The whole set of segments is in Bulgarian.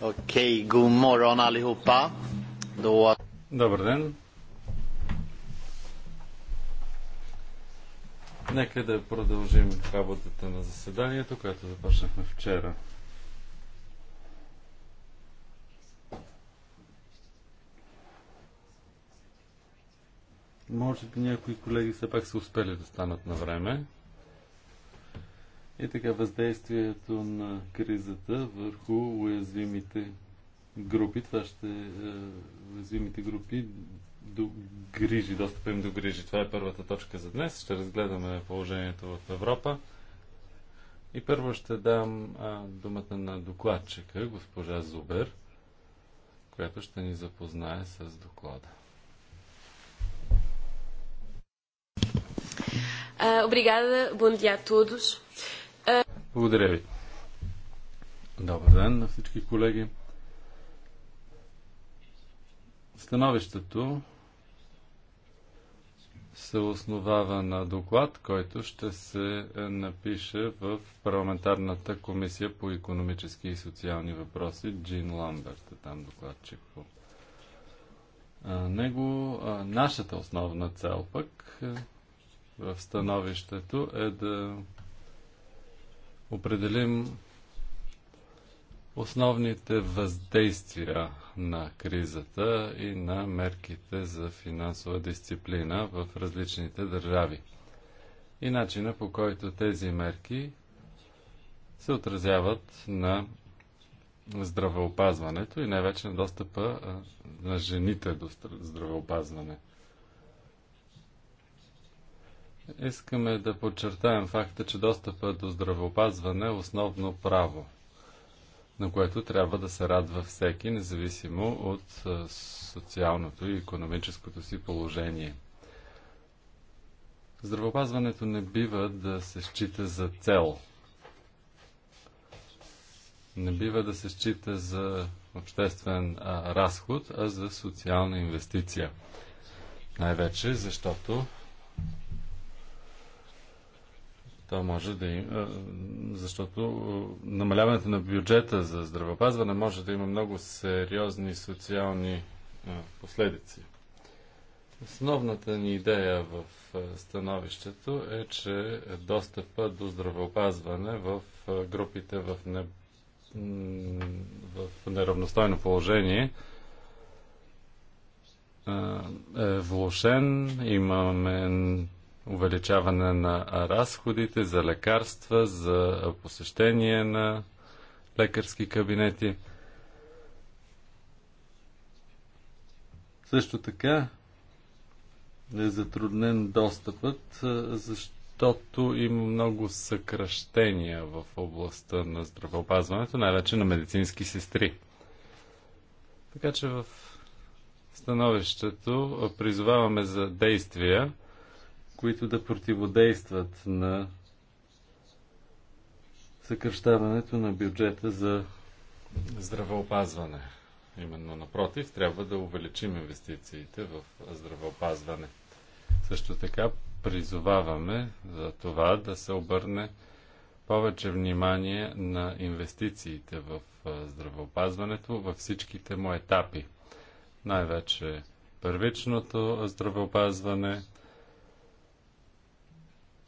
Okej, god morgon allihopa. Då... Добър ден. Нека да продължим работата на заседанието, което започнахме вчера. Може би някои колеги все пак са успели да станат на време. И така въздействието на кризата върху уязвимите групи. Това ще е, уязвимите групи до грижи, достъпим им до грижи. Това е първата точка за днес. Ще разгледаме положението в Европа. И първо ще дам а, думата на докладчика, госпожа Зубер, която ще ни запознае с доклада. Обригада, bom dia благодаря ви. Добър ден на всички колеги. Становището се основава на доклад, който ще се напише в парламентарната комисия по економически и социални въпроси. Джин Ламберт е там докладчик по него. Нашата основна цел пък е, в становището е да определим основните въздействия на кризата и на мерките за финансова дисциплина в различните държави и начина по който тези мерки се отразяват на здравеопазването и най-вече на достъпа на жените до здравеопазване. Искаме да подчертаем факта, че достъпа до здравеопазване е основно право, на което трябва да се радва всеки, независимо от социалното и економическото си положение. Здравеопазването не бива да се счита за цел. Не бива да се счита за обществен а, разход, а за социална инвестиция. Най-вече защото то може да има, защото намаляването на бюджета за здравеопазване може да има много сериозни социални последици. Основната ни идея в становището е, че достъпа до здравеопазване в групите в, не... в неравностойно положение е влошен. Имаме увеличаване на разходите за лекарства, за посещение на лекарски кабинети. Също така е затруднен достъпът, е, защото има много съкръщения в областта на здравеопазването, най-вече на медицински сестри. Така че в становището призоваваме за действия, които да противодействат на съкръщаването на бюджета за здравеопазване. Именно напротив, трябва да увеличим инвестициите в здравеопазване. Също така призоваваме за това да се обърне повече внимание на инвестициите в здравеопазването във всичките му етапи. Най-вече първичното здравеопазване,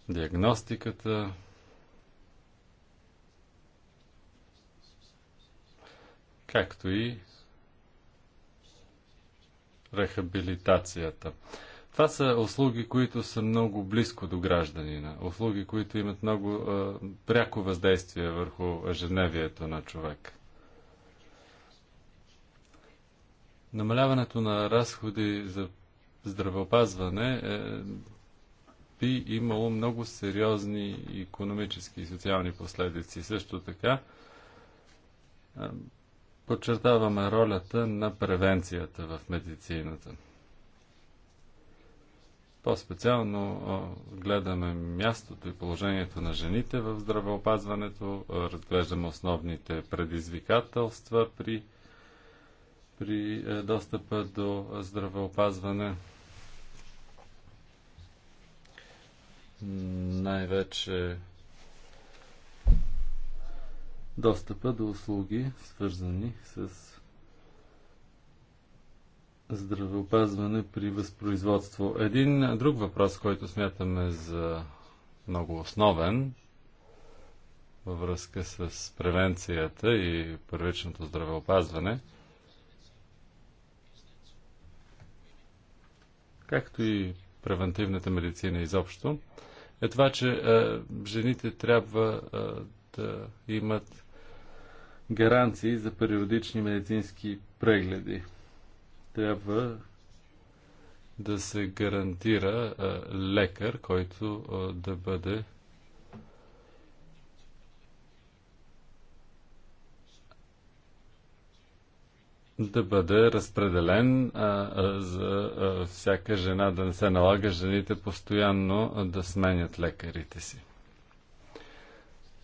диагностиката, както и рехабилитацията. Това са услуги, които са много близко до гражданина, услуги, които имат много а, пряко въздействие върху ежедневието на човек. Намаляването на разходи за здравеопазване е би имало много сериозни економически и социални последици. Също така, подчертаваме ролята на превенцията в медицината. По-специално гледаме мястото и положението на жените в здравеопазването, разглеждаме основните предизвикателства при, при е, достъпа до здравеопазване. най-вече достъпа до услуги, свързани с здравеопазване при възпроизводство. Един друг въпрос, който смятаме за много основен във връзка с превенцията и първичното здравеопазване, както и превентивната медицина изобщо, е това, че а, е, жените трябва а, е, да имат гаранции за периодични медицински прегледи. Трябва да се гарантира а, е, лекар, който а, да бъде да бъде разпределен а, а, за а, всяка жена, да не се налага жените постоянно да сменят лекарите си.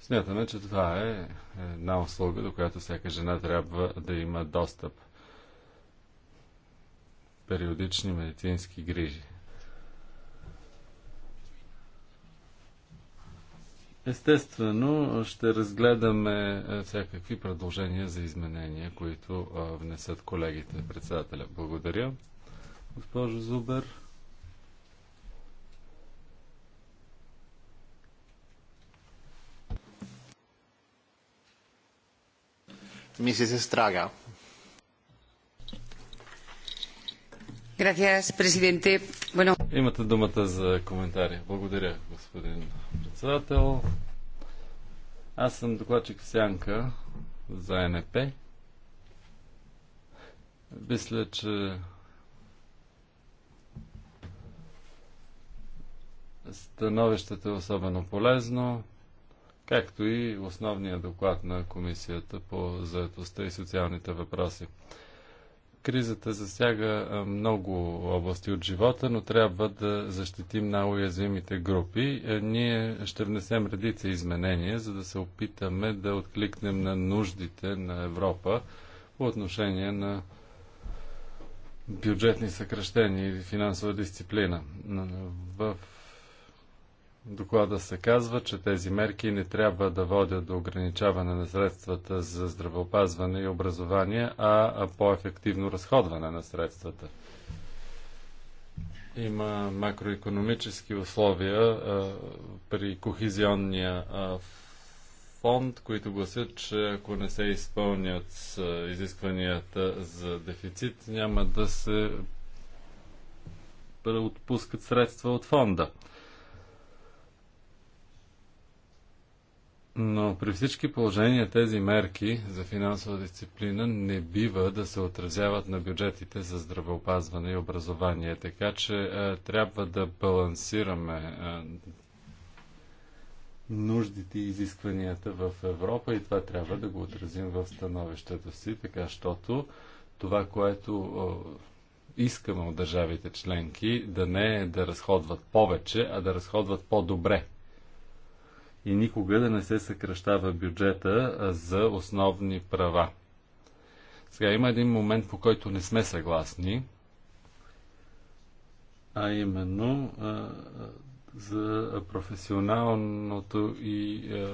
Смятаме, че това е една услуга, до която всяка жена трябва да има достъп. Периодични медицински грижи. Естествено, ще разгледаме е, всякакви предложения за изменения, които е, внесат колегите. Председателя, благодаря. Госпожо Зубер. Мисис Естрага. Имате думата за коментари. Благодаря, господин председател. Аз съм докладчик Сянка за НП. Мисля, че становището е особено полезно, както и основния доклад на Комисията по заедостта и социалните въпроси. Кризата засяга много области от живота, но трябва да защитим най-уязвимите групи. Е, ние ще внесем редица изменения, за да се опитаме да откликнем на нуждите на Европа по отношение на бюджетни съкръщения и финансова дисциплина. В доклада се казва, че тези мерки не трябва да водят до ограничаване на средствата за здравеопазване и образование, а по-ефективно разходване на средствата. Има макроекономически условия а, при кохизионния а, фонд, които гласят, че ако не се изпълнят изискванията за дефицит, няма да се отпускат средства от фонда. Но при всички положения тези мерки за финансова дисциплина не бива да се отразяват на бюджетите за здравеопазване и образование. Така че е, трябва да балансираме е, нуждите и изискванията в Европа и това трябва да го отразим в становището си, така щото това, което е, искаме от държавите членки, да не е да разходват повече, а да разходват по-добре и никога да не се съкръщава бюджета за основни права. Сега има един момент, по който не сме съгласни, а именно а, за професионалното и а,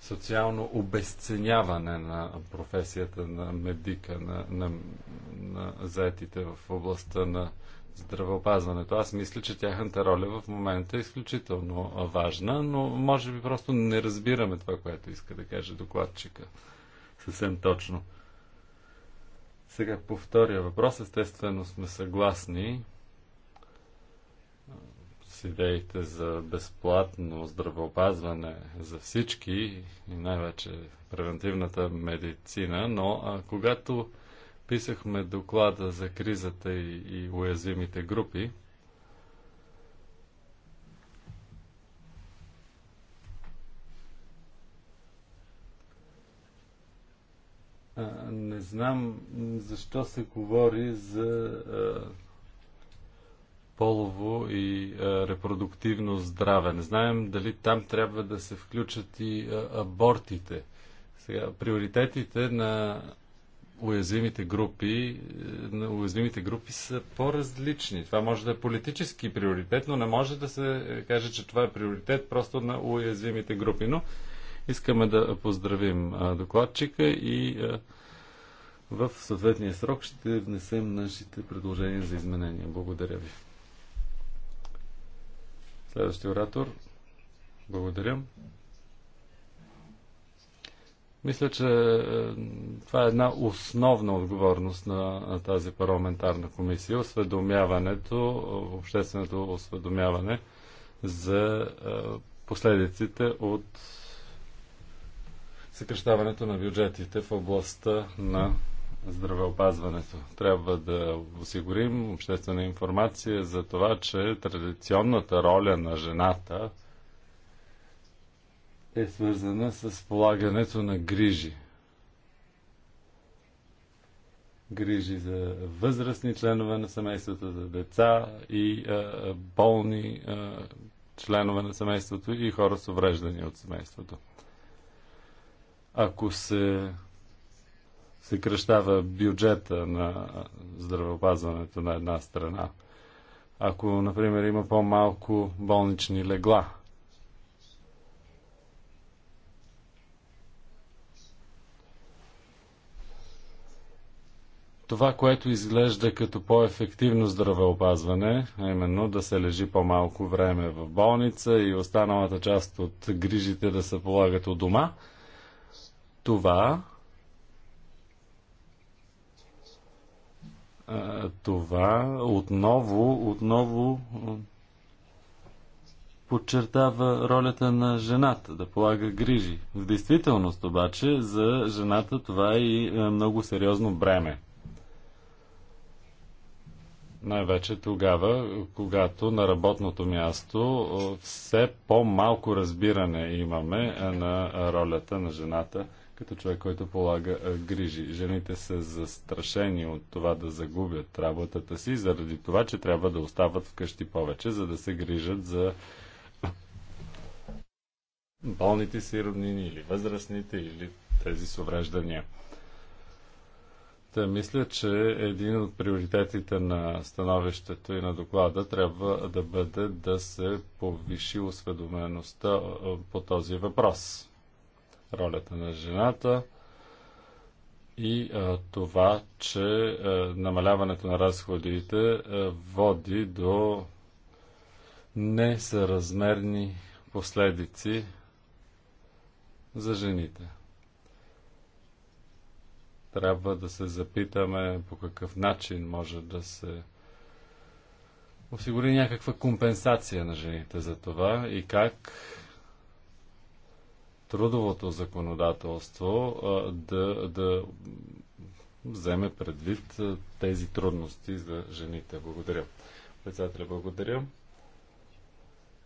социално обесценяване на професията на медика, на, на, на заетите в областта на здравеопазването. Аз мисля, че тяхната роля в момента е изключително важна, но може би просто не разбираме това, което иска да каже докладчика съвсем точно. Сега по втория въпрос, естествено сме съгласни с идеите за безплатно здравеопазване за всички и най-вече превентивната медицина, но а, когато писахме доклада за кризата и, и уязвимите групи, не знам защо се говори за полово и репродуктивно здраве. Не знаем дали там трябва да се включат и абортите. Сега, приоритетите на уязвимите групи, е, на уязвимите групи са по-различни. Това може да е политически приоритет, но не може да се каже, че това е приоритет просто на уязвимите групи. Но искаме да поздравим докладчика и в съответния срок ще внесем нашите предложения за изменения. Благодаря ви. Следващия оратор. Благодаря. Мисля, че е, това е една основна отговорност на, тази парламентарна комисия. Осведомяването, общественото осведомяване за е, последиците от съкрещаването на бюджетите в областта на здравеопазването. Трябва да осигурим обществена информация за това, че традиционната роля на жената – е свързана с полагането на грижи. Грижи за възрастни членове на семейството, за деца и а, болни а, членове на семейството и хора с увреждания от семейството. Ако се кръщава бюджета на здравеопазването на една страна, ако, например, има по-малко болнични легла – това, което изглежда като по-ефективно здравеопазване, а именно да се лежи по-малко време в болница и останалата част от грижите да се полагат от дома, това това отново, отново подчертава ролята на жената да полага грижи. В действителност обаче за жената това е и много сериозно бреме. Най-вече тогава, когато на работното място все по-малко разбиране имаме е, на ролята на жената като човек, който полага е, грижи. Жените са застрашени от това да загубят работата си, заради това, че трябва да остават вкъщи повече, за да се грижат за болните си роднини или възрастните или тези с увреждания. Та е, мисля, че един от приоритетите на становището и на доклада трябва да бъде да се повиши осведомеността е, по този въпрос. Ролята на жената и а, е, това, че а, намаляването на разходите а, води до несъразмерни последици за жените. Трябва да се запитаме по какъв начин може да се осигури някаква компенсация на жените за това и как трудовото законодателство да, да вземе предвид тези трудности за жените. Благодаря. Председателя, благодаря.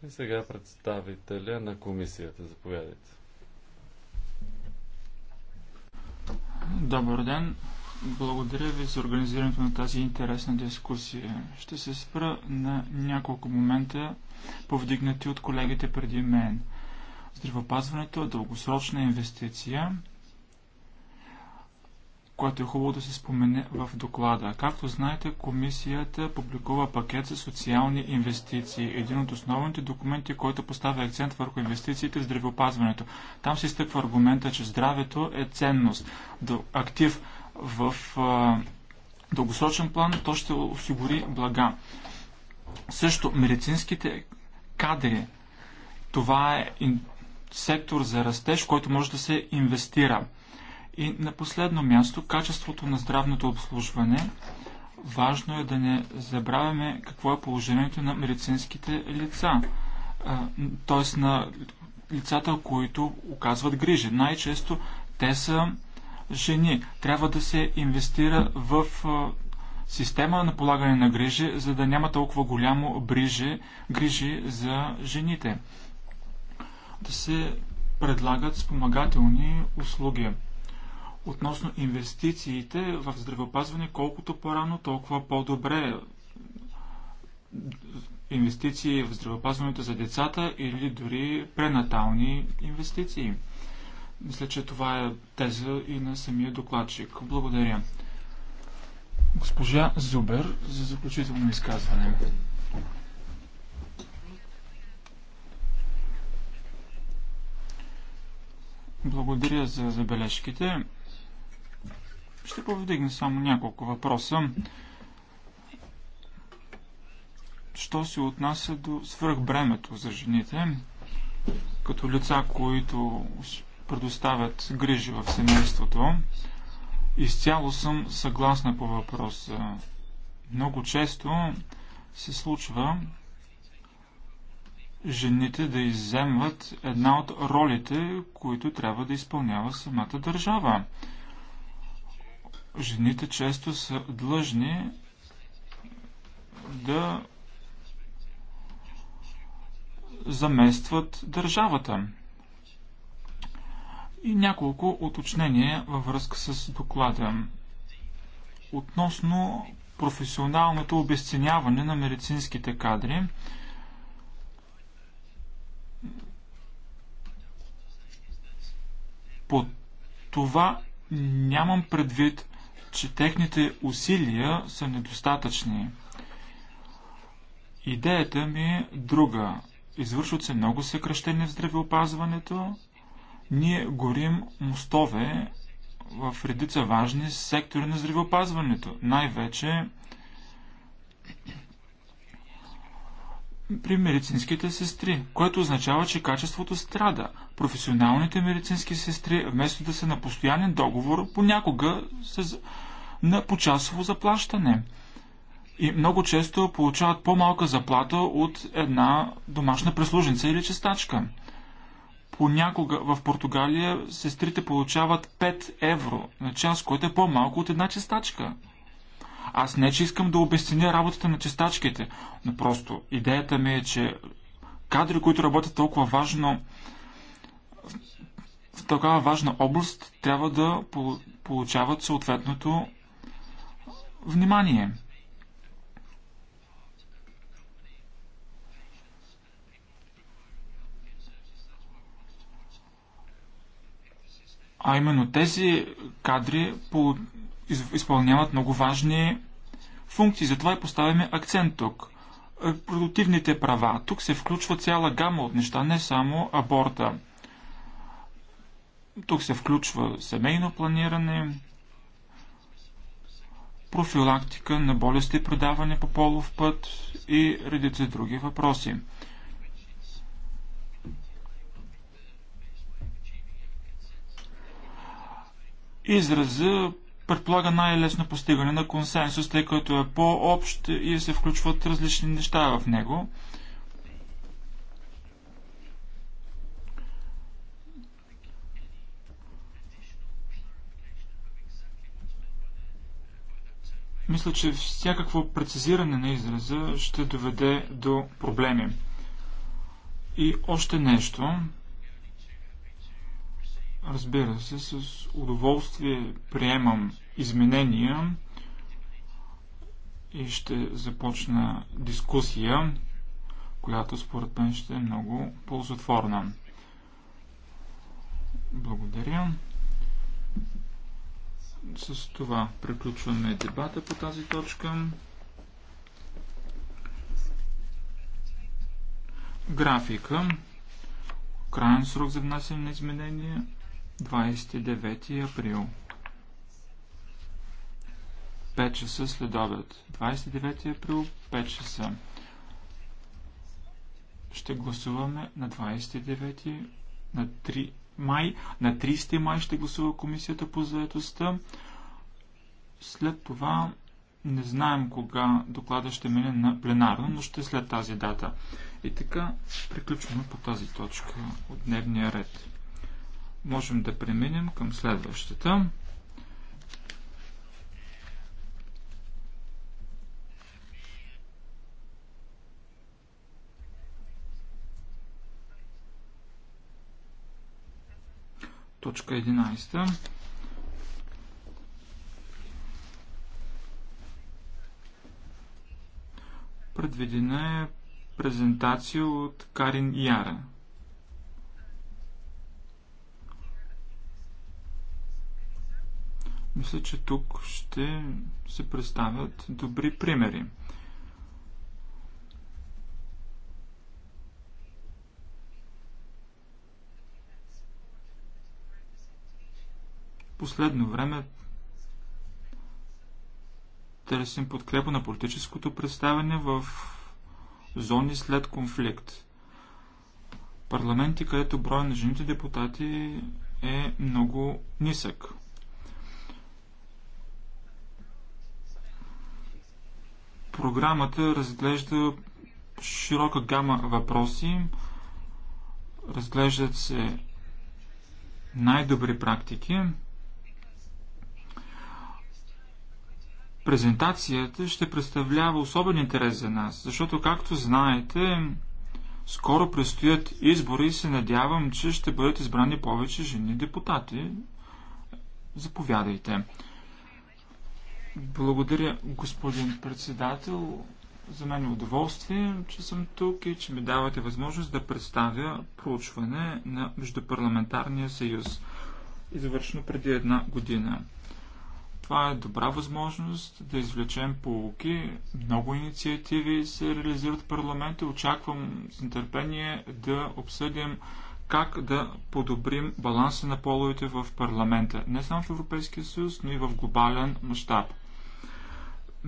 И сега представителя на комисията. Заповядайте. Добър ден! Благодаря ви за организирането на тази интересна дискусия. Ще се спра на няколко момента, повдигнати от колегите преди мен. Здравопазването е дългосрочна инвестиция – което е хубаво да се спомене в доклада. Както знаете, комисията публикува пакет за социални инвестиции. Един от основните документи, който поставя акцент върху инвестициите в е здравеопазването. Там се изтъква аргумента, че здравето е ценност, актив в дългосрочен план, то ще осигури блага. Също медицинските кадри. Това е сектор за растеж, който може да се инвестира и на последно място, качеството на здравното обслужване. Важно е да не забравяме какво е положението на медицинските лица, т.е. на лицата, които оказват грижи. Най-често те са жени. Трябва да се инвестира в система на полагане на грижи, за да няма толкова голямо брижи, грижи за жените. Да се предлагат спомагателни услуги. Относно инвестициите в здравеопазване, колкото по-рано, толкова по-добре. Инвестиции в здравеопазването за децата или дори пренатални инвестиции. Мисля, че това е теза и на самия докладчик. Благодаря. Госпожа Зубер за заключително изказване. Благодаря за забележките. Ще повдигна само няколко въпроса. Що се отнася до свръхбремето за жените, като лица, които предоставят грижи в семейството, изцяло съм съгласна по въпроса. Много често се случва жените да изземват една от ролите, които трябва да изпълнява самата държава. Жените често са длъжни да заместват държавата. И няколко уточнения във връзка с доклада. Относно професионалното обесценяване на медицинските кадри, по това нямам предвид че техните усилия са недостатъчни. Идеята ми е друга. Извършват се много съкръщения в здравеопазването. Ние горим мостове в редица важни сектори на здравеопазването. Най-вече при медицинските сестри, което означава, че качеството страда. Професионалните медицински сестри, вместо да са на постоянен договор, понякога са на почасово заплащане. И много често получават по-малка заплата от една домашна прислужница или чистачка. Понякога в Португалия сестрите получават 5 евро на час, което е по-малко от една чистачка. Аз не, че искам да обясня работата на чистачките, но просто идеята ми е, че кадри, които работят толкова важно в такава важна област, трябва да получават съответното внимание. А именно тези кадри изпълняват много важни функции. Затова и поставяме акцент тук. Е, продуктивните права. Тук се включва цяла гама от неща, не само аборта. Тук се включва семейно планиране, профилактика на болести, предаване по полов път и редица други въпроси. Израза предполага най-лесно постигане на консенсус, тъй като е по-общ и се включват различни неща в него. Мисля, че всякакво прецизиране на израза ще доведе до проблеми. И още нещо. Разбира се, с удоволствие приемам изменения и ще започна дискусия, която според мен ще е много ползотворна. Благодаря. С това приключваме дебата по тази точка. Графика. Крайен срок за внасяне на изменения 29 април. 5 часа след обед. 29 април, 5 часа. Ще гласуваме на 29 на 3 май. На 30 май ще гласува комисията по заедостта. След това не знаем кога доклада ще мине на пленарно, но ще след тази дата. И така приключваме по тази точка от дневния ред можем да преминем към следващата. Точка 11. Предведена е презентация от Карин Яра. Мисля, че тук ще се представят добри примери. Последно време търсим подкрепа на политическото представяне в зони след конфликт. Парламенти, където броя на жените депутати е много нисък. Програмата разглежда широка гама въпроси. Разглеждат се най-добри практики. Презентацията ще представлява особен интерес за нас, защото, както знаете, скоро предстоят избори и се надявам, че ще бъдат избрани повече жени депутати. Заповядайте. Благодаря, господин председател. За мен е удоволствие, че съм тук и че ми давате възможност да представя проучване на Междупарламентарния съюз, извършено преди една година. Това е добра възможност да извлечем полуки. Много инициативи се реализират в парламента. Очаквам с нетърпение да обсъдим как да подобрим баланса на половите в парламента, не само в Европейския съюз, но и в глобален мащаб.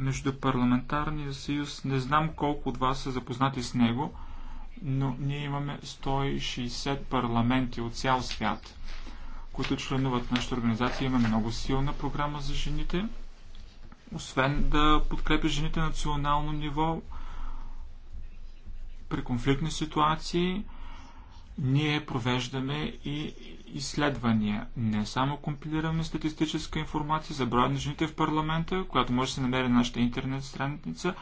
Междупарламентарния съюз, не знам колко от вас са запознати с него, но ние имаме 160 парламенти от цял свят, които членуват в нашата организация. Имаме много силна програма за жените. Освен да подкрепя жените на национално ниво, при конфликтни ситуации, ние провеждаме и изследвания. Не само компилираме статистическа информация за броя на жените в парламента, която може да се намери на нашата интернет страница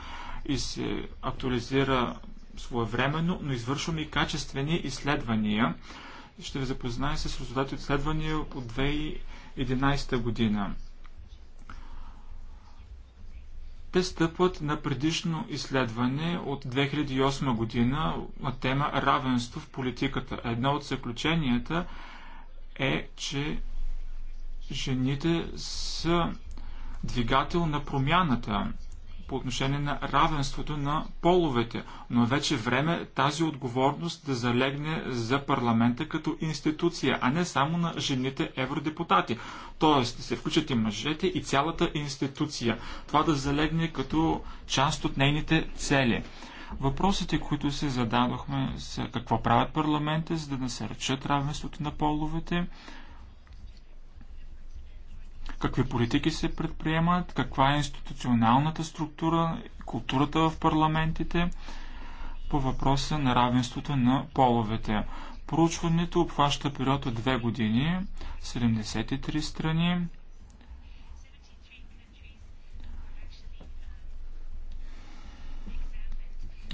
и се актуализира своевременно, но извършваме и качествени изследвания. Ще ви запозная с резултати от изследвания от 2011 година. Те стъпват на предишно изследване от 2008 година на тема равенство в политиката. Едно от заключенията е, че жените са двигател на промяната по отношение на равенството на половете, но вече време тази отговорност да залегне за парламента като институция, а не само на жените евродепутати. Тоест да се включат и мъжете и цялата институция. Това да залегне като част от нейните цели. Въпросите, които се зададохме са какво правят парламента, за да насърчат равенството на половете, какви политики се предприемат, каква е институционалната структура, културата в парламентите по въпроса на равенството на половете. Проучването обхваща период от две години, 73 страни,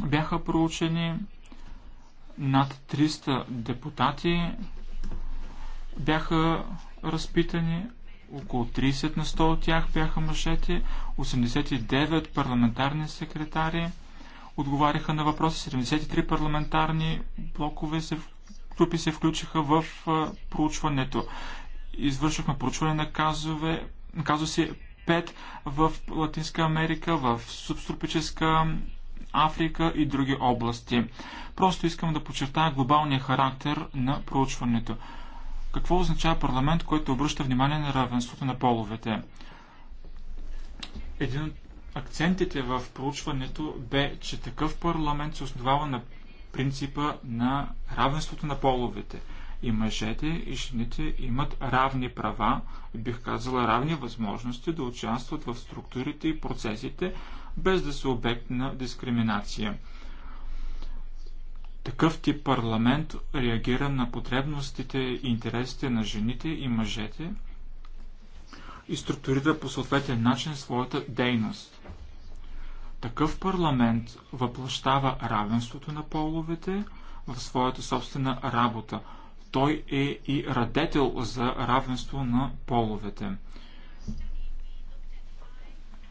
Бяха проучени над 300 депутати, бяха разпитани, около 30 на 100 от тях бяха мъжете, 89 парламентарни секретари, отговаряха на въпроси, 73 парламентарни блокове се, групи се включиха в проучването. Извършихме проучване на казове, казуси 5 в Латинска Америка, в субтропическа Африка и други области. Просто искам да подчертая глобалния характер на проучването. Какво означава парламент, който обръща внимание на равенството на половете? Един от акцентите в проучването бе, че такъв парламент се основава на принципа на равенството на половете. И мъжете, и жените имат равни права, бих казала равни възможности да участват в структурите и процесите, без да са обект на дискриминация. Такъв тип парламент реагира на потребностите и интересите на жените и мъжете и структурира по съответен начин своята дейност. Такъв парламент въплащава равенството на половете в своята собствена работа. Той е и радетел за равенство на половете.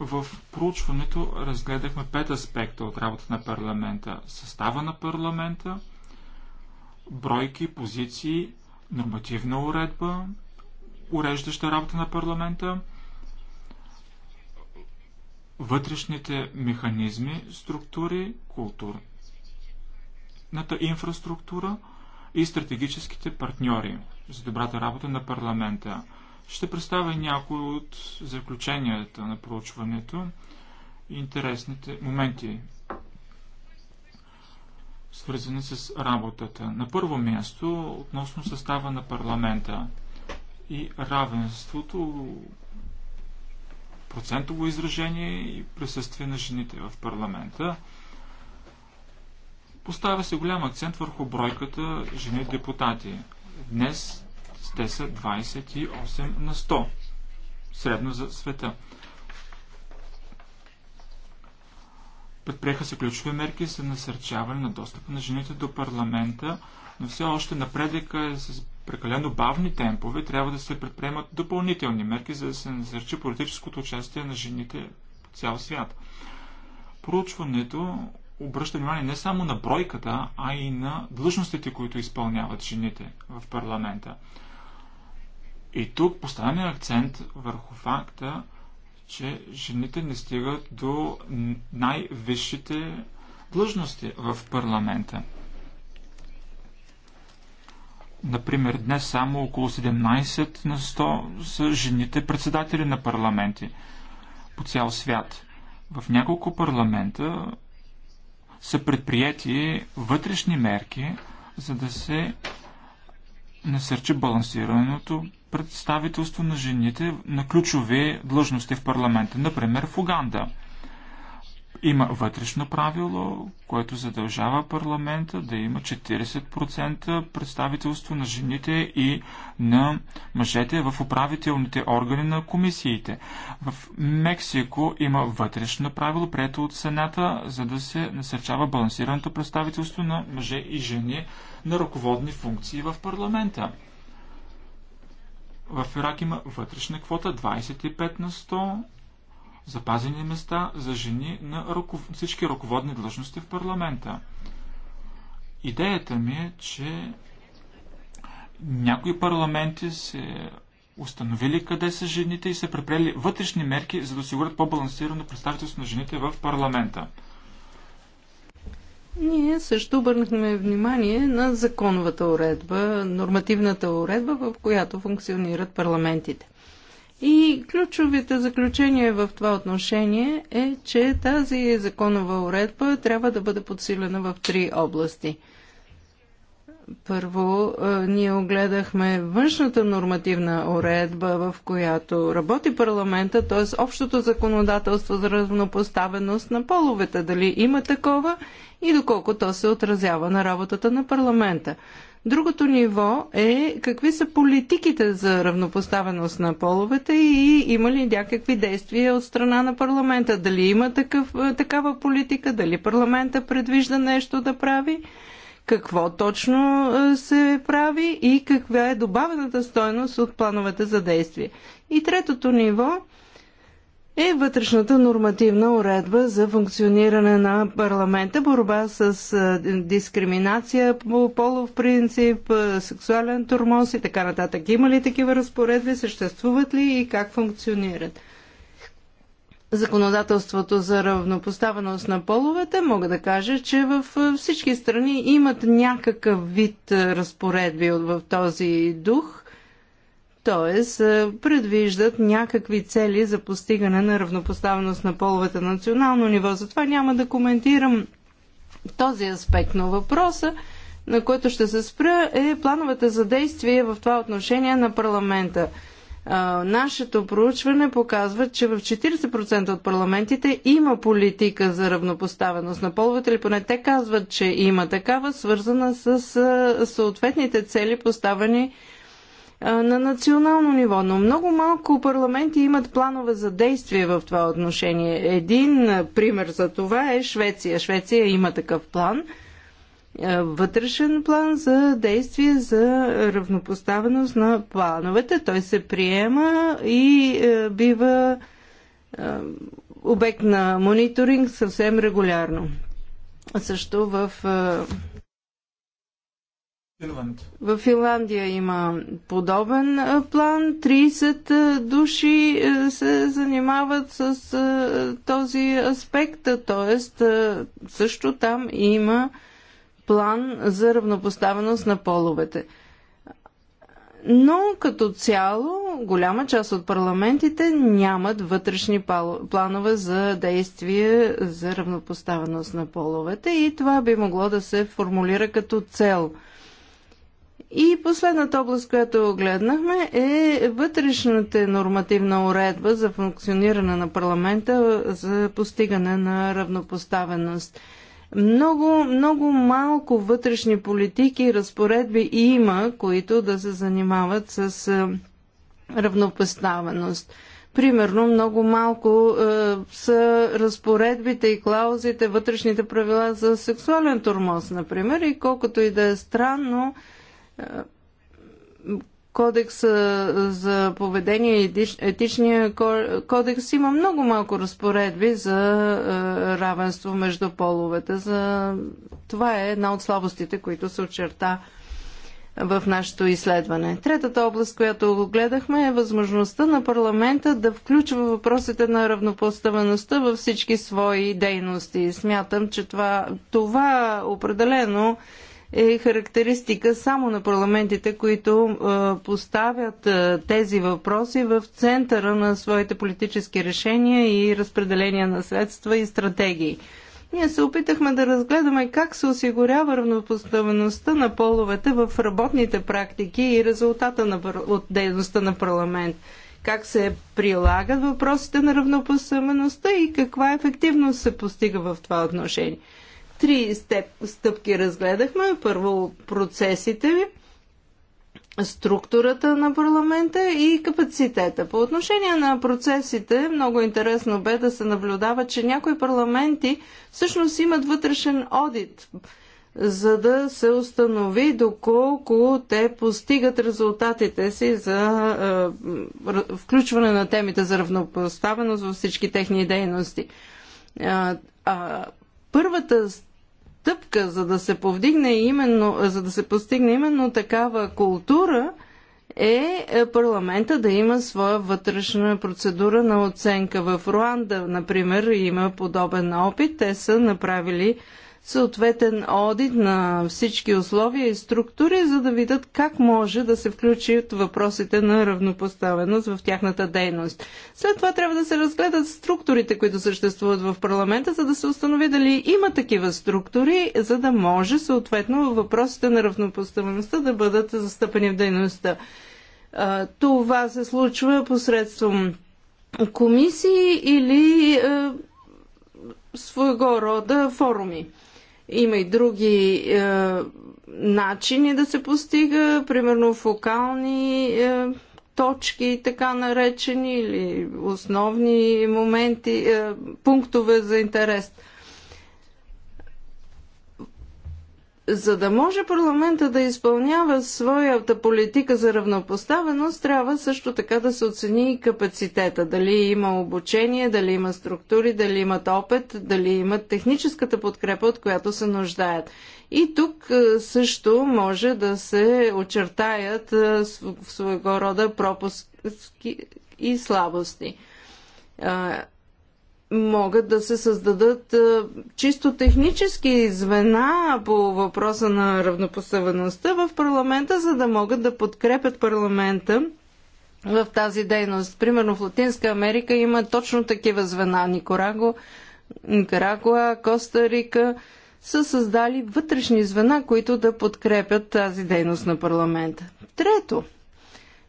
В проучването разгледахме пет аспекта от работа на парламента. Състава на парламента, бройки, позиции, нормативна уредба, уреждаща работа на парламента, вътрешните механизми, структури, културната инфраструктура и стратегическите партньори за добрата работа на парламента. Ще представя някои от заключенията на проучването и интересните моменти, свързани с работата. На първо място, относно състава на парламента и равенството, процентово изражение и присъствие на жените в парламента. Поставя се голям акцент върху бройката жени депутати. Днес те са 28 на 100, средно за света. Предприеха се ключови мерки за насърчаване на достъпа на жените до парламента, но все още напредъка е с прекалено бавни темпове. Трябва да се предприемат допълнителни мерки, за да се насърчи политическото участие на жените по цял свят. Проучването обръща внимание не само на бройката, а и на длъжностите, които изпълняват жените в парламента. И тук поставяме акцент върху факта, че жените не стигат до най-висшите длъжности в парламента. Например, днес само около 17 на 100 са жените председатели на парламенти по цял свят. В няколко парламента са предприяти вътрешни мерки, за да се насърчи балансираното представителство на жените на ключови длъжности в парламента, например в Уганда – има вътрешно правило, което задължава парламента да има 40% представителство на жените и на мъжете в управителните органи на комисиите. В Мексико има вътрешно правило, прието от Сената, за да се насърчава балансираното представителство на мъже и жени на ръководни функции в парламента. В Ирак има вътрешна квота 25 на 100 запазени места за жени на всички ръководни длъжности в парламента. Идеята ми е, че някои парламенти се установили къде са жените и са препрели вътрешни мерки, за да осигурят по-балансирано представителство на жените в парламента. Ние също обърнахме внимание на законовата уредба, нормативната уредба, в която функционират парламентите. И ключовите заключения в това отношение е, че тази законова уредба трябва да бъде подсилена в три области. Първо, е, ние огледахме външната нормативна уредба, в която работи парламента, т.е. общото законодателство за равнопоставеност на половете, дали има такова и доколко то се отразява на работата на парламента. Другото ниво е какви са политиките за равнопоставеност на половете и има ли някакви действия от страна на парламента. Дали има такъв, е, такава политика, дали парламента предвижда нещо да прави, какво точно е, се прави и каква е добавената стойност от плановете за действие. И третото ниво е вътрешната нормативна уредба за функциониране на парламента, борба с дискриминация по полов принцип, сексуален тормоз и така нататък. Има ли такива разпоредби, съществуват ли и как функционират? законодателството за равнопоставеност на половете, мога да кажа, че в всички страни имат някакъв вид разпоредби в този дух т.е. предвиждат някакви цели за постигане на равнопоставеност на половете на национално ниво. Затова няма да коментирам този аспект на въпроса, на който ще се спра, е плановете за действие в това отношение на парламента. нашето проучване показва, че в 40% от парламентите има политика за равнопоставеност на половете, или поне те казват, че има такава, свързана с съответните цели, поставени на национално ниво. Но много малко парламенти имат планове за действие в това отношение. Един пример за това е Швеция. Швеция има такъв план вътрешен план за действие за равнопоставеност на плановете. Той се приема и бива обект на мониторинг съвсем регулярно. Също в в Финландия има подобен план. 30 души се занимават с този аспект, т.е. също там има план за равнопоставеност на половете. Но като цяло, голяма част от парламентите нямат вътрешни планове за действие за равнопоставеност на половете и това би могло да се формулира като цел – и последната област, която огледнахме е вътрешната нормативна уредба за функциониране на парламента за постигане на равнопоставеност. Много, много малко вътрешни политики и разпоредби има, които да се занимават с равнопоставеност. Примерно много малко е, са разпоредбите и клаузите, вътрешните правила за сексуален тормоз, например, и колкото и да е странно, кодекса за поведение и етичния кодекс има много малко разпоредби за е, равенство между половете. За... Това е една от слабостите, които се очерта в нашето изследване. Третата област, която гледахме е възможността на парламента да включва въпросите на равнопоставеността във всички свои дейности. Смятам, че това, това определено е характеристика само на парламентите, които поставят тези въпроси в центъра на своите политически решения и разпределения на средства и стратегии. Ние се опитахме да разгледаме как се осигурява равнопоставеността на половете в работните практики и резултата на, от дейността на парламент. Как се прилагат въпросите на равнопоставеността и каква ефективност се постига в това отношение. Три степ, стъпки разгледахме. Първо процесите, структурата на парламента и капацитета. По отношение на процесите, много интересно бе да се наблюдава, че някои парламенти всъщност имат вътрешен одит за да се установи доколко те постигат резултатите си за е, включване на темите за равнопоставеност във всички техни дейности. А, е, а, първата стъпка, за да се повдигне именно, за да се постигне именно такава култура, е, е парламента да има своя вътрешна процедура на оценка. В Руанда, например, има подобен опит. Те са направили съответен одит на всички условия и структури, за да видят как може да се включат въпросите на равнопоставеност в тяхната дейност. След това трябва да се разгледат структурите, които съществуват в парламента, за да се установи дали има такива структури, за да може съответно въпросите на равнопоставеността да бъдат застъпени в дейността. Това се случва посредством комисии или своего рода форуми. Има и други е, начини да се постига, примерно фокални е, точки, така наречени, или основни моменти, е, пунктове за интерес. Е, за да може парламента да изпълнява своята политика за равнопоставеност, трябва също така да се оцени и капацитета. Дали има обучение, дали има структури, дали имат опит, дали имат техническата подкрепа, от която се нуждаят. И тук е, също може да се очертаят е, в своего рода пропуски и слабости е, могат да се създадат чисто технически звена по въпроса на равнопоставеността в парламента, за да могат да подкрепят парламента в тази дейност. Примерно в Латинска Америка има точно такива звена. Никораго, Никарагуа, Коста Рика са създали вътрешни звена, които да подкрепят тази дейност на парламента. Трето,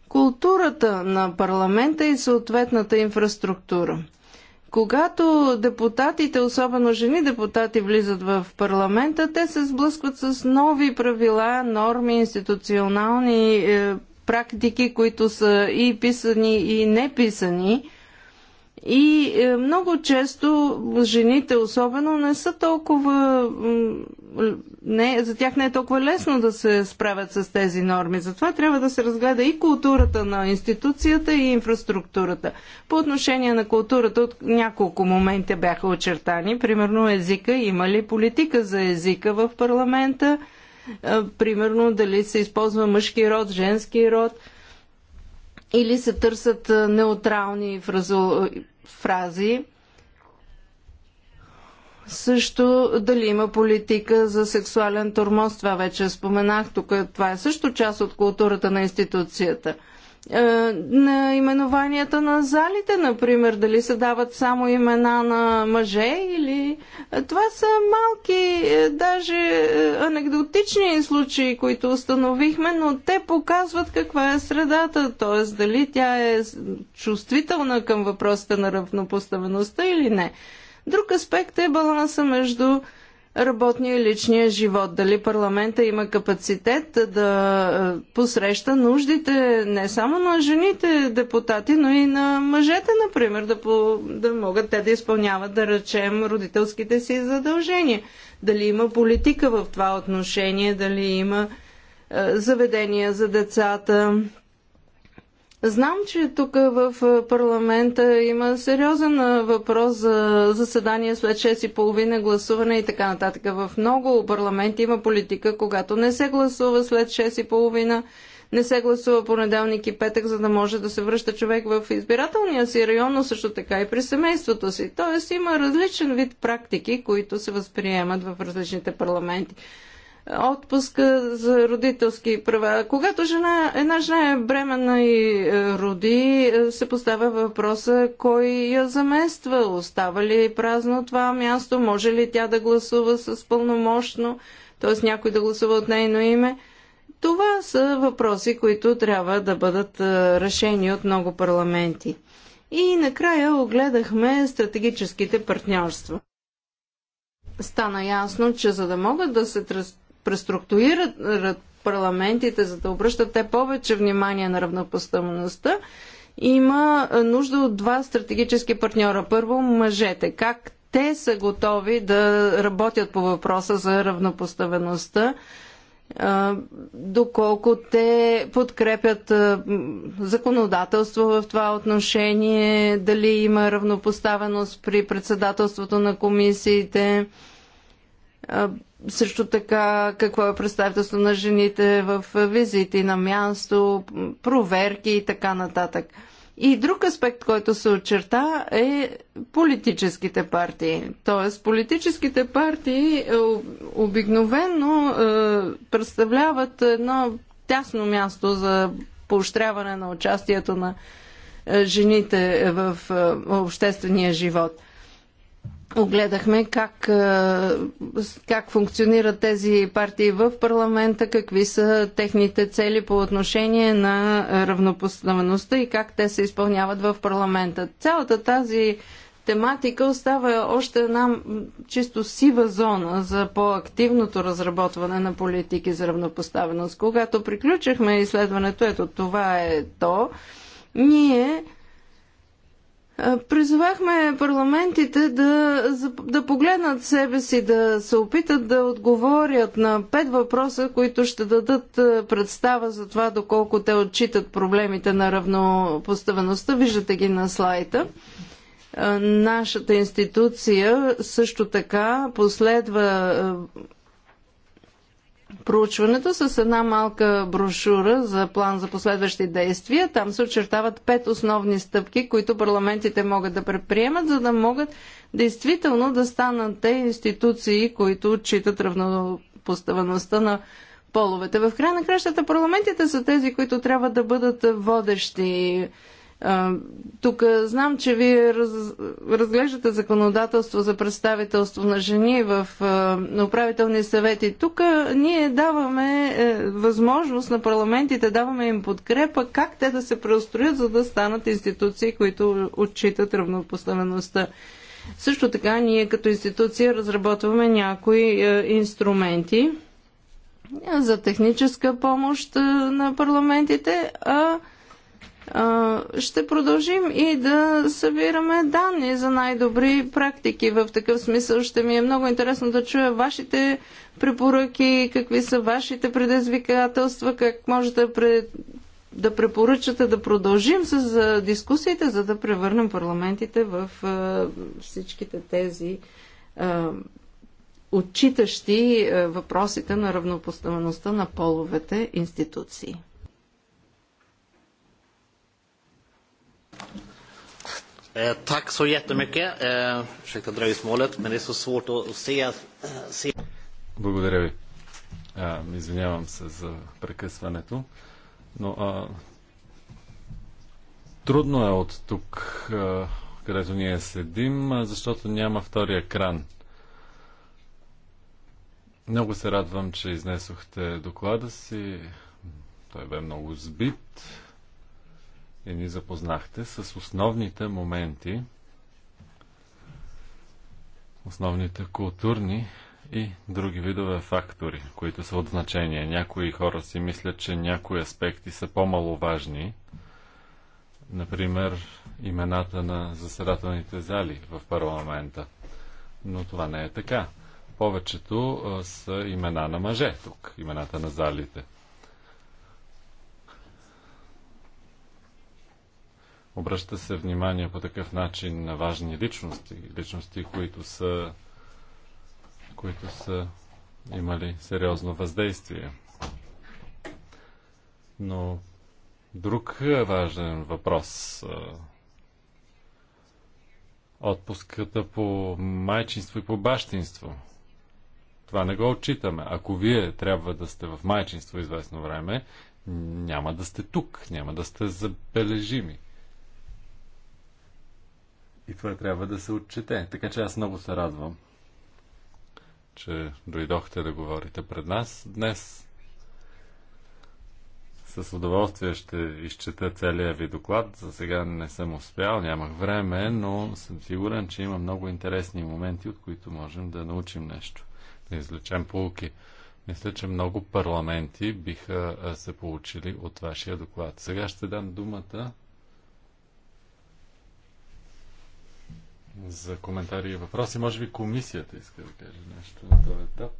културата на парламента и съответната инфраструктура – когато депутатите, особено жени депутати, влизат в парламента, те се сблъскват с нови правила, норми, институционални е, практики, които са и писани, и неписани. И е, много често жените, особено, не са толкова не, за тях не е толкова лесно да се справят с тези норми. Затова трябва да се разгледа и културата на институцията и инфраструктурата. По отношение на културата от няколко момента бяха очертани. Примерно езика, има ли политика за езика в парламента? Е, примерно дали се използва мъжки род, женски род? Или се търсят е, неутрални фрази? Също дали има политика за сексуален тормоз, това вече споменах тук, това е също част от културата на институцията. Е, на именованията на залите, например, дали се дават само имена на мъже или... Е, това са малки, е, даже анекдотични случаи, които установихме, но те показват каква е средата, т.е. дали тя е чувствителна към въпросите на равнопоставеността или не. Друг аспект е баланса между работния и личния живот. Дали парламента има капацитет да е, посреща нуждите не само на жените депутати, но и на мъжете, например, да, по, да могат те да изпълняват, да речем, родителските си задължения. Дали има политика в това отношение, дали има е, заведения за децата, Знам, че тук в е, парламента има сериозен е, въпрос за заседание след 6 и половина гласуване и така нататък. В много парламенти има политика, когато не се гласува след 6 и половина, не се гласува понеделник и петък, за да може да се връща човек в избирателния си район, но също така и при семейството си. Тоест има различен вид практики, които се възприемат в различните парламенти отпуска за родителски права. Когато жена, една жена е бременна и е, роди, е, се поставя въпроса кой я замества, остава ли празно това място, може ли тя да гласува с пълномощно, т.е. някой да гласува от нейно име. Това са въпроси, които трябва да бъдат е, решени от много парламенти. И накрая огледахме стратегическите партньорства. Стана ясно, че за да могат да се преструктурират парламентите, за да обръщат те повече внимание на равнопоставеността, има нужда от два стратегически партньора. Първо, мъжете. Как те са готови да работят по въпроса за равнопоставеността, доколко те подкрепят законодателство в това отношение, дали има равнопоставеност при председателството на комисиите, също така какво е представителство на жените в визити на място, проверки и така нататък. И друг аспект, който се очерта е политическите партии. Тоест, политическите партии е, обикновенно е, представляват едно тясно място за поощряване на участието на е, жените в е, обществения живот – огледахме как, е, как функционират тези партии в парламента, какви са техните цели по отношение на равнопоставеността и как те се изпълняват в парламента. Цялата тази тематика остава още една чисто сива зона за по-активното разработване на политики за равнопоставеност. Когато приключихме изследването, ето това е то, ние Призовахме парламентите да, да погледнат себе си, да се опитат да отговорят на пет въпроса, които ще дадат представа за това доколко те отчитат проблемите на равнопоставеността. Виждате ги на слайда. Нашата институция също така последва проучването с една малка брошура за план за последващи действия. Там се очертават пет основни стъпки, които парламентите могат да предприемат, за да могат действително да станат те институции, които отчитат равнопоставеността на половете. В края на кращата парламентите са тези, които трябва да бъдат водещи тук знам, че вие раз, разглеждате законодателство за представителство на жени в е, управителни съвети. Тук ние даваме е, възможност на парламентите, даваме им подкрепа как те да се преустроят, за да станат институции, които отчитат равнопоставеността. Също така ние като институция разработваме някои е, инструменти е, за техническа помощ е, на парламентите, а ще продължим и да събираме данни за най-добри практики. В такъв смисъл ще ми е много интересно да чуя вашите препоръки, какви са вашите предизвикателства, как можете да, препоръчате да продължим с дискусиите, за да превърнем парламентите в всичките тези отчитащи въпросите на равнопоставеността на половете институции. Eh, tack så jättemycket. Eh, ursäkta dröjsmålet, men det är så svårt att se. se. Благодаря ви. А, извинявам се за прекъсването, но а, трудно е от тук, а, където ние седим, а, защото няма втори екран. Много се радвам, че изнесохте доклада си. Той бе много сбит и ни запознахте с основните моменти, основните културни и други видове фактори, които са от значение. Някои хора си мислят, че някои аспекти са по-маловажни. Например, имената на заседателните зали в парламента. Но това не е така. Повечето са имена на мъже тук, имената на залите. Обръща се внимание по такъв начин на важни личности, личности, които са, които са имали сериозно въздействие. Но друг важен въпрос отпуската по майчинство и по бащинство. Това не го отчитаме. Ако вие трябва да сте в майчинство известно време, няма да сте тук, няма да сте забележими. И това трябва да се отчете. Така че аз много се радвам, че дойдохте да говорите пред нас днес. С удоволствие ще изчета целия ви доклад. За сега не съм успял, нямах време, но съм сигурен, че има много интересни моменти, от които можем да научим нещо, да извлечем полуки. Мисля, че много парламенти биха се получили от вашия доклад. Сега ще дам думата за коментари и въпроси. Може би комисията иска да каже нещо на този етап.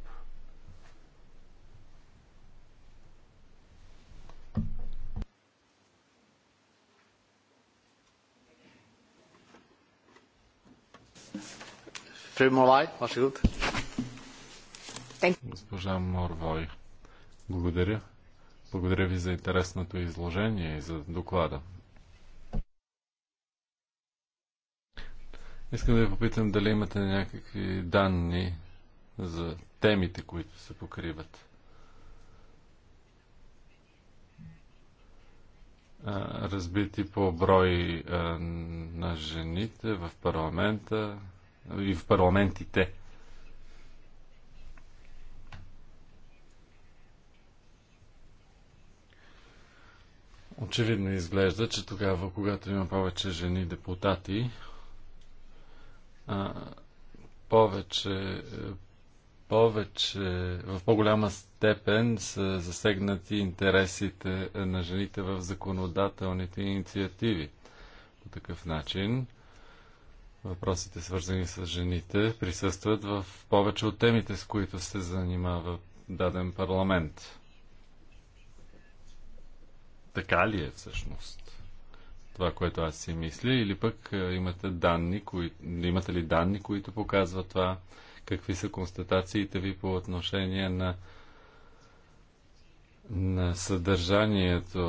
Госпожа Морвой, благодаря. Благодаря ви за интересното изложение и за доклада. Искам да ви попитам дали имате някакви данни за темите, които се покриват. Разбити по брой на жените в парламента и в парламентите. Очевидно изглежда, че тогава, когато има повече жени депутати, повече, е, повече, в по-голяма степен са засегнати интересите на жените в законодателните инициативи. По такъв начин въпросите, свързани с жените, присъстват в повече от темите, с които се занимава даден парламент. Така ли е всъщност? това, което аз си мисля, или пък е, имате данни, кои... имате ли данни, които показват това, какви са констатациите ви по отношение на на съдържанието,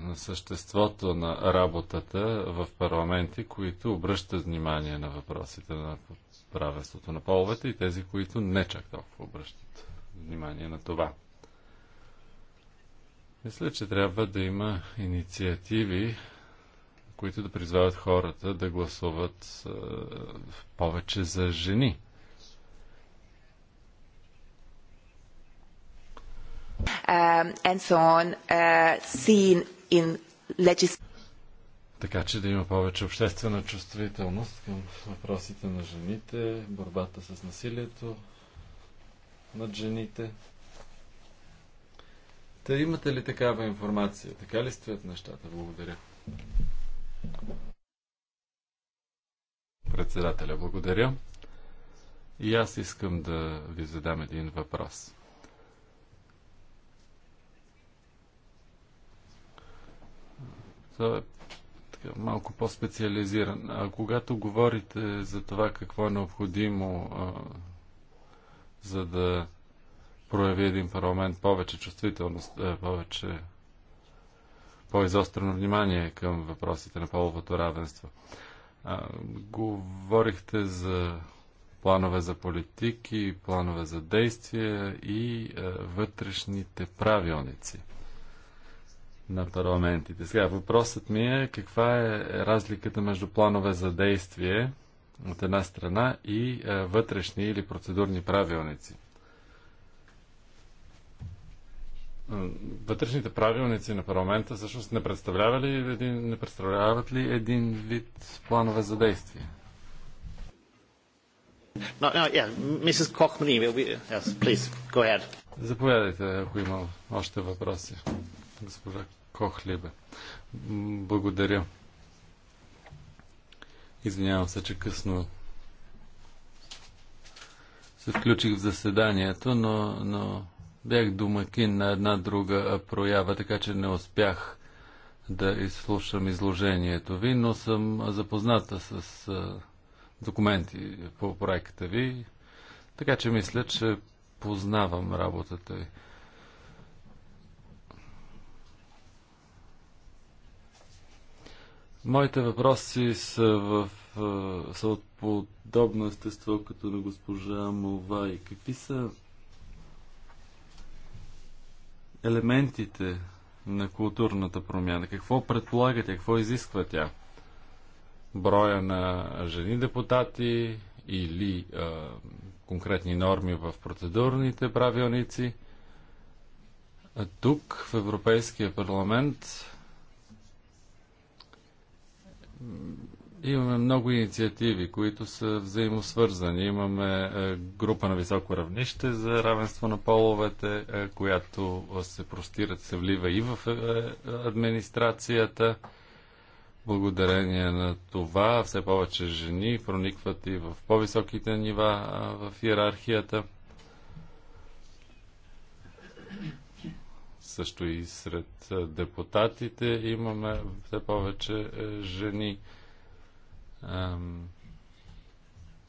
на съществото на работата в парламенти, които обръщат внимание на въпросите на правенството на половете и тези, които не чак толкова обръщат внимание на това. Мисля, че трябва да има инициативи които да призвават хората да гласуват повече за жени. Um, and so on, uh, seen in така че да има повече обществена чувствителност към въпросите на жените, борбата с насилието над жените. Та имате ли такава информация? Така ли стоят нещата? Благодаря. Председателя, благодаря. И аз искам да ви задам един въпрос. Това е така, малко по-специализиран. А когато говорите за това какво е необходимо, а, за да прояви един парламент повече чувствителност, а, е, повече по-изострено внимание към въпросите на половото равенство. А, говорихте за планове за политики, планове за действия и а, вътрешните правилници на парламентите. Сега въпросът ми е каква е разликата между планове за действие от една страна и а, вътрешни или процедурни правилници. вътрешните правилници на парламента всъщност не, представляват ли един, не представляват ли един вид планове за действие? No, no, yeah. Mrs. Kochmany, will be... yes, please, go ahead. Заповядайте, ако има още въпроси. Госпожа Кохлибе. Благодаря. Извинявам се, че късно се включих в заседанието, но, но Бях домакин на една друга проява, така че не успях да изслушам изложението ви, но съм запозната с документи по проекта ви, така че мисля, че познавам работата ви. Моите въпроси са, в, са от подобно естество като на госпожа Мова и какви са елементите на културната промяна? Какво предполага тя? Какво изисква тя? Броя на жени депутати или а, конкретни норми в процедурните правилници? А тук, в Европейския парламент, Имаме много инициативи, които са взаимосвързани. Имаме е, група на високо равнище за равенство на половете, е, която се простират, се влива и в е, администрацията. Благодарение на това все повече жени проникват и в по-високите нива в иерархията. Също и сред депутатите имаме все повече жени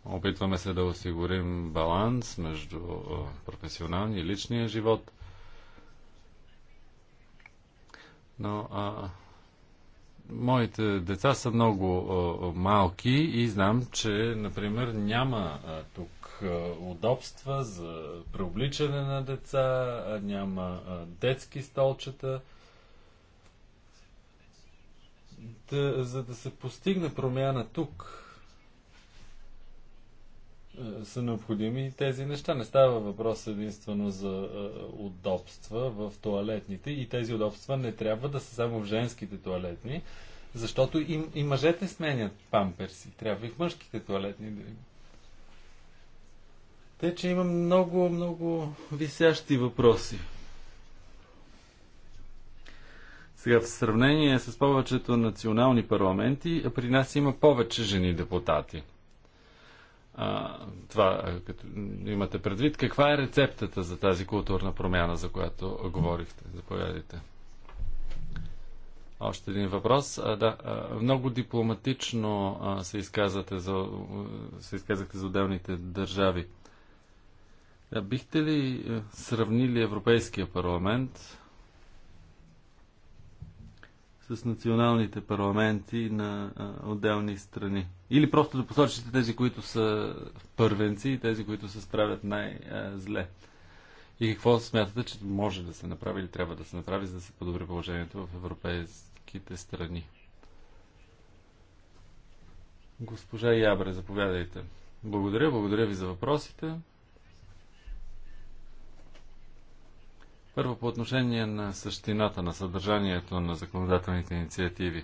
Опитваме се да осигурим баланс между професионалния и личния живот. Но а, моите деца са много а, малки и знам, че, например, няма а, тук а, удобства за преобличане на деца, а, няма а, детски столчета. А, да, за да се постигне промяна тук, е, са необходими тези неща. Не става въпрос единствено за е, удобства в туалетните и тези удобства не трябва да са само в женските туалетни, защото и, и мъжете сменят памперси. Трябва и в мъжките туалетни да има. Те, че има много, много висящи въпроси. Сега, в сравнение с повечето национални парламенти, при нас има повече жени депутати. А, това, е, като имате предвид, каква е рецептата за тази културна промяна, за която говорихте? Заповядайте. Още един въпрос. А, да, много дипломатично а, се, за, се изказахте за отделните държави. А, бихте ли сравнили Европейския парламент с националните парламенти на отделни страни. Или просто да посочите тези, които са първенци и тези, които се справят най-зле. И какво смятате, че може да се направи или трябва да се направи, за да се подобри положението в европейските страни? Госпожа Ябре, заповядайте. Благодаря, благодаря ви за въпросите. Първо по отношение на същината, на съдържанието на законодателните инициативи.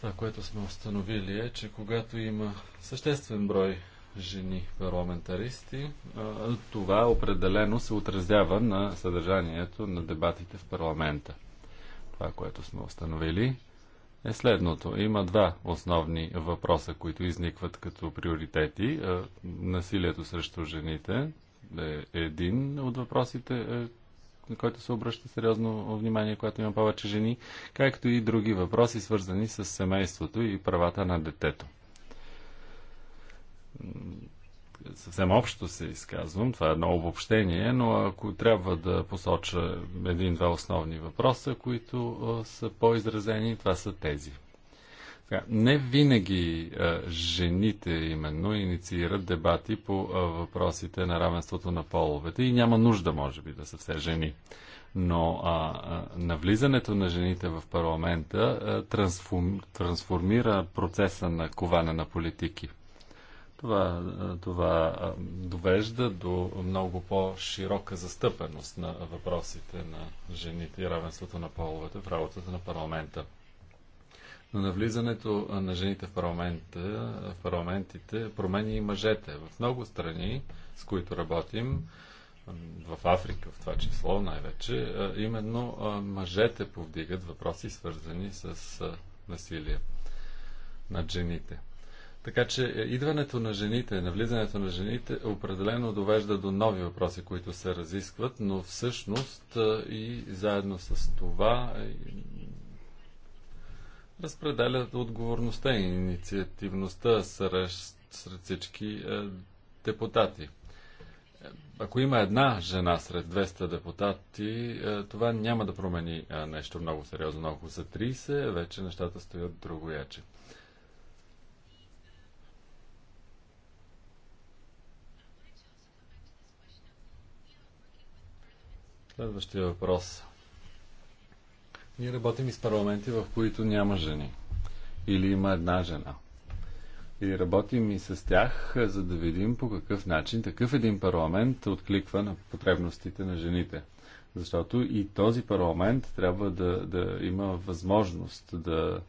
Това, което сме установили е, че когато има съществен брой жени парламентаристи, това определено се отразява на съдържанието на дебатите в парламента. Това, което сме установили е следното. Има два основни въпроса, които изникват като приоритети. Насилието срещу жените е един от въпросите, е, на който се обръща сериозно внимание, което има повече жени, както и други въпроси, свързани с семейството и правата на детето. Съвсем общо се изказвам, това е едно обобщение, но ако трябва да посоча един-два основни въпроса, които е, са по-изразени, това са тези не винаги а, жените именно инициират дебати по а, въпросите на равенството на половете и няма нужда, може би, да са все жени. Но а, а, навлизането на жените в парламента а, трансформ, трансформира процеса на коване на политики. Това, а, това а, довежда до много по-широка застъпеност на въпросите на жените и равенството на половете в работата на парламента но навлизането на жените в, парламент, в парламентите промени и мъжете. В много страни, с които работим, в Африка в това число най-вече, именно мъжете повдигат въпроси, свързани с насилие над жените. Така че е, идването на жените, навлизането на жените определено довежда до нови въпроси, които се разискват, но всъщност и заедно с това разпределят отговорността и инициативността сред, сред всички е, депутати. Ако има една жена сред 200 депутати, е, това няма да промени е, нещо много сериозно. Но ако са 30, вече нещата стоят другояче. Следващия въпрос. Ние работим и с парламенти, в които няма жени. Или има една жена. И работим и с тях, е, за да видим по какъв начин такъв един парламент откликва на потребностите на жените. Защото и този парламент трябва да, да има възможност да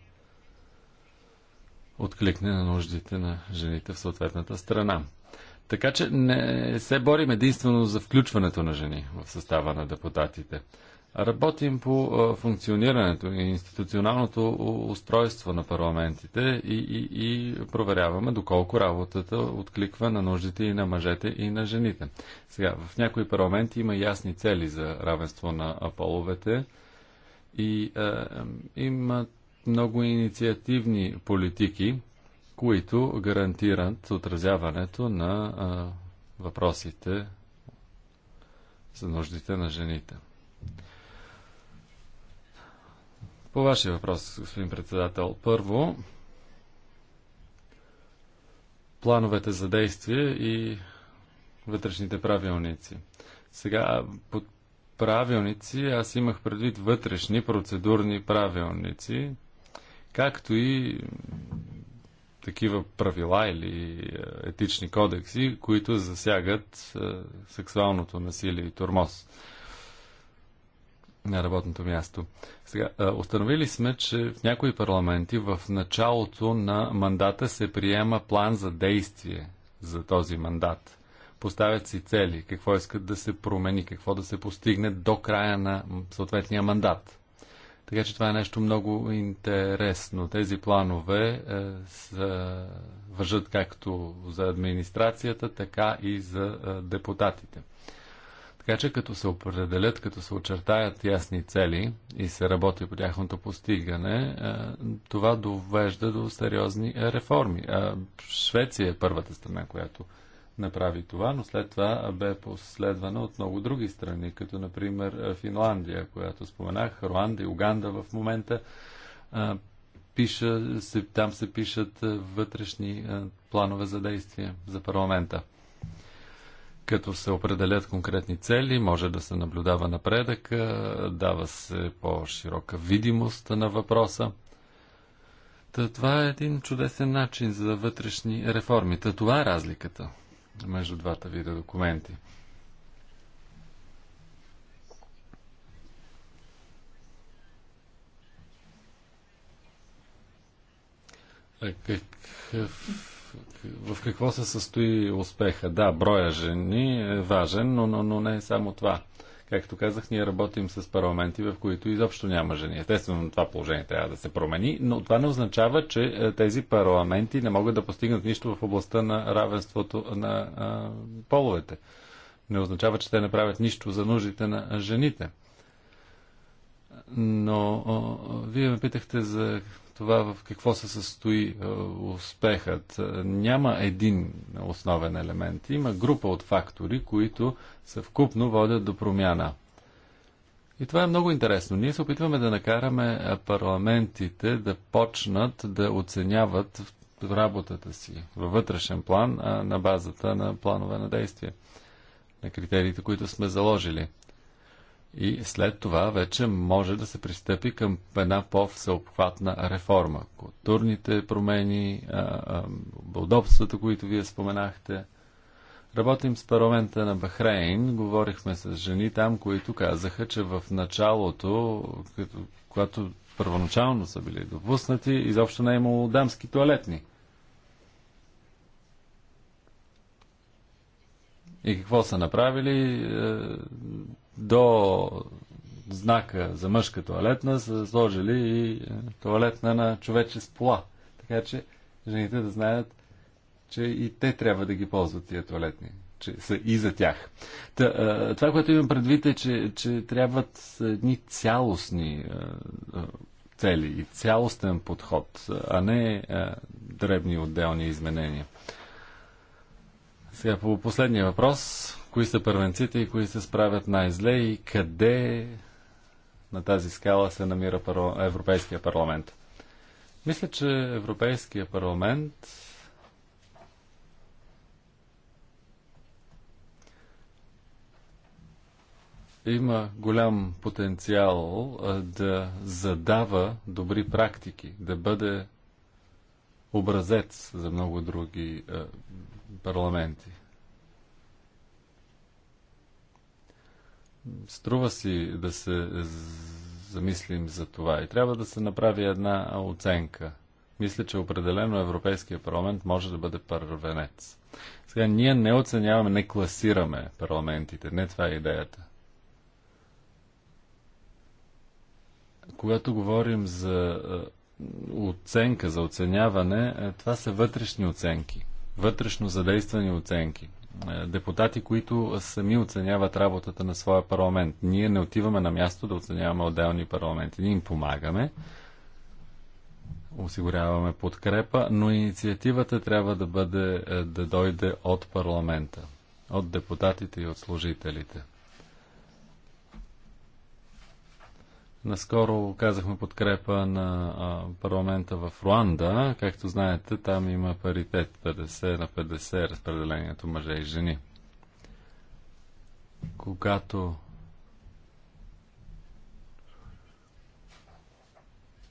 откликне на нуждите на жените в съответната страна. Така че не се борим единствено за включването на жени в състава на депутатите. Работим по функционирането и институционалното устройство на парламентите и, и, и проверяваме доколко работата откликва на нуждите и на мъжете и на жените. Сега, в някои парламенти има ясни цели за равенство на половете и е, имат много инициативни политики, които гарантират отразяването на е, въпросите за нуждите на жените. По вашия въпрос, господин председател, първо, плановете за действие и вътрешните правилници. Сега, под правилници аз имах предвид вътрешни процедурни правилници, както и такива правила или е, етични кодекси, които засягат е, сексуалното насилие и тормоз на работното място. Сега, установили сме, че в някои парламенти в началото на мандата се приема план за действие за този мандат. Поставят си цели, какво искат да се промени, какво да се постигне до края на съответния мандат. Така че това е нещо много интересно. Тези планове е, въжат както за администрацията, така и за е, депутатите. Така че като се определят, като се очертаят ясни цели и се работи по тяхното постигане, е, това довежда до сериозни реформи. Е, Швеция е първата страна, която направи това, но след това бе последвана от много други страни, като например Финландия, която споменах, Руанда и Уганда в момента. Е, пиша, там се пишат вътрешни планове за действие за парламента като се определят конкретни цели, може да се наблюдава напредък, дава се по-широка видимост на въпроса. Та това е един чудесен начин за вътрешни реформи. Та това е разликата между двата вида документи. Какъв в какво се състои успеха. Да, броя жени е важен, но, но, но не е само това. Както казах, ние работим с парламенти, в които изобщо няма жени. Естествено, това положение трябва да се промени, но това не означава, че е, тези парламенти не могат да постигнат нищо в областта на равенството на а, половете. Не означава, че те не правят нищо за нуждите на жените. Но а, вие ме питахте за това в какво се състои е, успехът. Е, няма един основен елемент. Има група от фактори, които съвкупно водят до промяна. И това е много интересно. Ние се опитваме да накараме е, парламентите да почнат да оценяват работата си във вътрешен план на базата на планове на действие, на критериите, които сме заложили и след това вече може да се пристъпи към една по-всеобхватна реформа. Културните промени, удобствата, които вие споменахте. Работим с парламента на Бахрейн. Говорихме с жени там, които казаха, че в началото, като, когато първоначално са били допуснати, изобщо не е имало дамски туалетни. И какво са направили? Е, до знака за мъжка туалетна са сложили и е, туалетна на човече с пола. Така че жените да знаят, че и те трябва да ги ползват тия туалетни, че са и за тях. Та, е, това, което имам предвид е, че, че трябват едни цялостни е, цели и цялостен подход, а не дребни отделни изменения. Сега по последния въпрос кои са първенците и кои се справят най-зле и къде на тази скала се намира Европейския парламент. Мисля, че Европейския парламент има голям потенциал да задава добри практики, да бъде образец за много други парламенти. Струва си да се замислим за това и трябва да се направи една оценка. Мисля, че определено Европейския парламент може да бъде първенец. Сега ние не оценяваме, не класираме парламентите. Не това е идеята. Когато говорим за оценка, за оценяване, е, това са вътрешни оценки. Вътрешно задействани оценки. Е, депутати, които сами оценяват работата на своя парламент. Ние не отиваме на място да оценяваме отделни парламенти. Ние им помагаме, осигуряваме подкрепа, но инициативата трябва да бъде е, да дойде от парламента, от депутатите и от служителите. Наскоро казахме подкрепа на парламента в Руанда. Както знаете, там има паритет 50 на 50 разпределението мъже и жени. Когато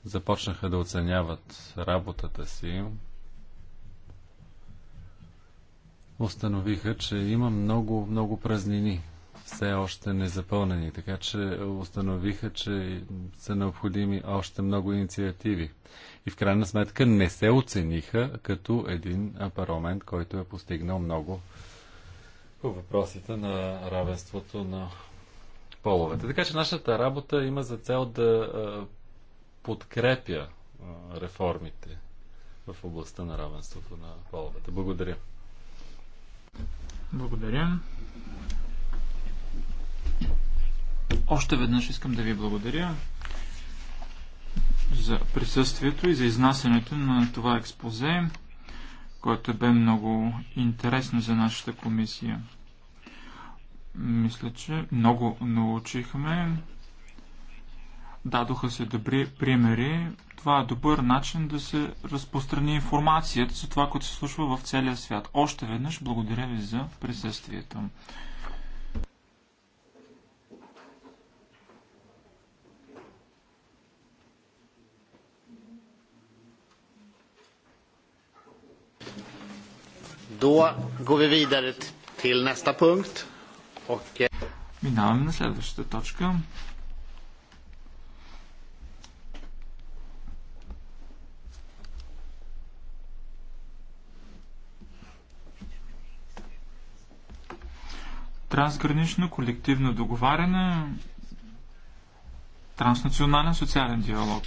започнаха да оценяват работата си, установиха, че има много, много празнини все още незапълнени, така че установиха, че са необходими още много инициативи. И в крайна сметка не се оцениха като един парламент, който е постигнал много по въпросите на равенството на половете. Така че нашата работа има за цел да подкрепя реформите в областта на равенството на половете. Благодаря. Благодаря. Още веднъж искам да ви благодаря за присъствието и за изнасянето на това експозе, което бе много интересно за нашата комисия. Мисля, че много научихме. Дадоха се добри примери. Това е добър начин да се разпространи информацията за това, което се случва в целия свят. Още веднъж благодаря ви за присъствието. Då går vi vidare till nästa punkt. Och... Eh, Минаваме на следващата точка. Трансгранично колективно договаряне, транснационален социален диалог.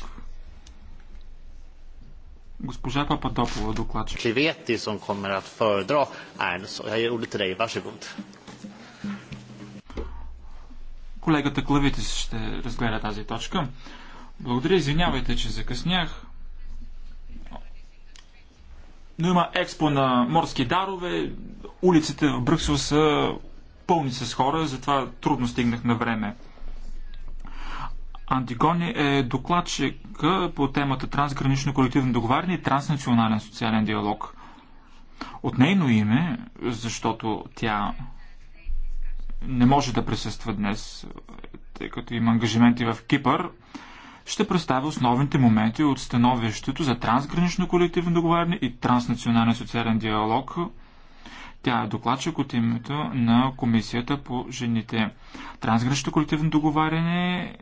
Госпожа Пападопова, докладчик. Клевети, som kommer att föredra jag ger ordet till dig. Varsågod. Колегата Клавитис ще разгледа тази точка. Благодаря, извинявайте, че закъснях. Но има експо на морски дарове. Улиците в Брюксел са пълни с хора, затова трудно стигнах на време. Антигони е докладчик по темата трансгранично колективно договаряне и транснационален социален диалог. От нейно име, защото тя не може да присъства днес, тъй като има ангажименти в Кипър, ще представя основните моменти от становището за трансгранично колективно договаряне и транснационален социален диалог. Тя е докладчик от името на Комисията по жените. Трансгранично колективно договаряне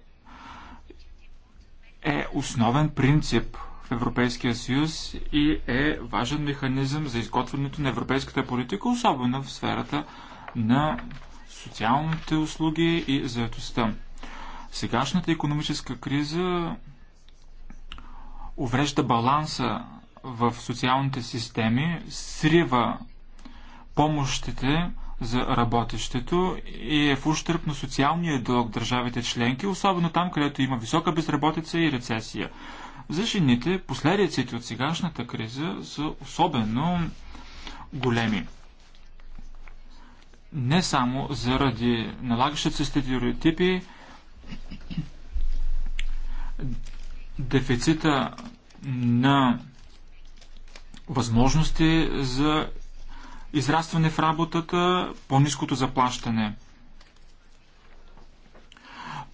е основен принцип в Европейския съюз и е важен механизъм за изготвянето на европейската политика, особено в сферата на социалните услуги и заедостта. Сегашната економическа криза уврежда баланса в социалните системи, срива помощите за работещето и е в ущърп на социалния дълг държавите членки, особено там, където има висока безработица и рецесия. За жените последиците от сегашната криза са особено големи. Не само заради налагащите се стереотипи, дефицита на възможности за израстване в работата, по-низкото заплащане.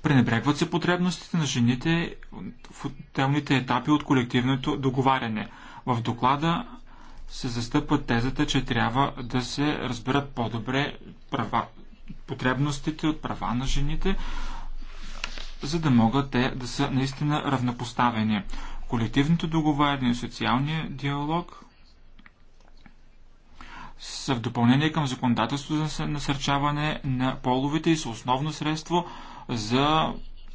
Пренебрегват се потребностите на жените в отделните етапи от колективното договаряне. В доклада се застъпва тезата, че трябва да се разберат по-добре права, потребностите от права на жените, за да могат те да са наистина равнопоставени. Колективното договаряне и социалния диалог са в допълнение към законодателство за насърчаване на половите и са основно средство за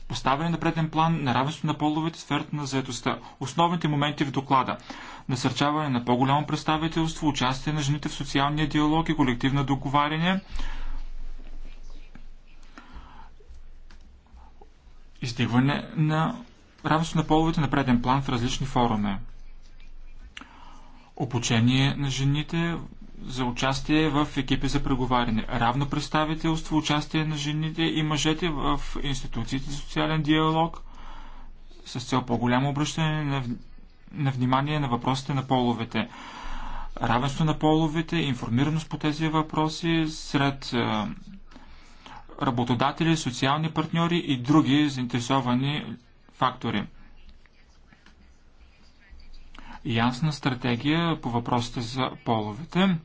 поставяне на преден план на равенство на половете в сферата на заедостта. Основните моменти в доклада – насърчаване на по-голямо представителство, участие на жените в социалния диалог и колективно договаряне, издигване на равенство на половете на преден план в различни форуми. Обучение на жените за участие в екипи за преговаряне. Равно представителство, участие на жените и мъжете в институциите за социален диалог с цел по-голямо обръщане на, на внимание на въпросите на половете. Равенство на половете, информираност по тези въпроси сред работодатели, социални партньори и други заинтересовани фактори. Ясна стратегия по въпросите за половете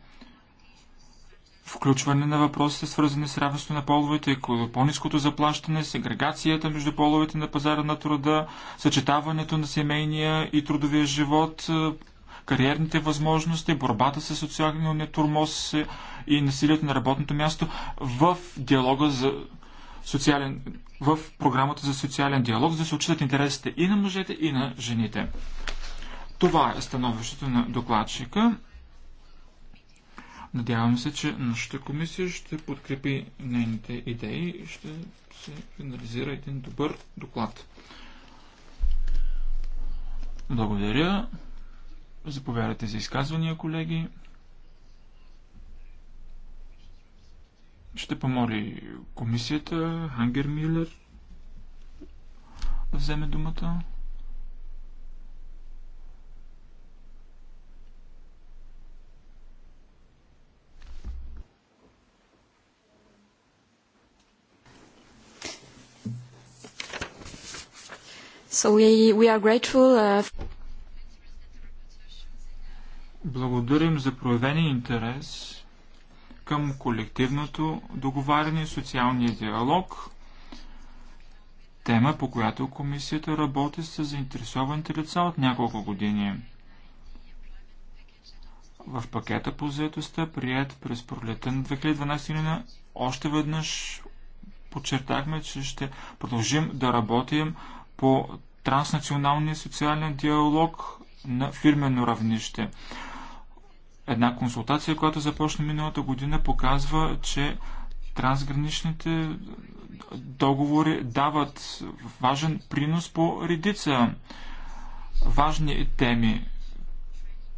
включване на въпросите, свързани с равенство на половете, по-низкото заплащане, сегрегацията между половете на пазара на труда, съчетаването на семейния и трудовия живот, е, кариерните възможности, борбата с социалния турмоз и насилието на работното място в диалога за социален, в програмата за социален диалог, за да се отчитат интересите и на мъжете, и на жените. Това е становището на докладчика. Надявам се, че нашата комисия ще подкрепи нейните идеи и ще се финализира един добър доклад. Благодаря. Заповядайте за изказвания, колеги. Ще помоли комисията Хангер Милер да вземе думата. Uh, Благодарим за проявения интерес към колективното договаряне и социалния диалог, тема по която комисията работи с заинтересованите лица от няколко години. В пакета по заедостта, прият през пролета на 2012 година, още веднъж подчертахме, че ще продължим да работим по транснационалния социален диалог на фирмено равнище. Една консултация, която започна миналата година, показва, че трансграничните договори дават важен принос по редица важни теми,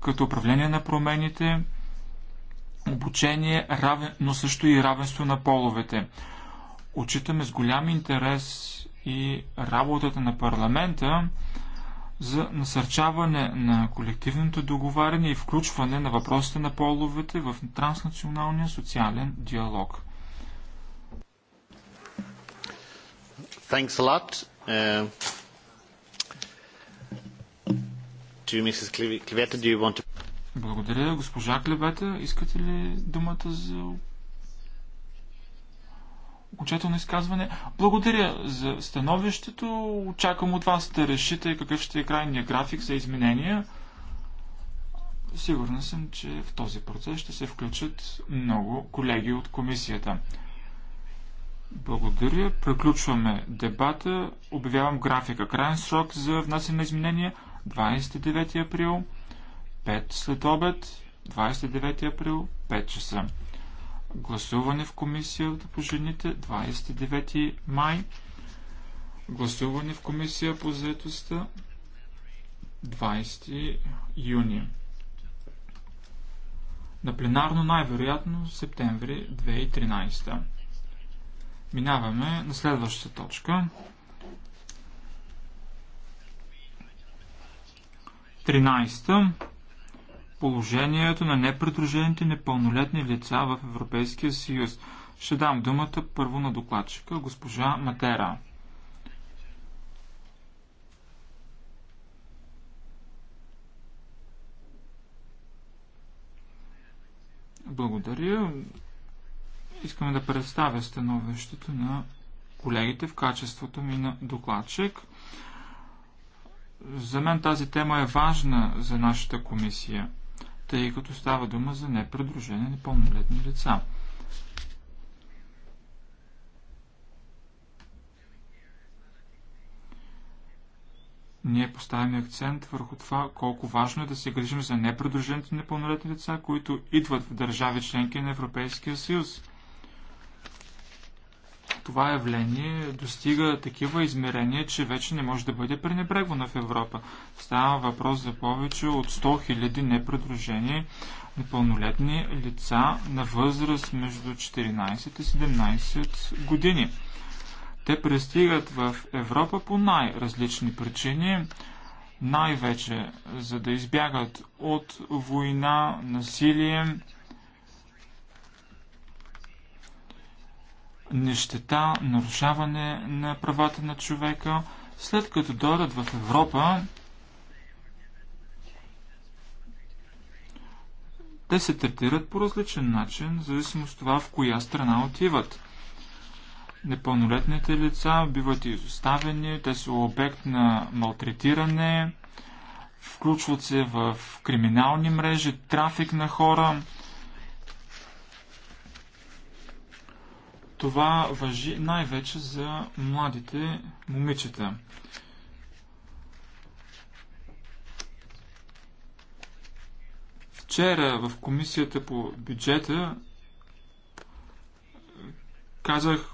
като управление на промените, обучение, равен, но също и равенство на половете. Отчитаме с голям интерес и работата на парламента за насърчаване на колективното договаряне и включване на въпросите на половете в транснационалния социален диалог. Thanks a lot uh, Mrs. Do you want to... Благодаря, госпожа Клевета. Искате ли думата за окончателно изказване. Благодаря за становището. Очаквам от вас да решите какъв ще е крайния график за изменения. Сигурна съм, че в този процес ще се включат много колеги от комисията. Благодаря. Приключваме дебата. Обявявам графика. Крайен срок за внасяне на изменения 29 април, 5 след обед, 29 април, 5 часа. Гласуване в комисията по жените 29 май. Гласуване в комисия по заедостта 20 юни. На пленарно най-вероятно септември 2013. Минаваме на следващата точка. 13 положението на непредружените непълнолетни лица в Европейския съюз. Ще дам думата първо на докладчика, госпожа Матера. Благодаря. Искаме да представя становището на колегите в качеството ми на докладчик. За мен тази тема е важна за нашата комисия – тъй като става дума за непредружени непълнолетни лица. Ние поставяме акцент върху това колко важно е да се грижим за непредружените непълнолетни лица, които идват в държави членки на Европейския съюз – това явление достига такива измерения, че вече не може да бъде пренебрегвано в Европа. Става въпрос за повече от 100 000 непредружени непълнолетни лица на възраст между 14 и 17 години. Те пристигат в Европа по най-различни причини, най-вече за да избягат от война, насилие, нищета, нарушаване на правата на човека. След като дойдат в Европа, те се третират по различен начин, в зависимост от това в коя страна отиват. Непълнолетните лица биват изоставени, те са обект на малтретиране, включват се в криминални мрежи, трафик на хора – Това въжи най-вече за младите момичета. Вчера в комисията по бюджета е, казах,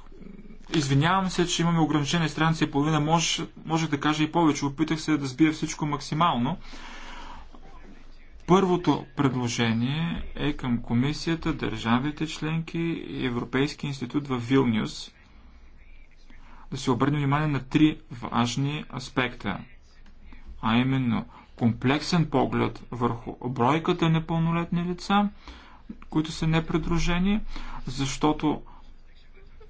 извинявам се, че имаме ограничение страница и половина, можех, можех да кажа и повече, опитах се да сбия всичко максимално, Първото предложение е към комисията, държавите членки и Европейски институт в Вилнюс да се обърне внимание на три важни аспекта, а именно комплексен поглед върху бройката непълнолетни лица, които са непредружени, защото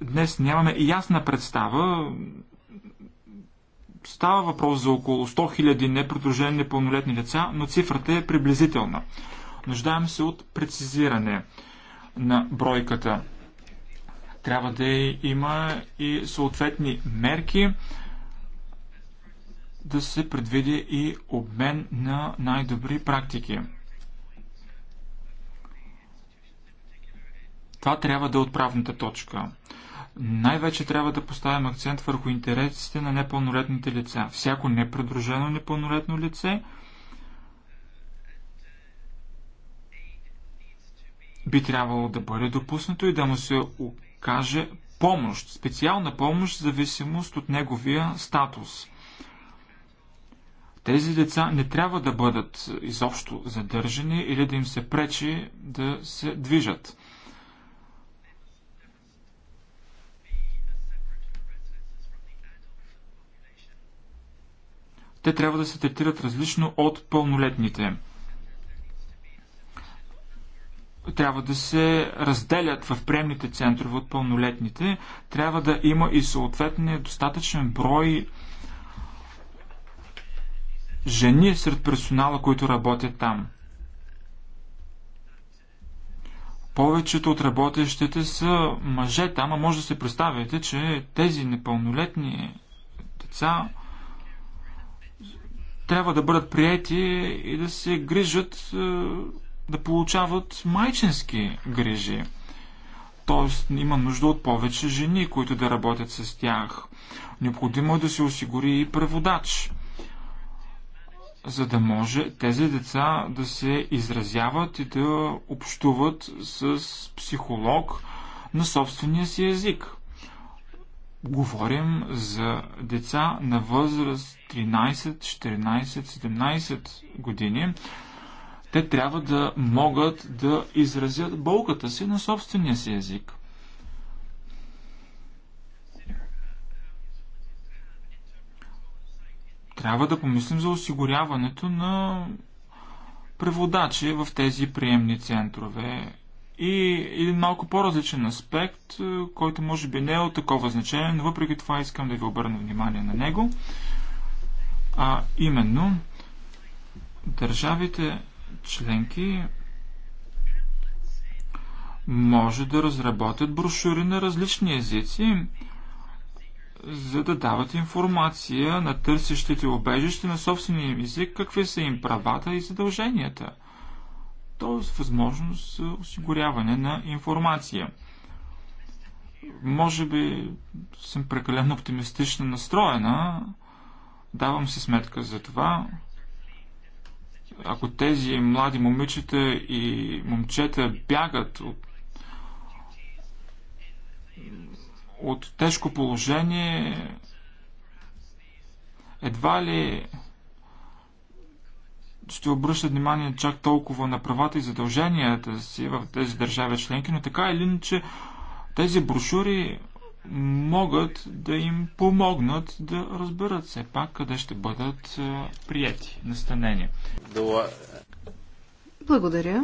днес нямаме ясна представа Става въпрос за около 100 000 непридружени непълнолетни деца, но цифрата е приблизителна. Нуждаем се от прецизиране на бройката. Трябва да има и съответни мерки, да се предвиди и обмен на най-добри практики. Това трябва да е отправната точка. Най-вече трябва да поставим акцент върху интересите на непълнолетните лица. Всяко непредружено непълнолетно лице би трябвало да бъде допуснато и да му се окаже помощ, специална помощ в зависимост от неговия статус. Тези деца не трябва да бъдат изобщо задържани или да им се пречи да се движат. те трябва да се третират различно от пълнолетните. Трябва да се разделят в приемните центрове от пълнолетните. Трябва да има и съответния достатъчен брой жени сред персонала, които работят там. Повечето от работещите са мъже там, а може да се представите, че тези непълнолетни деца трябва да бъдат приети и да се грижат, е, да получават майчински грижи. Тоест има нужда от повече жени, които да работят с тях. Необходимо е да се осигури и преводач, за да може тези деца да се изразяват и да общуват с психолог на собствения си език. Говорим за деца на възраст 13, 14, 17 години. Те трябва да могат да изразят болката си на собствения си език. Трябва да помислим за осигуряването на преводачи в тези приемни центрове. И един малко по-различен аспект, е, който може би не е от такова значение, но въпреки това искам да ви обърна внимание на него. А именно, държавите членки може да разработят брошури на различни езици, за да дават информация на търсещите обежище на собствения език, какви са им правата и задълженията – т.е. възможност за осигуряване на информация. Може би съм прекалено оптимистично настроена, давам си сметка за това. Ако тези млади момичета и момчета бягат от, от тежко положение, едва ли ще обръщат внимание чак толкова на правата и задълженията си в тези държави членки, но така или иначе тези брошури могат да им помогнат да разберат все пак къде ще бъдат е, прияти, настанени. Благодаря.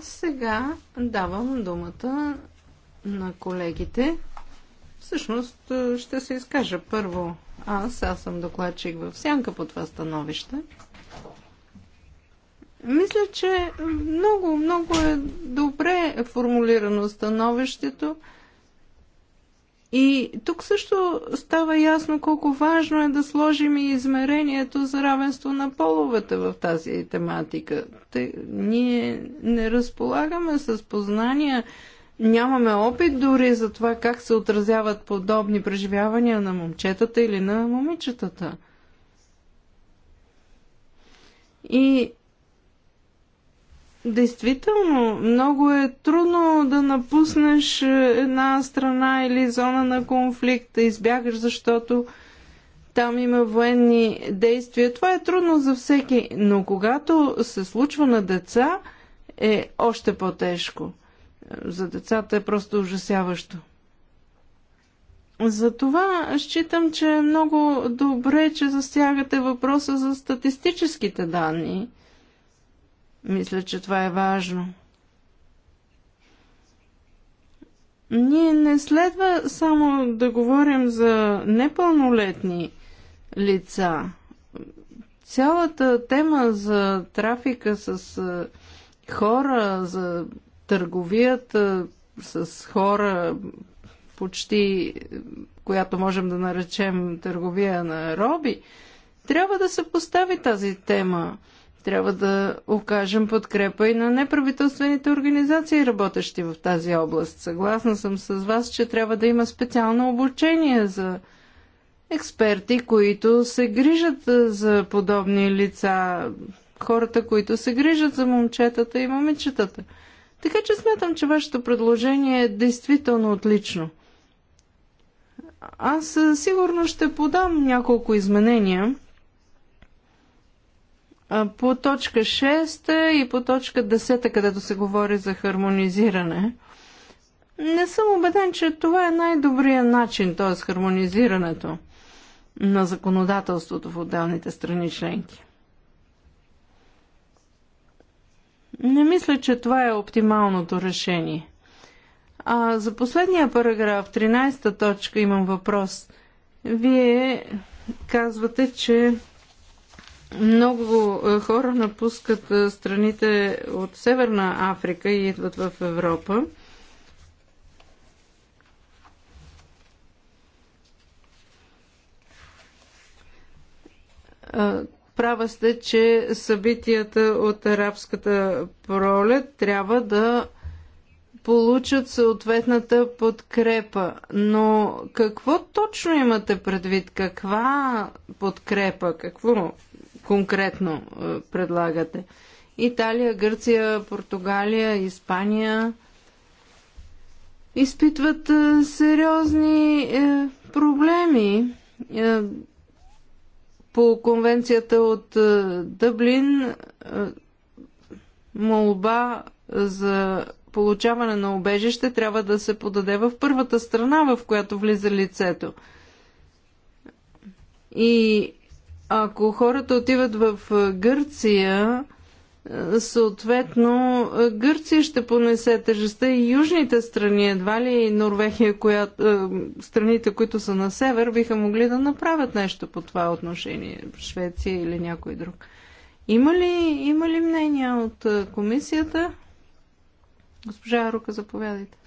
Сега давам думата на колегите. Всъщност е, ще се изкажа първо аз, аз съм докладчик в сянка по това становище. Мисля, че много, много е добре формулирано становището. И тук също става ясно колко важно е да сложим и измерението за равенство на половете в тази тематика. Те, ние не разполагаме с познания нямаме опит дори за това как се отразяват подобни преживявания на момчетата или на момичетата. И действително много е трудно да напуснеш една страна или зона на конфликт, да избягаш, защото там има военни действия. Това е трудно за всеки, но когато се случва на деца, е още по-тежко за децата е просто ужасяващо. Затова считам, че е много добре, че засягате въпроса за статистическите данни. Мисля, че това е важно. Ние не следва само да говорим за непълнолетни лица. Цялата тема за трафика с е, хора, за търговията с хора, почти, която можем да наречем търговия на роби, трябва да се постави тази тема. Трябва да окажем подкрепа и на неправителствените организации, работещи в тази област. Съгласна съм с вас, че трябва да има специално обучение за експерти, които се грижат за подобни лица, хората, които се грижат за момчетата и момичетата. Така че смятам, че вашето предложение е действително отлично. Аз сигурно ще подам няколко изменения по точка 6 и по точка 10, където се говори за хармонизиране. Не съм убеден, че това е най-добрият начин, т.е. хармонизирането на законодателството в отделните страни членки. Не мисля, че това е оптималното решение. А за последния параграф, 13-та точка, имам въпрос. Вие казвате, че много хора напускат страните от Северна Африка и идват в Европа. Права сте, че събитията от арабската пролет трябва да получат съответната подкрепа. Но какво точно имате предвид? Каква подкрепа? Какво конкретно е, предлагате? Италия, Гърция, Португалия, Испания изпитват е, сериозни е, проблеми по конвенцията от е, Дъблин е, молба за получаване на обежище трябва да се подаде в първата страна, в която влиза лицето. И ако хората отиват в е, Гърция, Съответно, Гърция ще понесе тежестта и южните страни, едва ли и Норвегия, коя, е, страните, които са на север, биха могли да направят нещо по това отношение, Швеция или някой друг. Има ли, има ли мнения от е, комисията? Госпожа Рука, заповядайте.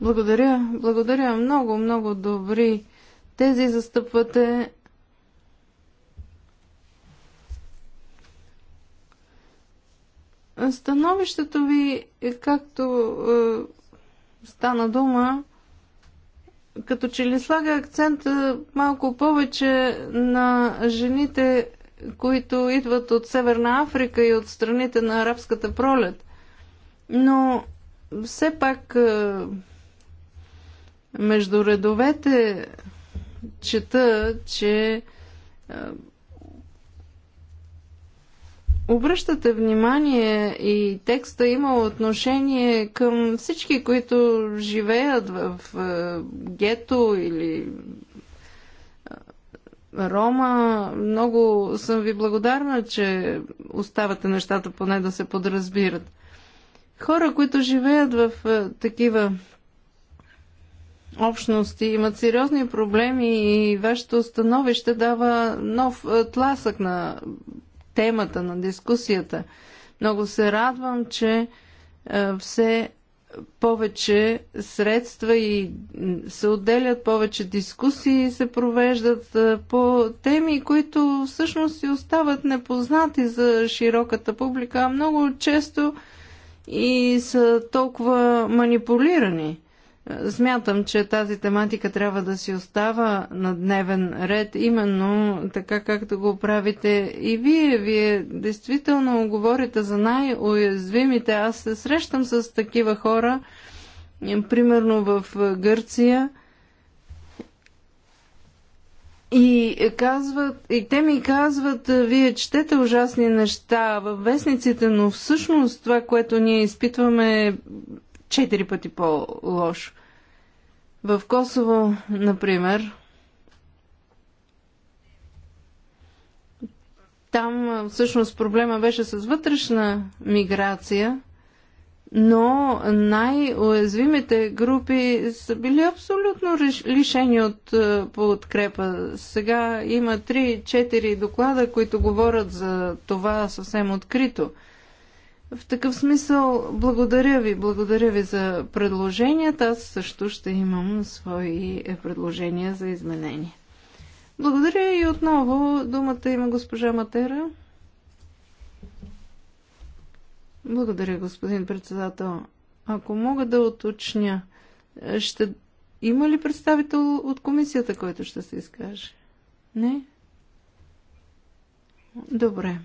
Благодаря, благодаря. Много, много добри тези застъпвате. Становището ви, е както е, стана дума, като че ли слага акцента малко повече на жените, които идват от Северна Африка и от страните на арабската пролет. Но все пак е, между редовете чета, че е, обръщате внимание и текста има отношение към всички, които живеят в е, гето или е, Рома. Много съм ви благодарна, че оставате нещата поне да се подразбират. Хора, които живеят в е, такива общности, имат сериозни проблеми и вашето становище дава нов тласък на темата на дискусията. Много се радвам, че е, все повече средства и се отделят повече дискусии се провеждат е, по теми, които всъщност и остават непознати за широката публика, а много често и са толкова манипулирани. Смятам, че тази тематика трябва да си остава на дневен ред, именно така както го правите и вие. Вие действително говорите за най-уязвимите. Аз се срещам с такива хора, примерно в Гърция, и, казват, и те ми казват, вие четете ужасни неща във вестниците, но всъщност това, което ние изпитваме четири пъти по-лошо. В Косово, например, там всъщност проблема беше с вътрешна миграция, но най-уязвимите групи са били абсолютно лишени от подкрепа. Сега има 3-4 доклада, които говорят за това съвсем открито. В такъв смисъл, благодаря ви, благодаря ви за предложенията. Аз също ще имам свои предложения за изменения. Благодаря и отново думата има госпожа Матера. Благодаря, господин председател. Ако мога да уточня, ще има ли представител от комисията, който ще се изкаже? Не? Добре.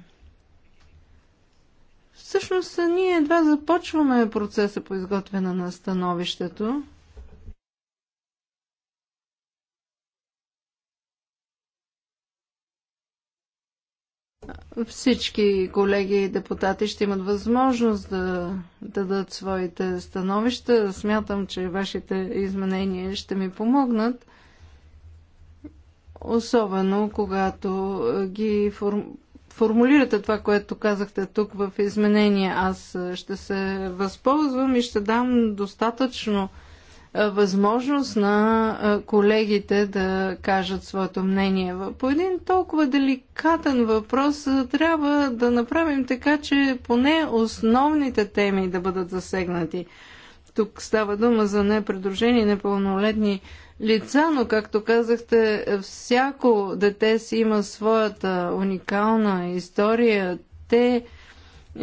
Всъщност ние едва започваме процеса по изготвяне на становището. Всички колеги и депутати ще имат възможност да, дадат своите становища. Смятам, че вашите изменения ще ми помогнат, особено когато ги форм формулирате това, което казахте тук в изменение. Аз ще се възползвам и ще дам достатъчно възможност на колегите да кажат своето мнение. По един толкова деликатен въпрос трябва да направим така, че поне основните теми да бъдат засегнати. Тук става дума за непредружени непълнолетни лица, но както казахте, всяко дете си има своята уникална история. Те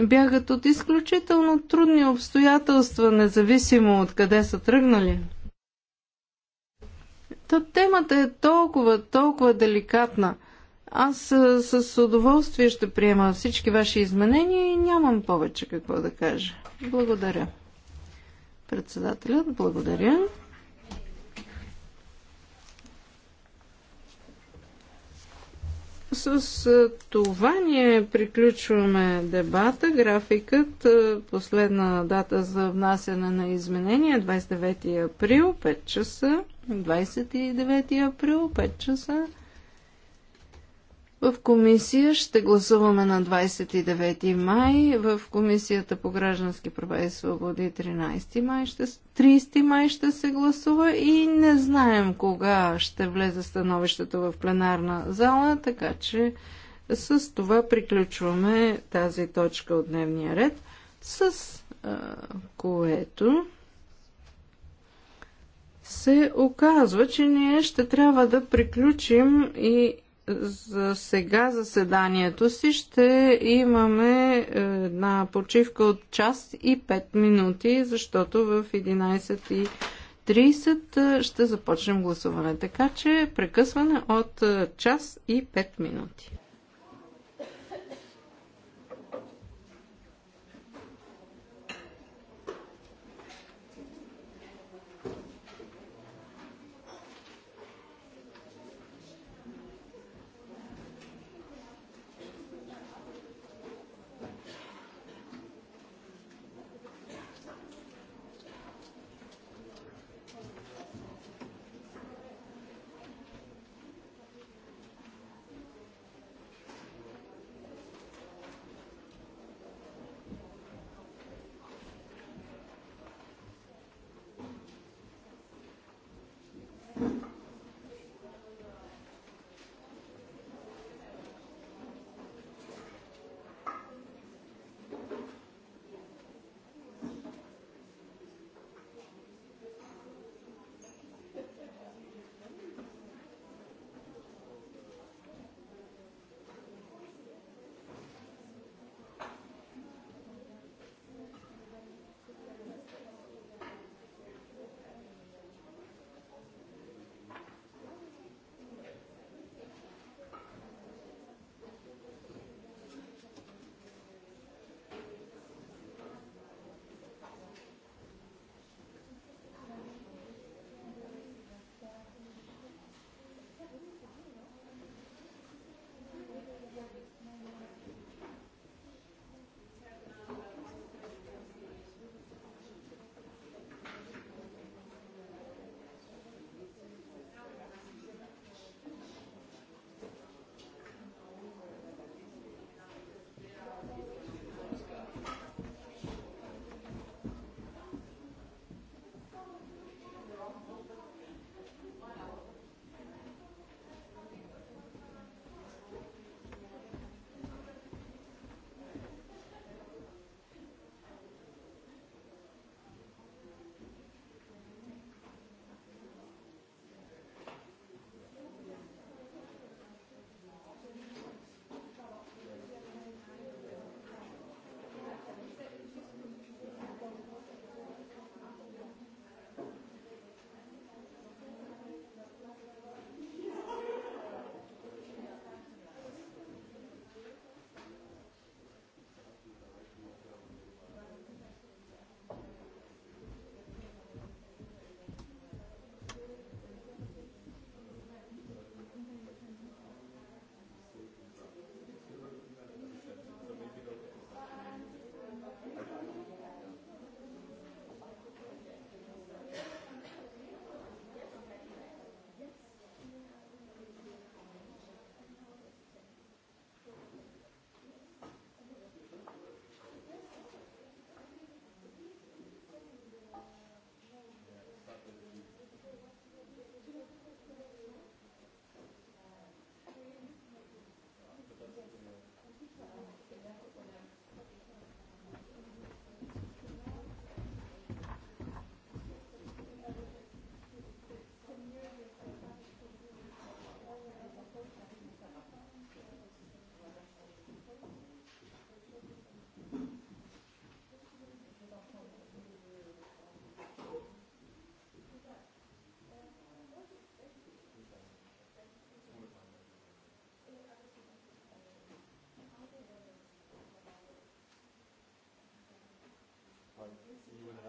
бягат от изключително трудни обстоятелства, независимо от къде са тръгнали. Та темата е толкова, толкова деликатна. Аз с удоволствие ще приема всички ваши изменения и нямам повече какво да кажа. Благодаря. Председателят, благодаря. С това ние приключваме дебата. Графикът, последна дата за внасяне на изменения, 29 април, 5 часа. 29 април, 5 часа. В комисия ще гласуваме на 29 май, в комисията по граждански права и свободи 13 май ще, 30 май ще се гласува и не знаем кога ще влезе становището в пленарна зала, така че с това приключваме тази точка от дневния ред, с а, което се оказва, че ние ще трябва да приключим и за сега заседанието си ще имаме е, една почивка от час и 5 минути, защото в 11.30 е, ще започнем гласуване. Така че прекъсване от е, час и 5 минути. Like you and I.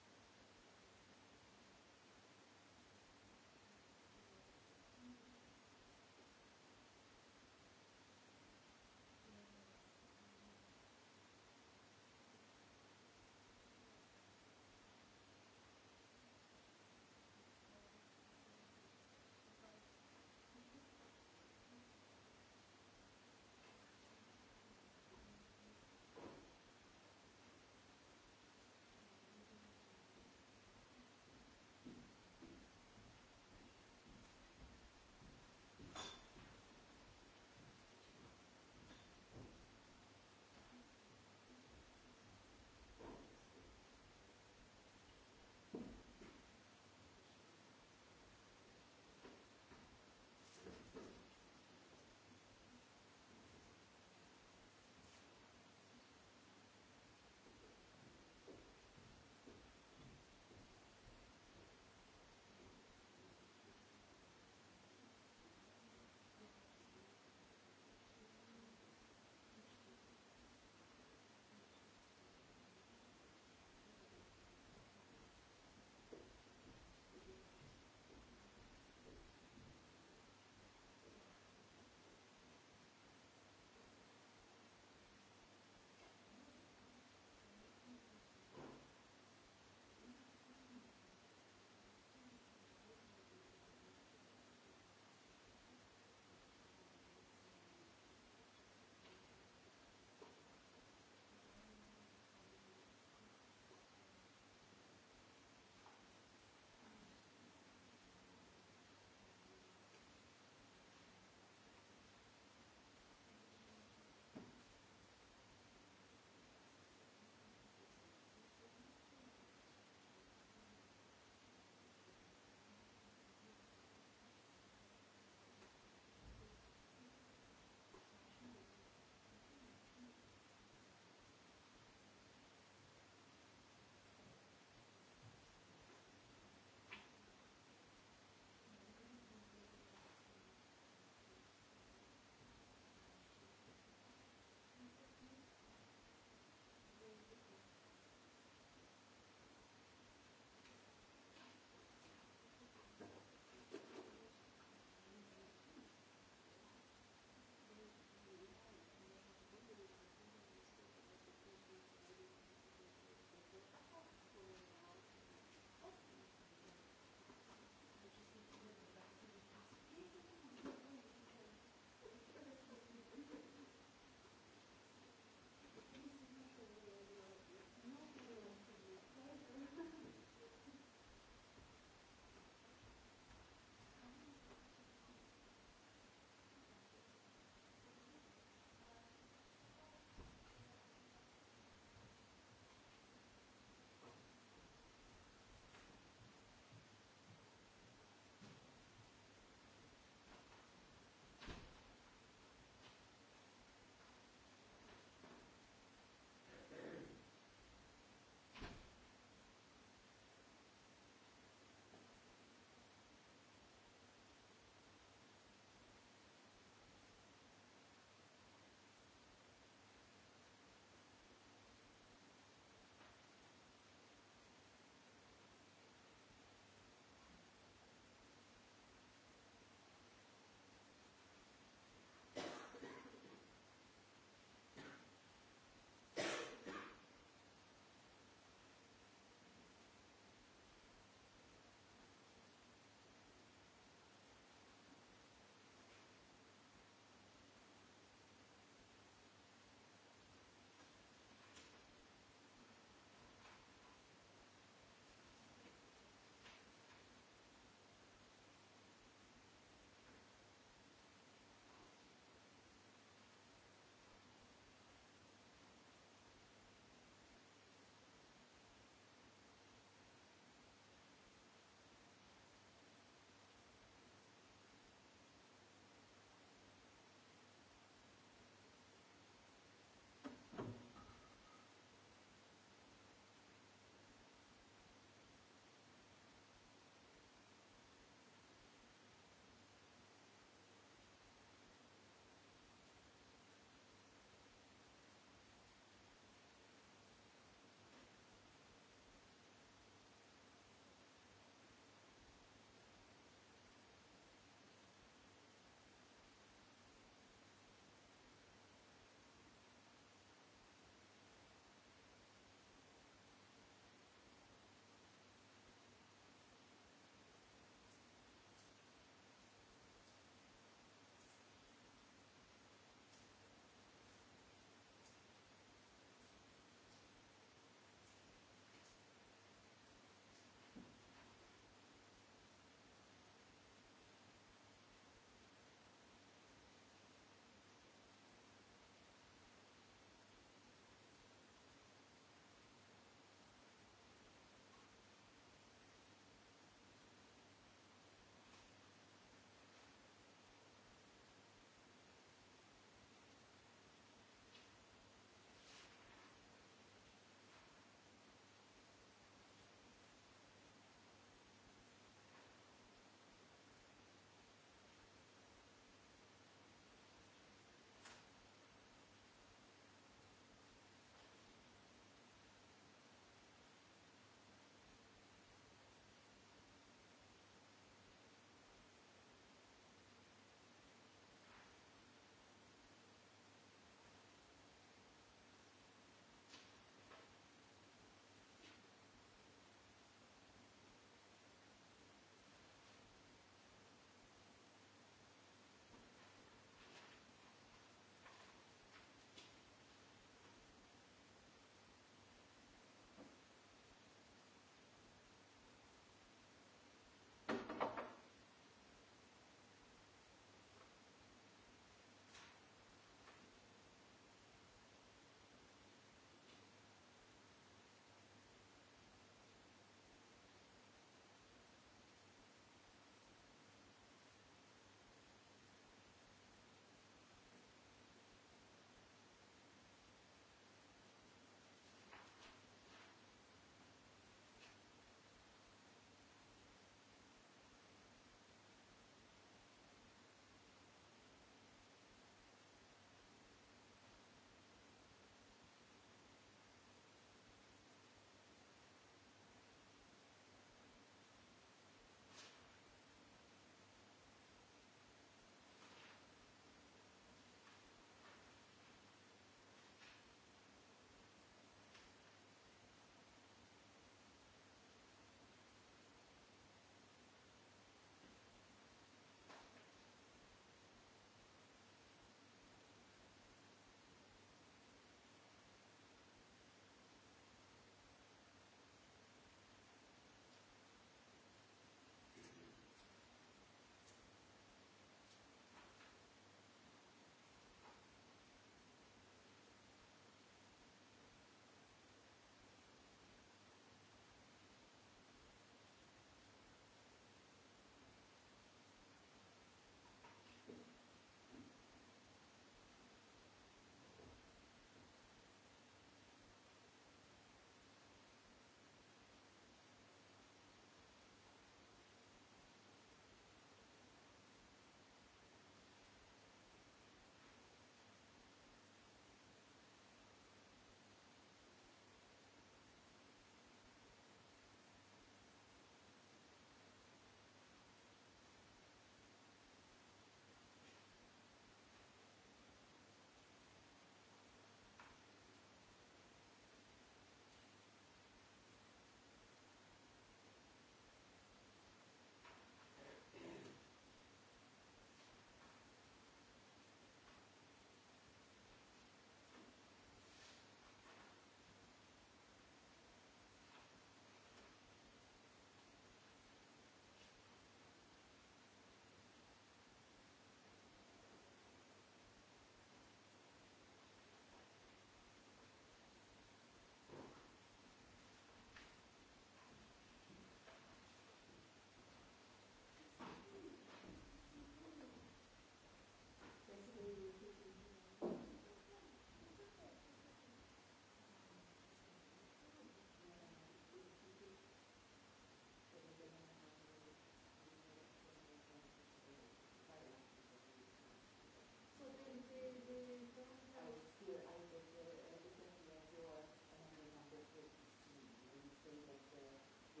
I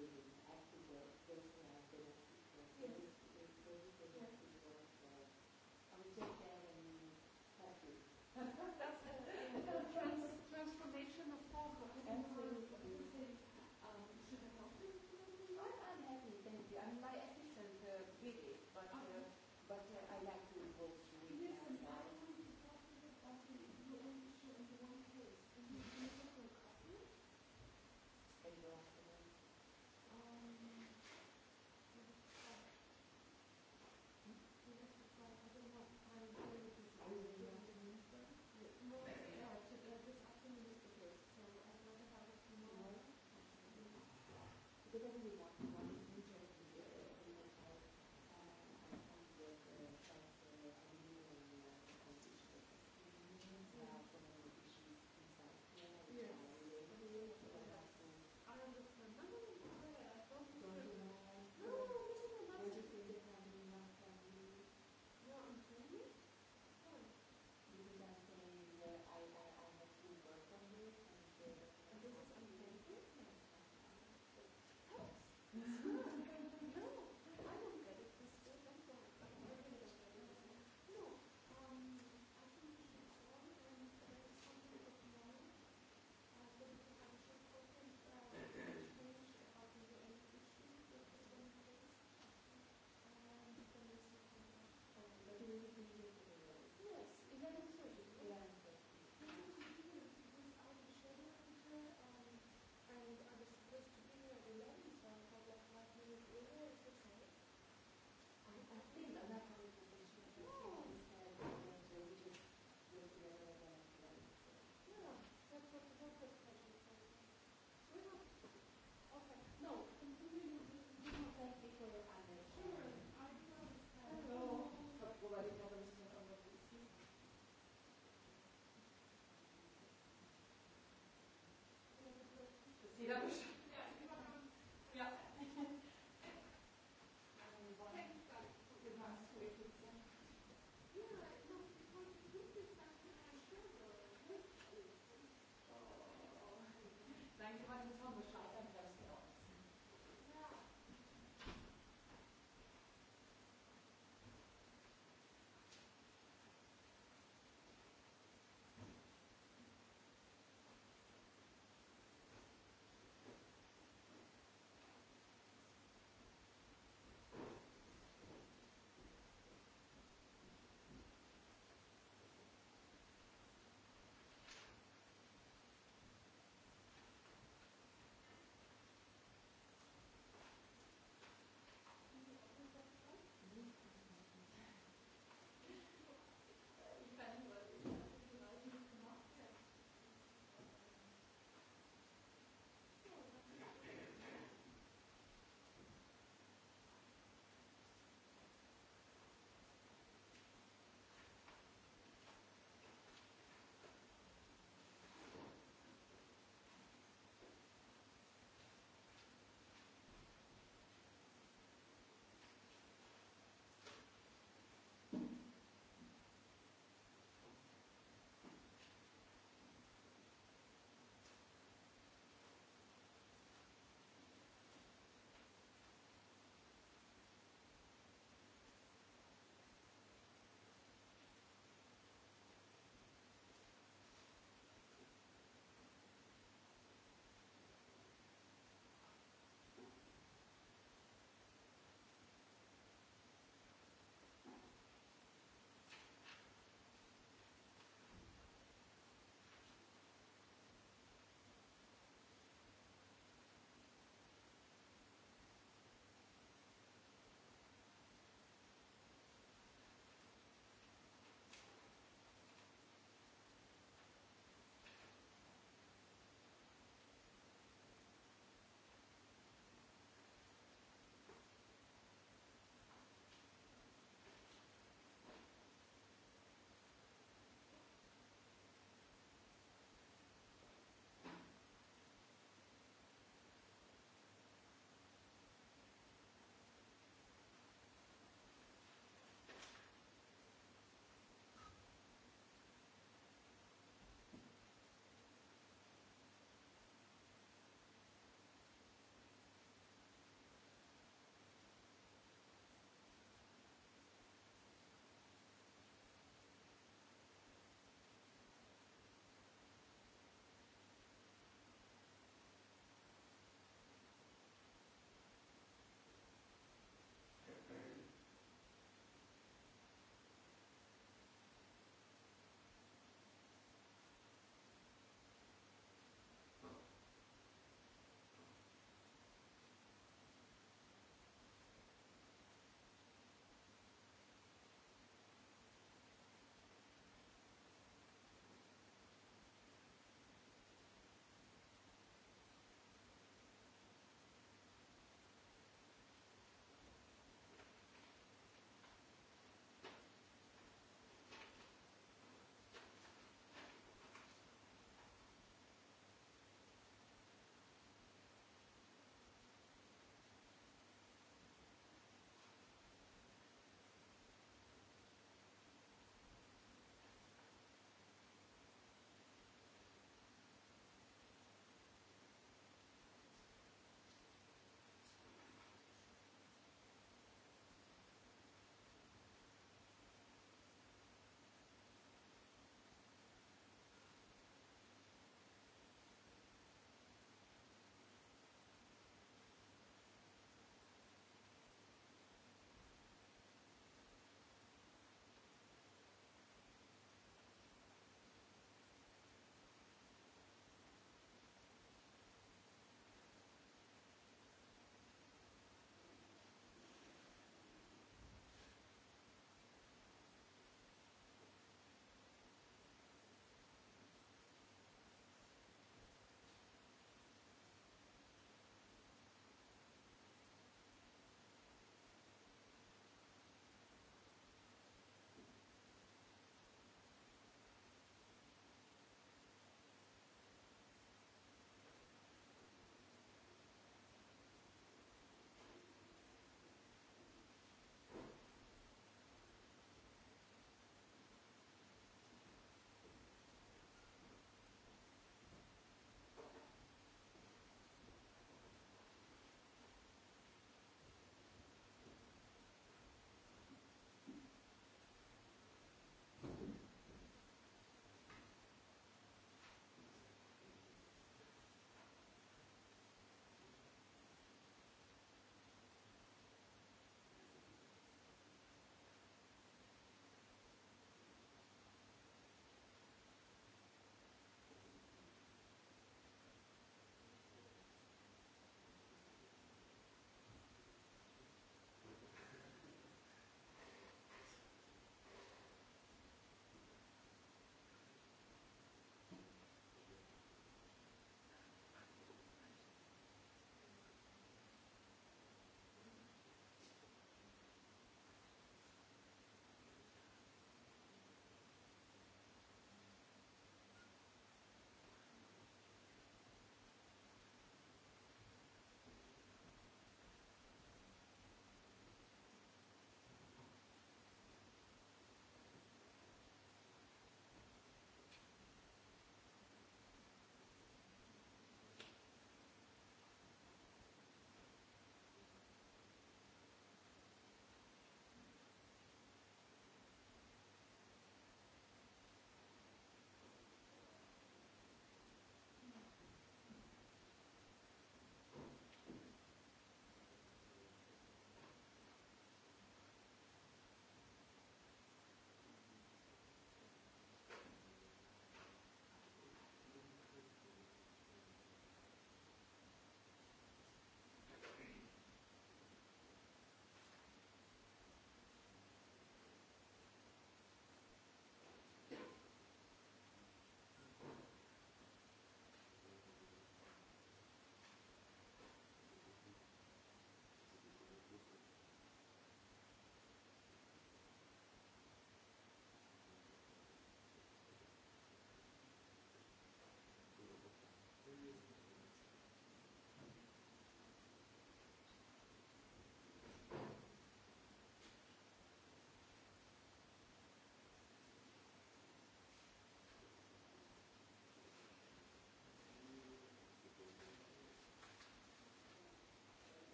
Yes.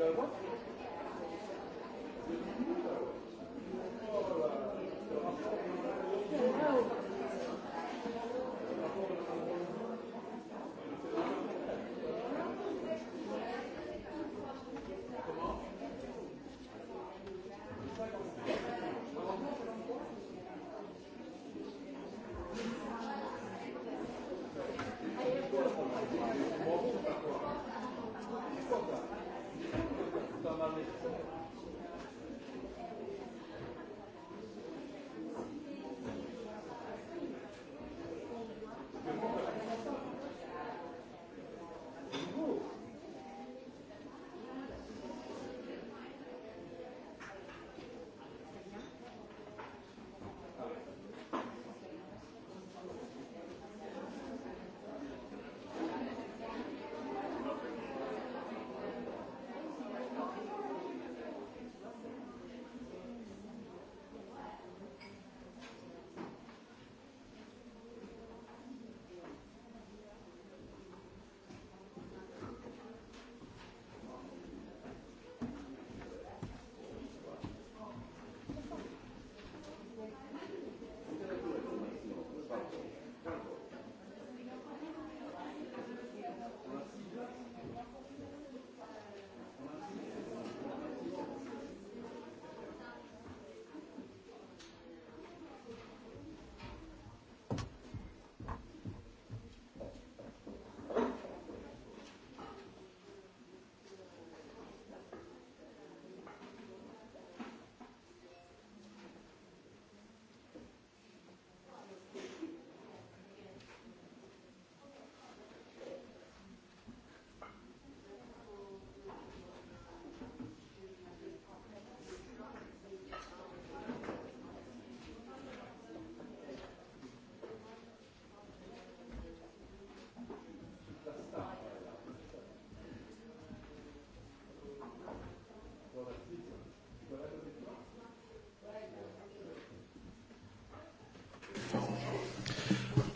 дълго.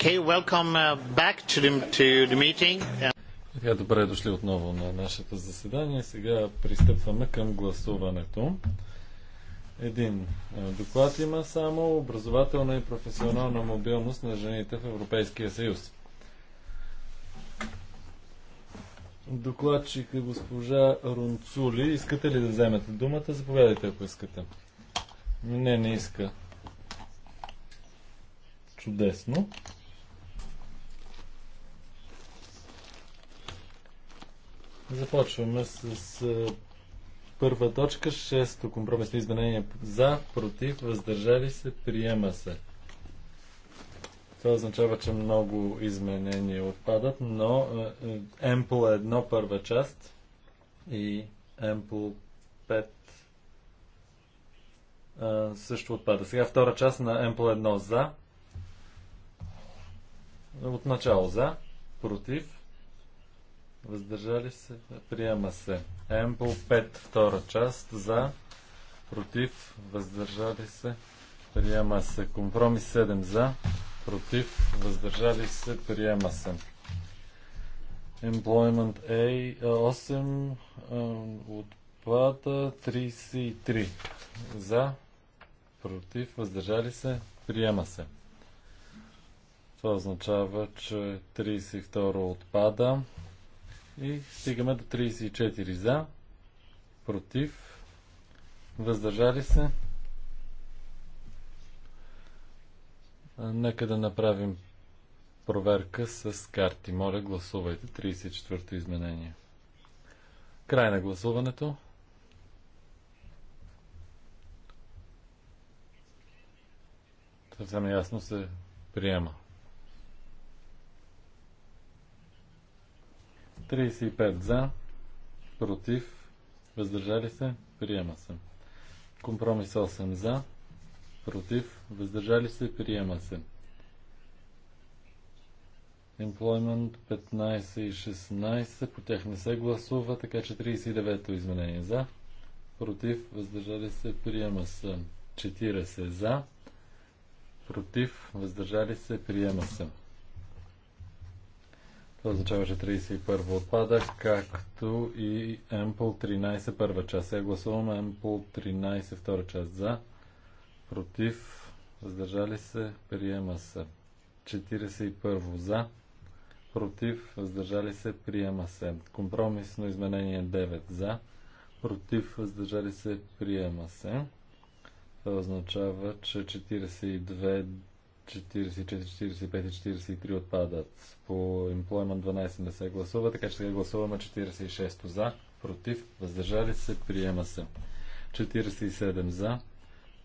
Okay, welcome uh, back to the, to the meeting. Така, добре дошли отново на нашето заседание. Сега пристъпваме към гласуването. Един доклад има само образователна и професионална мобилност на жените в Европейския съюз. Докладчик е госпожа Рунцули. Искате ли да вземете думата? Заповядайте, ако искате. Не, не иска. Чудесно. Започваме с е, първа точка, шесто компромисно изменение за, против, въздържали се, приема се. Това означава, че много изменения отпадат, но Емпл е, е едно първа част и Емпл 5 е, също отпада. Сега втора част на Емпл 1 за. Отначало за, против, въздържали се, приема се. Емпл 5, втора част, за, против, въздържали се, приема се. Компромис 7 за, против, въздържали се, приема се. Employment A 8 отпада 33 за, против, въздържали се, приема се. Това означава, че 32 отпада. И стигаме до 34 за, против, въздържали се. Нека да направим проверка с карти. Моля, гласувайте 34-то изменение. Край на гласуването. Съвсем ясно се приема. 35 за, против, въздържали се, приема се. Компромис 8 за, против, въздържали се, приема се. Employment 15 и 16, по тях не се гласува, така че 39-то изменение за, против, въздържали се, приема се. 40 за, против, въздържали се, приема се. Това означава, че 31 отпада, както и Ample 13 първа част. Сега гласуваме Ample 13 втора част за, против, въздържали се, приема се. 41 за, против, въздържали се, приема се. Компромисно изменение 9 за, против, въздържали се, приема се. Това означава, че 42 44, 45 и 43 отпадат. По Employment 12 не се гласува, така че сега гласуваме 46 за, против, въздържали се, приема се. 47 за,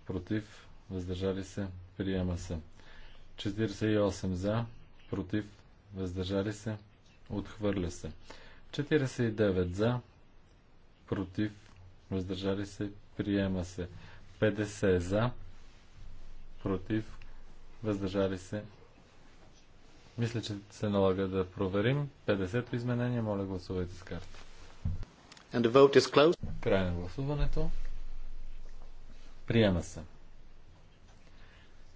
против, въздържали се, приема се. 48 за, против, въздържали се, отхвърля се. 49 за, против, въздържали се, приема се. 50 за, против, въздържали се. Мисля, че се налага да проверим. 50-то изменение, моля гласувайте с карта. And the vote is closed. Край на гласуването. Приема се.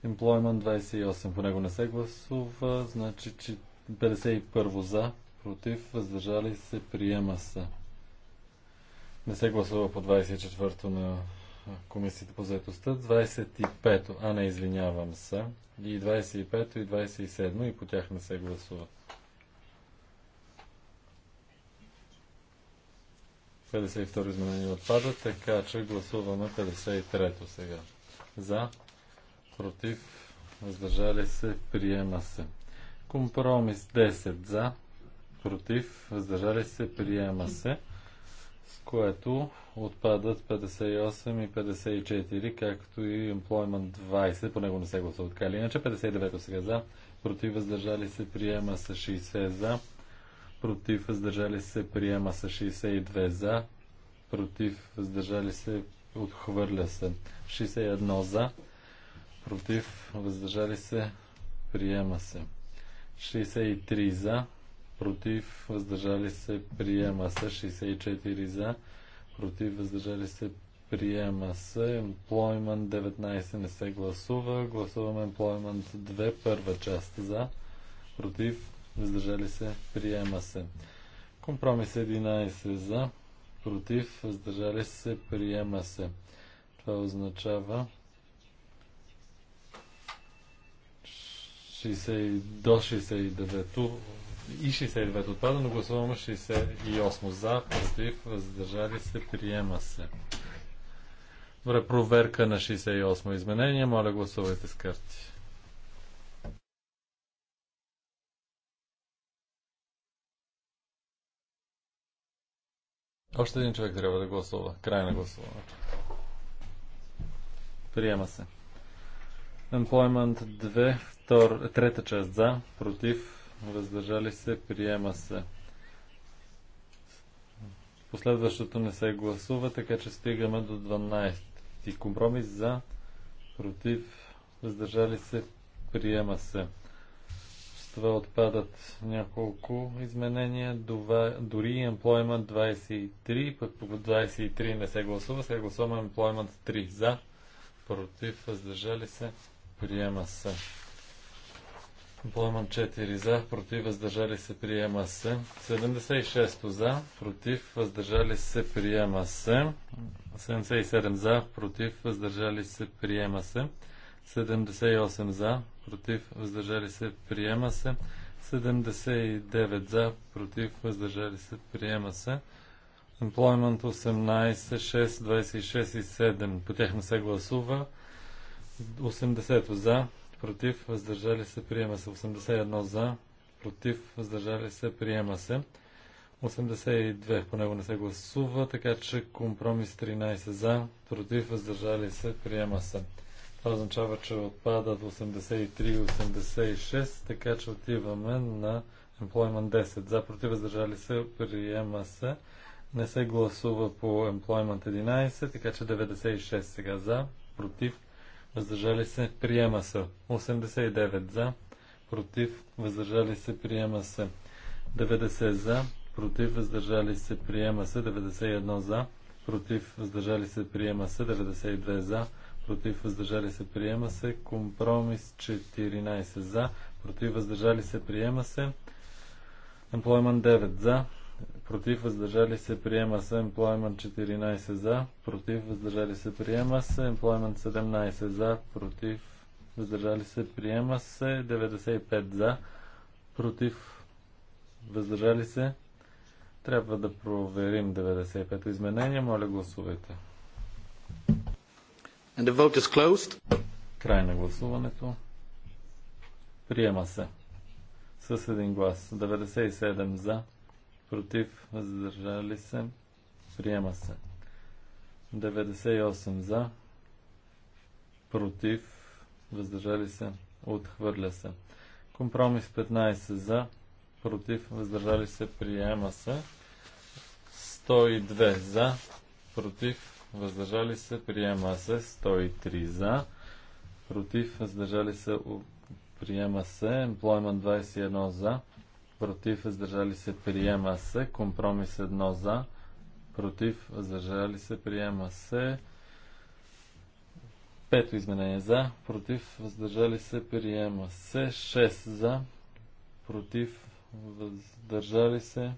Employment 28, по него не се гласува, значи че 51 за, против, въздържали се, приема се. Не се гласува по 24 на Комисията по заедостта, 25-то, а не извинявам се, и 25-то и 27-то и по тях не се гласува. 52 изменение отпада, така че гласуваме 53-то сега. За, против, въздържали се, приема се. Компромис 10 за, против, въздържали се, приема се с което отпадат 58 и 54, както и Employment 20, по него не се гласува така или иначе, 59 сега за, против въздържали се приема с 60 за, против въздържали се приема с 62 за, против въздържали се отхвърля се 61 за, против въздържали се приема се 63 за, против, въздържали се, приема се. 64 за, против, въздържали се, приема се. Employment 19 не се гласува. Гласуваме Employment 2, първа част за, против, въздържали се, приема се. Компромис 11 за, против, въздържали се, приема се. Това означава 60, до 69-то и 69 отпада, но гласуваме 68 за, против, въздържали се, приема се. Добре, проверка на 68 изменение. Моля, гласувайте с карти. Още един човек трябва да гласува. Край на гласуването. Приема се. Employment 2, втор, трета част за, против, въздържали се, приема се. Последващото не се гласува, така че стигаме до 12. И компромис за, против, въздържали се, приема се. С това отпадат няколко изменения, дори Employment 23, пък по 23 не се гласува, сега гласуваме Employment 3 за, против, въздържали се, приема се. Пломан 4 за, против, въздържали се, приема се. 76 за, против, въздържали се, приема се. 77 за, против, въздържали се, приема се. 78 за, против, въздържали се, приема се. 79 за, против, въздържали се, приема се. Employment 18, 6, 26 и 7. По тях не се гласува. 80 за, против, въздържали се, приема се. 81 за, против, въздържали се, приема се. 82 по него не се гласува, така че компромис 13 за, против, въздържали се, приема се. Това означава, че отпадат 83 и 86, така че отиваме на Employment 10. За, против, въздържали се, приема се. Не се гласува по Employment 11, така че 96 сега за, против, въздържали се, приема се. 89 за, против, въздържали се, приема се. 90 за, против, въздържали се, приема се. 91 за, против, въздържали се, приема се. 92 за, против, въздържали се, приема се. Компромис 14 за, против, въздържали се, приема се. Employment 9 за, против, въздържали се, приема се. Employment 14 за, против, въздържали се, приема се. Employment 17 за, против, въздържали се, приема се. 95 за, против, въздържали се. Трябва да проверим 95-то изменение. Моля, гласувайте. And the vote is closed. Край на гласуването. Приема се. С един глас. 97 за, против, въздържали се, приема се. 98 за, против, въздържали се, отхвърля се. Компромис 15 за, против, въздържали се, приема се. 102 за, против, въздържали се, приема се. 103 за, против, въздържали се, приема се. Employment 21 за, против, въздържали се, приема се. Компромис 1 за, против, въздържали се, приема се. Пето изменение за, против, въздържали се, приема се. 6 за, против, въздържали се.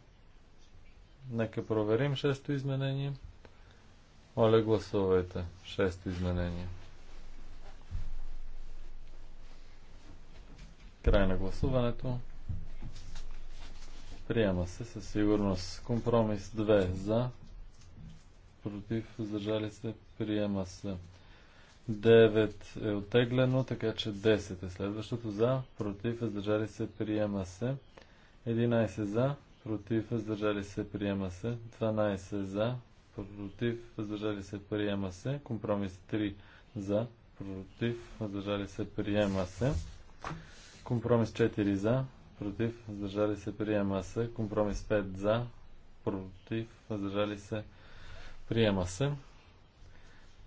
Нека проверим шесто изменение. Моля, гласувайте. Шесто изменение. Край на гласуването. Приема се със сигурност. Компромис 2 за. Против, въздържали се. Приема се. 9 е отеглено, така че 10 е следващото за. Против, въздържали се. Приема се. 11 за. Против, въздържали се. Приема се. 12 за. Против, въздържали се. Приема се. Компромис 3 за. Против, задържали се. Приема се. Компромис 4 за против, въздържали се, приема се. Компромис 5 за, против, въздържали се, приема се.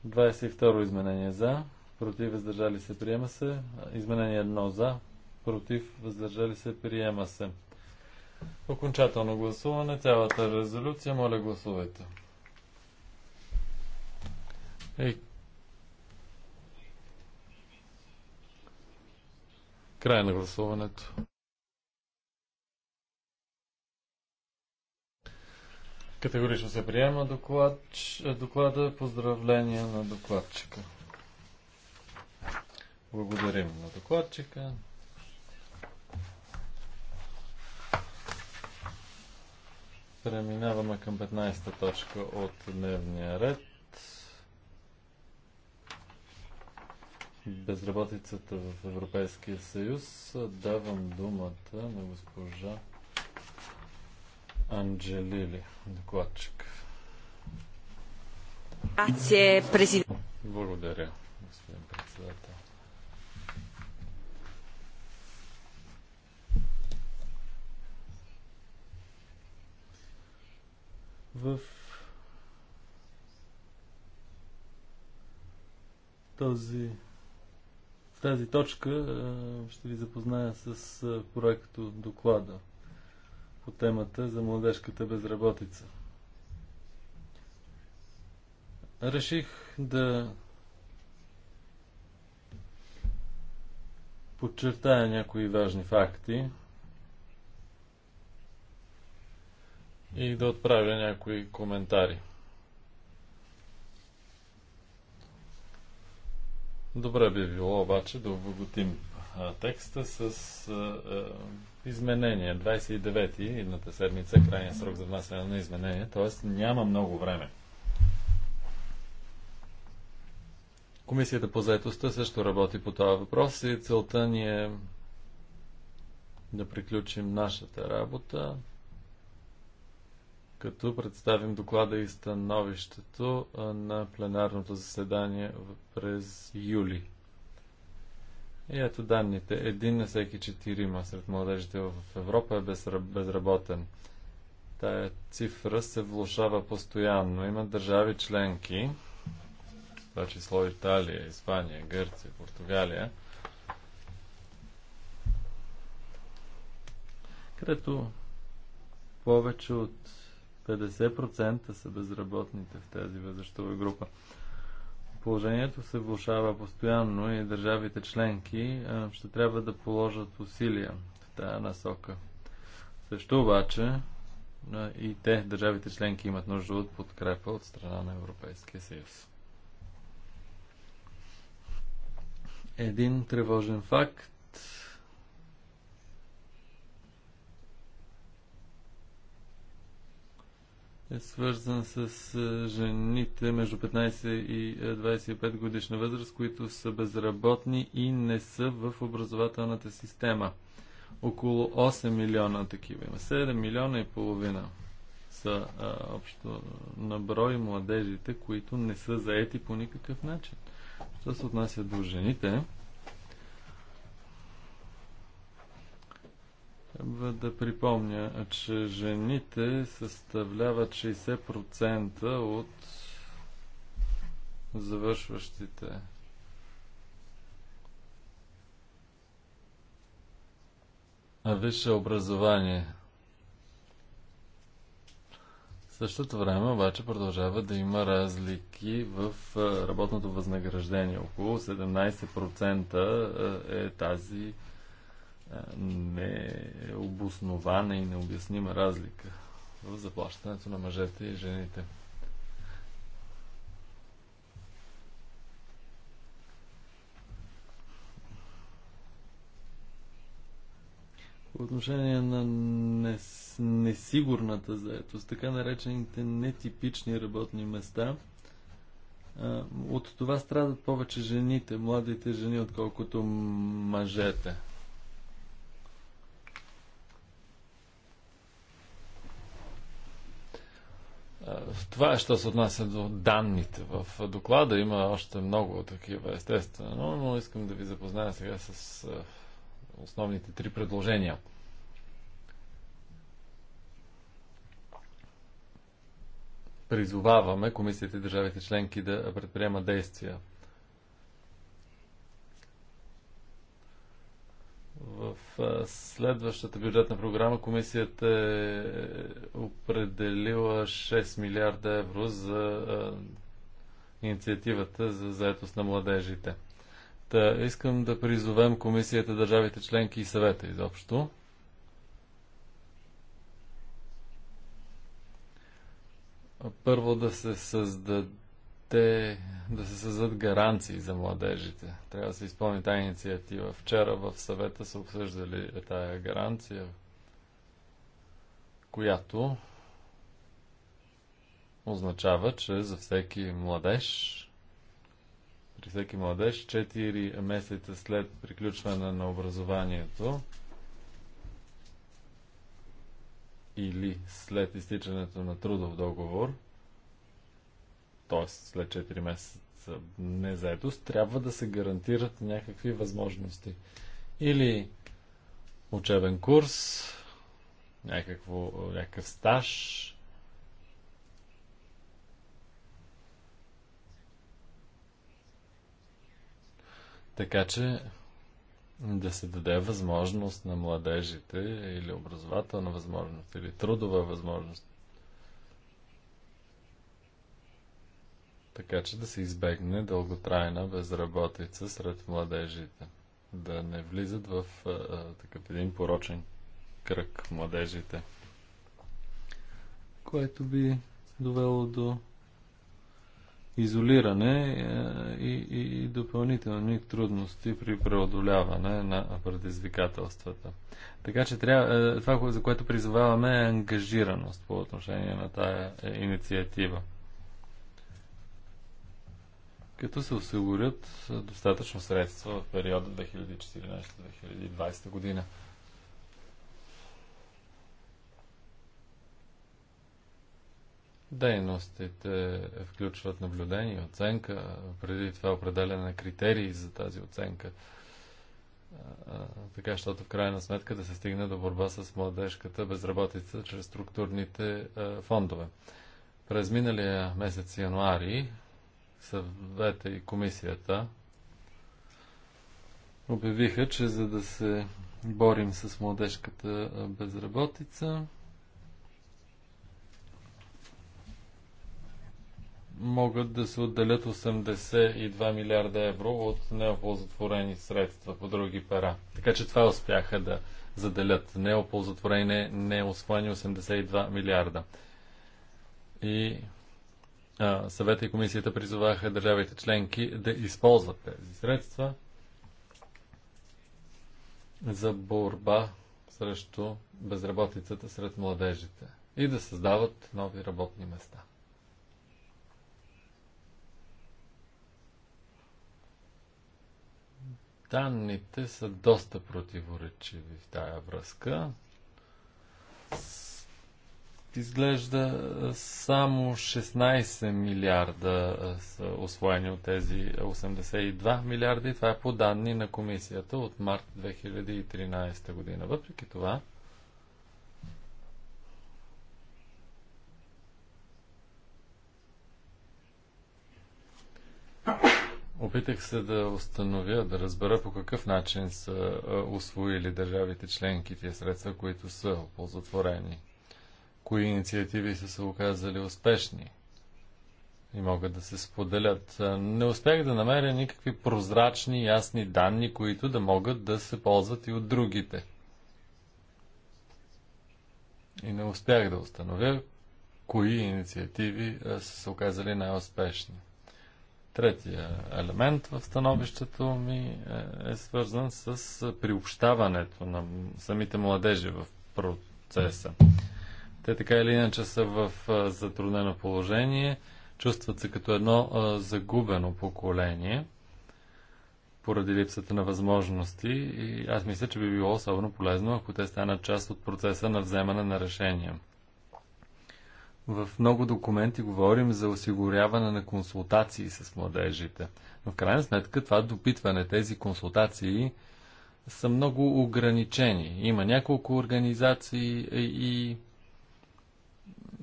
22 изменение за, против, въздържали се, приема се. Изменение 1 за, против, въздържали се, приема се. Окончателно гласуване, цялата резолюция, моля гласувайте. И... Край на гласуването. Категорично се приема доклад, е, доклада. Поздравления на докладчика. Благодарим на докладчика. Преминаваме към 15-та точка от дневния ред. Безработицата в Европейския съюз. Давам думата на госпожа Анджелили, докладчик. Благодаря, господин председател. В този в тази точка ще ви запозная с проекто доклада по темата за младежката безработица. Реших да подчертая някои важни факти и да отправя някои коментари. Добре би било обаче да обогатим текста с а, а, Изменения. 29-ти, едната седмица, е крайния срок за внасяне на изменения, т.е. няма много време. Комисията по заетостта също работи по това въпрос и целта ни е да приключим нашата работа, като представим доклада и становището на пленарното заседание през юли и ето данните. Един на всеки четирима сред младежите в Европа е безработен. Тая цифра се влушава постоянно. Има държави членки, това число Италия, Испания, Гърция, Португалия, където повече от 50% са безработните в тази възрастова група положението се влушава постоянно и държавите членки ще трябва да положат усилия в тази насока. Също обаче и те, държавите членки, имат нужда от подкрепа от страна на Европейския съюз. Един тревожен факт Е свързан с е, жените между 15 и 25 е, годишна възраст, които са безработни и не са в образователната система. Около 8 милиона такива има. 7 милиона и половина са а, общо на брой младежите, които не са заети по никакъв начин. Що се отнася до жените, Трябва да припомня, че жените съставляват 60% от завършващите А висше образование. В същото време обаче продължава да има разлики в работното възнаграждение. Около 17% е тази не е обоснована и необяснима разлика в заплащането на мъжете и жените. По отношение на нес, несигурната заетост, така наречените нетипични работни места, от това страдат повече жените, младите жени, отколкото мъжете. Е, това е, що се отнася до данните. В доклада има още много такива, естествено, но искам да ви запозная сега с е, основните три предложения. Призоваваме комисията и държавите членки да предприемат действия В следващата бюджетна програма комисията е определила 6 милиарда евро за инициативата за заетост на младежите. Та, искам да призовем комисията, държавите членки и съвета изобщо първо да се създаде те да се създадат гаранции за младежите. Трябва да се изпълни тази инициатива. Вчера в съвета са обсъждали тая гаранция, която означава, че за всеки младеж, при всеки младеж, 4 месеца след приключване на образованието или след изтичането на трудов договор – т.е. след 4 месеца незаетост, трябва да се гарантират някакви възможности. Или учебен курс, някакво, някакъв стаж, Така че да се даде възможност на младежите или образователна възможност, или трудова възможност така че да се избегне дълготрайна безработица сред младежите. Да не влизат в а, такъв един порочен кръг младежите. Което би довело до изолиране и, и, и допълнителни трудности при преодоляване на предизвикателствата. Така че трябва, това, за което призоваваме е ангажираност по отношение на тая инициатива като се осигурят достатъчно средства в периода 2014-2020 година. Дейностите е, включват наблюдение, оценка, преди това определяне на критерии за тази оценка, така, защото в крайна сметка да се стигне до борба с младежката безработица чрез структурните фондове. През миналия месец януари съвета и комисията обявиха, че за да се борим с младежката безработица, могат да се отделят 82 милиарда евро от неоползотворени средства по други пера. Така че това успяха да заделят. Неоползотворени, неосвоени 82 милиарда. И съвета и комисията призоваха държавите членки да използват тези средства за борба срещу безработицата сред младежите и да създават нови работни места. Данните са доста противоречиви в тая връзка изглежда само 16 милиарда са освоени от тези 82 милиарда и това е по данни на комисията от март 2013 година. Въпреки това, Опитах се да установя, да разбера по какъв начин са освоили държавите членки тия средства, които са оползотворени кои инициативи са се оказали успешни и могат да се споделят. Не успях да намеря никакви прозрачни, ясни данни, които да могат да се ползват и от другите. И не успях да установя кои инициативи са се оказали най-успешни. Третия елемент в становището ми е свързан с приобщаването на самите младежи в процеса. Те така или иначе са в затруднено положение, чувстват се като едно загубено поколение поради липсата на възможности и аз мисля, че би било особено полезно, ако те станат част от процеса на вземане на решения. В много документи говорим за осигуряване на консултации с младежите. Но в крайна сметка това допитване, тези консултации са много ограничени. Има няколко организации и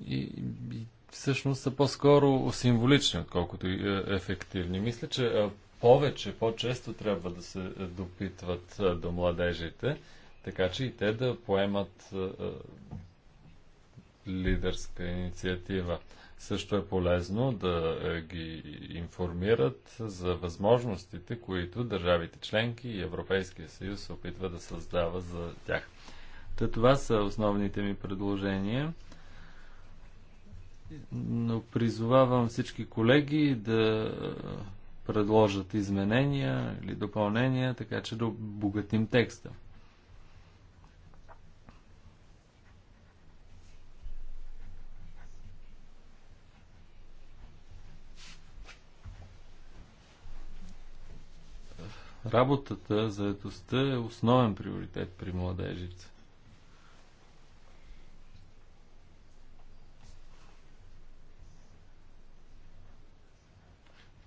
и, и всъщност са по-скоро символични, отколкото и е, ефективни. Мисля, че е, повече, по-често трябва да се е, допитват до младежите, така че и те да поемат лидерска инициатива. Също е полезно да ги информират за възможностите, които държавите членки и Европейския съюз се опитва да създава за тях. Та това са основните ми предложения но призовавам всички колеги да предложат изменения или допълнения, така че да обогатим текста. Работата, заедостта е основен приоритет при младежите.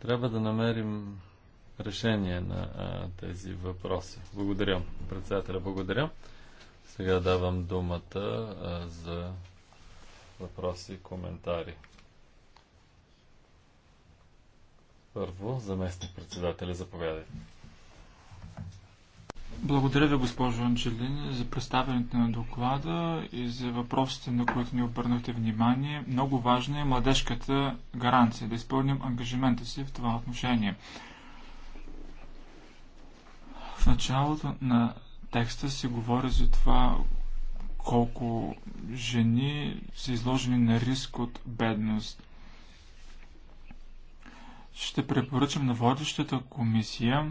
Трябва да намерим решение на а, тези въпроси. Благодаря, председателя. Благодаря. Сега давам думата а, за въпроси и коментари. Първо, заместник председателя, заповядайте. Благодаря ви, госпожо Анджелини, за представянето на доклада и за въпросите, на които ни обърнахте внимание. Много важна е младежката гаранция, да изпълним ангажимента си в това отношение. В началото на текста се говори за това колко жени са изложени на риск от бедност. Ще препоръчам на водещата комисия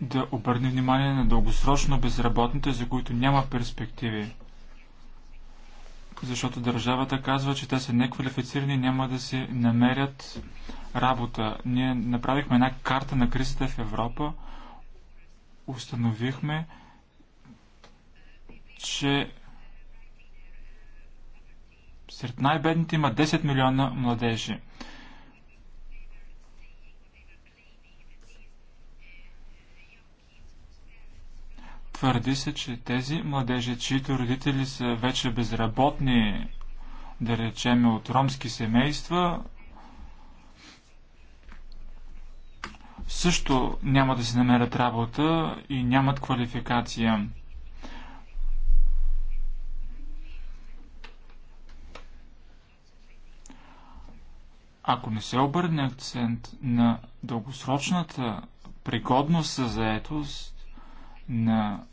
да обърне внимание на дългосрочно безработните, за които няма перспективи. Защото държавата казва, че те са неквалифицирани и няма да си намерят работа. Ние направихме една карта на кризата в Европа. Установихме, че сред най-бедните има 10 милиона младежи. Твърди се, че тези младежи, чието родители са вече безработни, да речем от ромски семейства, също няма да си намерят работа и нямат квалификация. Ако не се обърне акцент на дългосрочната пригодност за заетост, на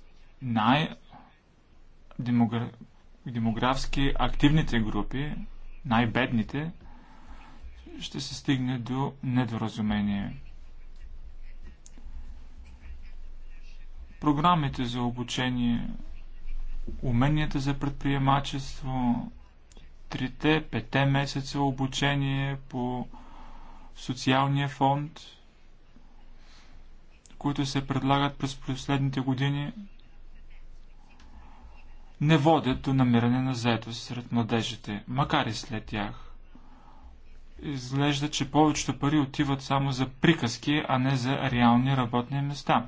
най-демографски активните групи, най-бедните, ще се стигне до недоразумение. Програмите за обучение, уменията за предприемачество, трите, пете месеца обучение по социалния фонд – които се предлагат през последните години, не водят до намиране на заедост сред младежите, макар и след тях. Изглежда, че повечето пари отиват само за приказки, а не за реални работни места.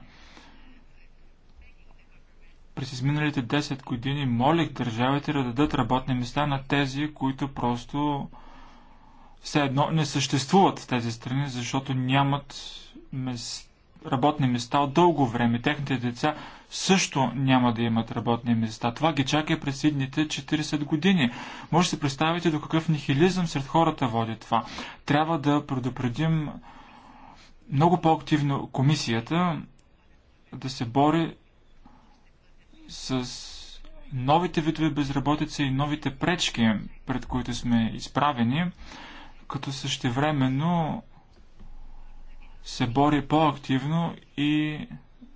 През изминалите 10 години молих държавите да дадат работни места на тези, които просто все едно не съществуват в тези страни, защото нямат места работни места от дълго време. Техните деца също няма да имат работни места. Това ги чака през следните 40 години. Може да се представите до какъв нихилизъм сред хората води това. Трябва да предупредим много по-активно комисията да се бори с новите видове безработица и новите пречки, пред които сме изправени, като същевременно се бори по-активно и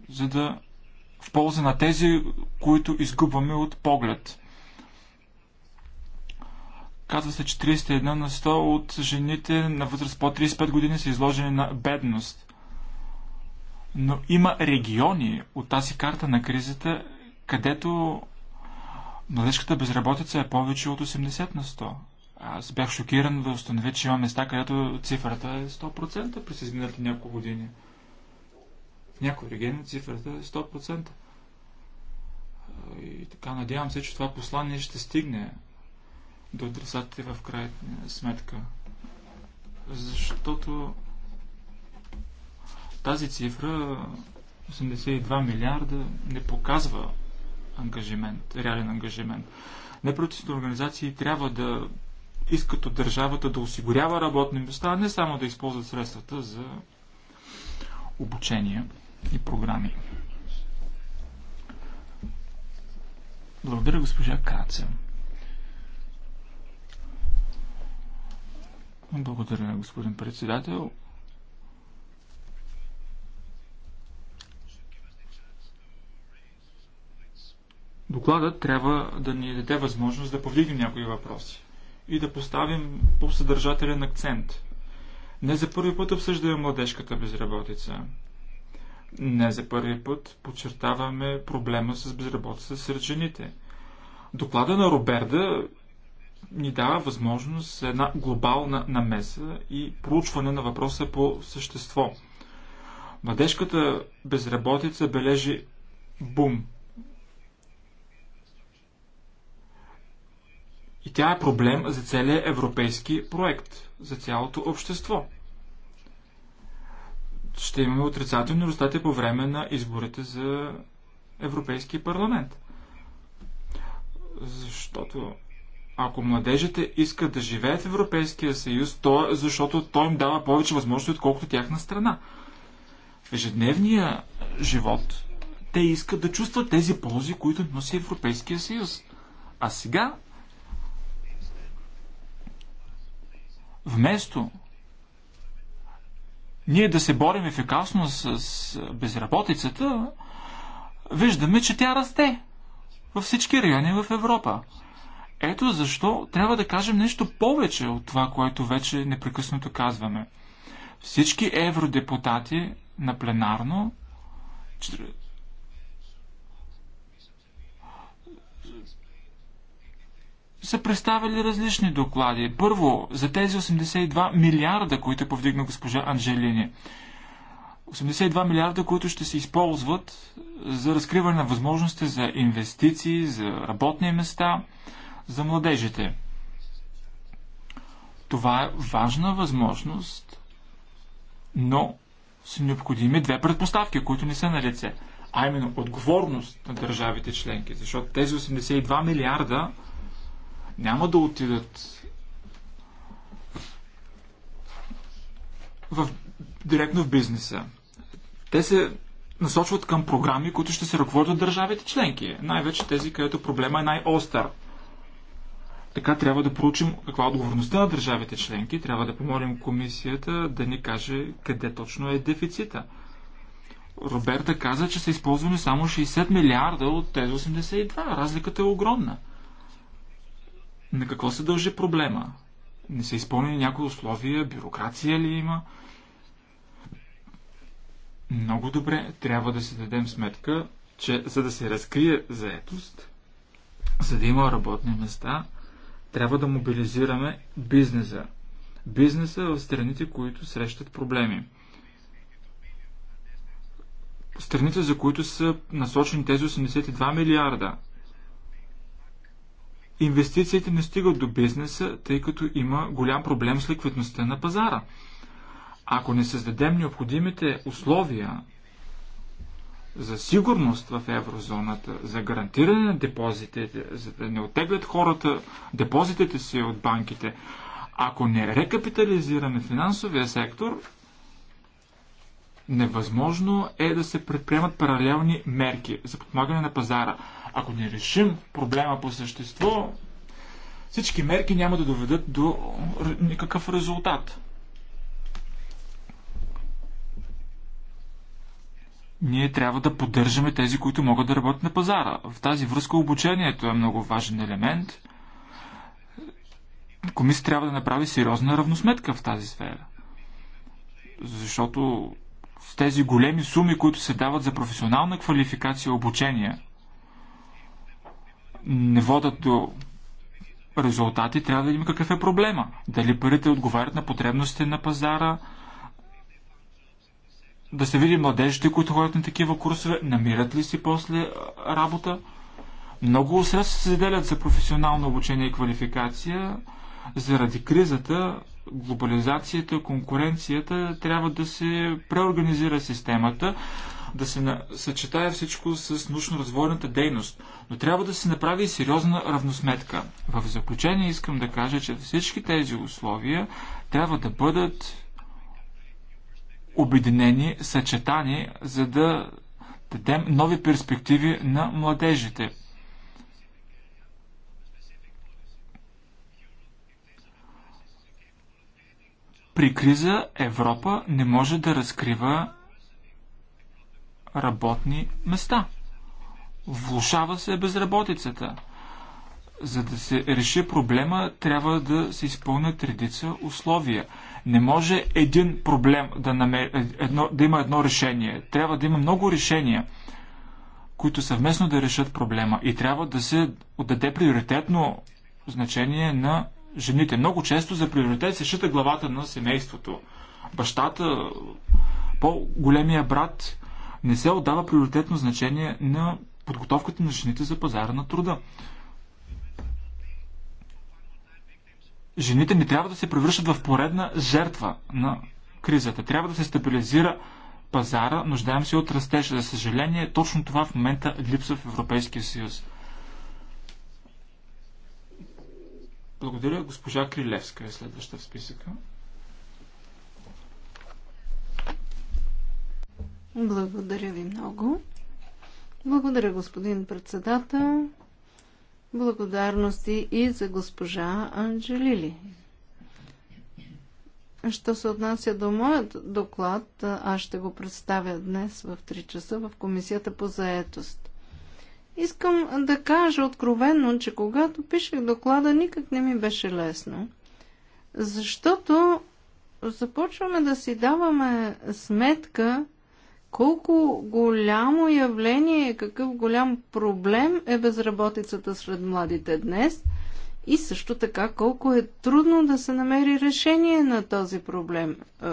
за да в полза на тези, които изгубваме от поглед. Казва се, че 31 на 100 от жените на възраст по 35 години са изложени на бедност. Но има региони от тази карта на кризата, където младежката безработица е повече от 80 на 100. Аз бях шокиран да установя, че има места, където цифрата е 100% през изминалите няколко години. В някои региони цифрата е 100%. И така надявам се, че това послание ще стигне до адресатите в крайна сметка. Защото тази цифра 82 милиарда не показва ангажимент, реален ангажимент. Неправителствените организации трябва да искат от държавата да осигурява работни места, а не само да използват средствата за обучение и програми. Благодаря, госпожа Краца. Благодаря, господин председател. Докладът трябва да ни даде възможност да повдигнем някои въпроси и да поставим по-съдържателен акцент. Не за първи път обсъждаме младежката безработица. Не за първи път подчертаваме проблема с безработица сред жените. Доклада на Роберда ни дава възможност за една глобална намеса и проучване на въпроса по същество. Младежката безработица бележи бум И тя е проблем за целия европейски проект, за цялото общество. Ще имаме отрицателни резултати по време на изборите за Европейски парламент. Защото ако младежите искат да живеят в Европейския съюз, то е защото той им дава повече възможности, отколкото тяхна страна. В ежедневния живот те искат да чувстват тези ползи, които носи Европейския съюз. А сега Вместо ние да се борим ефикасно с безработицата, виждаме, че тя расте във всички райони в Европа. Ето защо трябва да кажем нещо повече от това, което вече непрекъснато казваме. Всички евродепутати на пленарно са представили различни доклади. Първо, за тези 82 милиарда, които повдигна госпожа Анжелини. 82 милиарда, които ще се използват за разкриване на възможности за инвестиции, за работни места, за младежите. Това е важна възможност, но са необходими две предпоставки, които не са на лице. А именно отговорност на държавите членки, защото тези 82 милиарда няма да отидат в, директно в бизнеса. Те се насочват към програми, които ще се ръководят от държавите членки. Най-вече тези, където проблема е най-остър. Така трябва да проучим каква е отговорността на държавите членки. Трябва да помолим комисията да ни каже къде точно е дефицита. Роберта каза, че са използвани само 60 милиарда от тези 82. Разликата е огромна. На какво се дължи проблема? Не са изпълнени някои условия, бюрокрация ли има? Много добре трябва да си дадем сметка, че за да се разкрие заетост, за да има работни места, трябва да мобилизираме бизнеса. Бизнеса в страните, които срещат проблеми. Страните, за които са насочени тези 82 милиарда инвестициите не стигат до бизнеса, тъй като има голям проблем с ликвидността на пазара. Ако не създадем необходимите условия за сигурност в еврозоната, за гарантиране на депозитите, за да не отеглят хората депозитите си от банките, ако не рекапитализираме финансовия сектор, невъзможно е да се предприемат паралелни мерки за подмагане на пазара – ако не решим проблема по същество, всички мерки няма да доведат до никакъв резултат. Ние трябва да поддържаме тези, които могат да работят на пазара. В тази връзка обучението е много важен елемент. Комисията трябва да направи сериозна равносметка в тази сфера. Защото с тези големи суми, които се дават за професионална квалификация и обучение, не водат до резултати, трябва да видим какъв е проблема. Дали парите отговарят на потребностите на пазара, да се види младежите, които ходят на такива курсове, намират ли си после работа. Много средства се заделят за професионално обучение и квалификация. Заради кризата, глобализацията, конкуренцията, трябва да се преорганизира системата, да се на... съчетая всичко с научно-развойната дейност, но трябва да се направи и сериозна равносметка. В заключение искам да кажа, че всички тези условия трябва да бъдат обединени, съчетани, за да дадем нови перспективи на младежите. При криза Европа не може да разкрива работни места. Влушава се безработицата. За да се реши проблема, трябва да се изпълнят редица условия. Не може един проблем да, намер... Е, едно, да има едно решение. Трябва да има много решения, които съвместно да решат проблема. И трябва да се отдаде приоритетно значение на жените. Много често за приоритет се шита главата на семейството. Бащата, по-големия брат, не се отдава приоритетно значение на подготовката на жените за пазара на труда. Жените не трябва да се превръщат в поредна жертва на кризата. Трябва да се стабилизира пазара, нуждаем се от растеж. За съжаление, точно това в момента липсва в Европейския съюз. Благодаря. Госпожа Крилевска е следваща в списъка. Благодаря ви много. Благодаря, господин председател. Благодарности и за госпожа Анджелили. Що се отнася до моят доклад, аз ще го представя днес в 3 часа в Комисията по заетост. Искам да кажа откровенно, че когато пишех доклада, никак не ми беше лесно. Защото започваме да си даваме сметка, колко голямо явление, какъв голям проблем е безработицата сред младите днес и също така колко е трудно да се намери решение на този проблем е,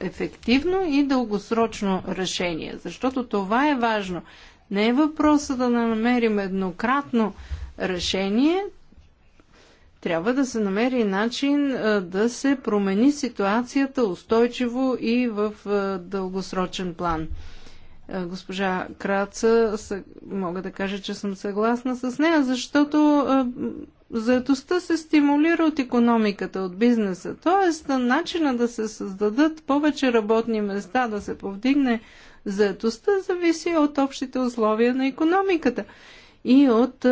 ефективно и дългосрочно решение, защото това е важно. Не е въпроса да намерим еднократно решение, трябва да се намери начин да се промени ситуацията устойчиво и в дългосрочен план. Госпожа Краца, мога да кажа, че съм съгласна с нея, защото заедостта се стимулира от економиката, от бизнеса. Тоест, начина да се създадат повече работни места, да се повдигне заедостта, зависи от общите условия на економиката и от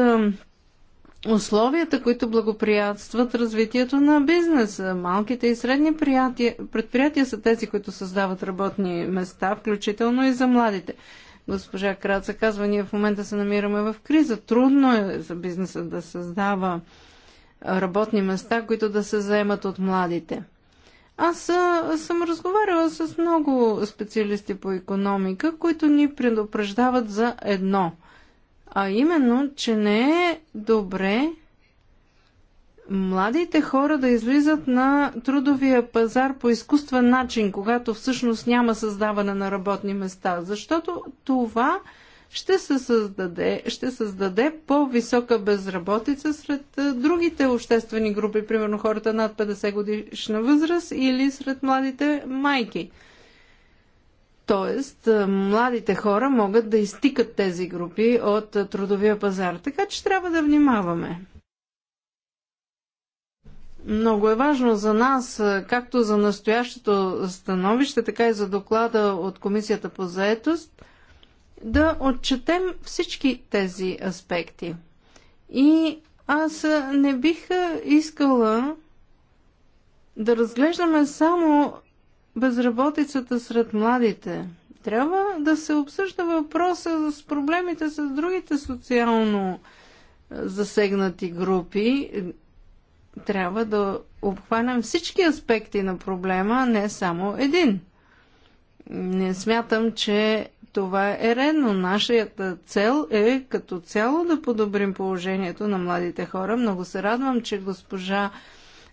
условията, които благоприятстват развитието на бизнеса. Малките и средни предприятия са тези, които създават работни места, включително и за младите. Госпожа Краца казва, ние в момента се намираме в криза. Трудно е за бизнеса да създава работни места, които да се заемат от младите. Аз съм разговаряла с много специалисти по економика, които ни предупреждават за едно. А именно, че не е добре младите хора да излизат на трудовия пазар по изкуствен начин, когато всъщност няма създаване на работни места, защото това ще, се създаде, ще създаде по-висока безработица сред другите обществени групи, примерно хората над 50 годишна възраст или сред младите майки. Тоест, младите хора могат да изтикат тези групи от трудовия пазар. Така че трябва да внимаваме. Много е важно за нас, както за настоящото становище, така и за доклада от Комисията по заетост, да отчетем всички тези аспекти. И аз не бих искала да разглеждаме само безработицата сред младите. Трябва да се обсъжда въпроса с проблемите с другите социално е, засегнати групи. Трябва да обхванем всички аспекти на проблема, а не само един. Не смятам, че това е редно. Нашата цел е като цяло да подобрим положението на младите хора. Много се радвам, че госпожа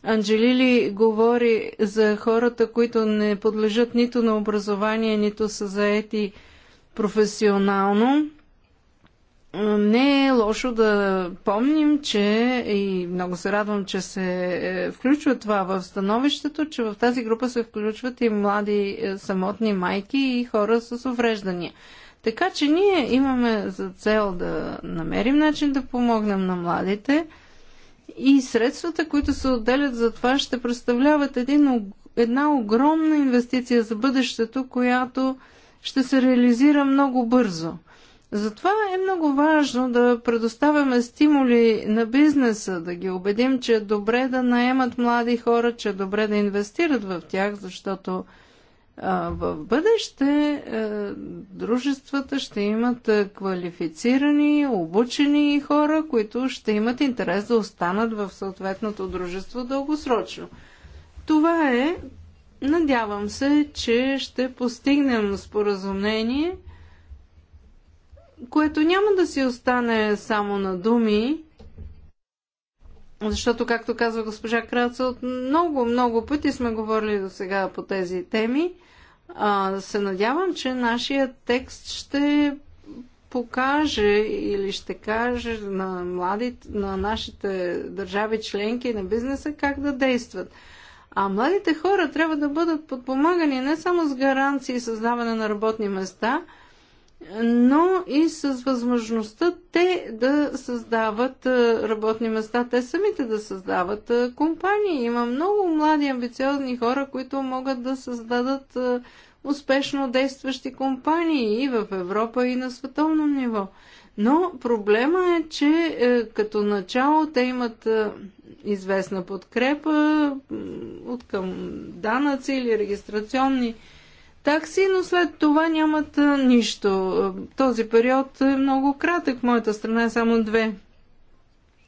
Анджелили говори за хората, които не подлежат нито на образование, нито са заети професионално. Не е лошо да помним, че и много се радвам, че се е, включва това в становището, че в тази група се включват и млади е, самотни майки и хора с увреждания. Така че ние имаме за цел да намерим начин да помогнем на младите – и средствата, които се отделят за това, ще представляват един, една огромна инвестиция за бъдещето, която ще се реализира много бързо. Затова е много важно да предоставяме стимули на бизнеса, да ги убедим, че е добре да наемат млади хора, че е добре да инвестират в тях, защото в бъдеще е, дружествата ще имат е, квалифицирани, обучени хора, които ще имат интерес да останат в съответното дружество дългосрочно. Това е, надявам се, че ще постигнем споразумение, което няма да си остане само на думи, защото, както казва госпожа Краца, от много, много пъти сме говорили до сега по тези теми – а, се надявам, че нашия текст ще покаже или ще каже на младите, на нашите държави членки и на бизнеса как да действат. А младите хора трябва да бъдат подпомагани не само с гаранции и създаване на работни места – но и с възможността те да създават работни места, те самите да създават компании. Има много млади, амбициозни хора, които могат да създадат успешно действащи компании и в Европа, и на световно ниво. Но проблема е, че е, като начало те имат е, известна подкрепа от към данъци или регистрационни такси, но след това нямат нищо. Този период е много кратък. В моята страна е само две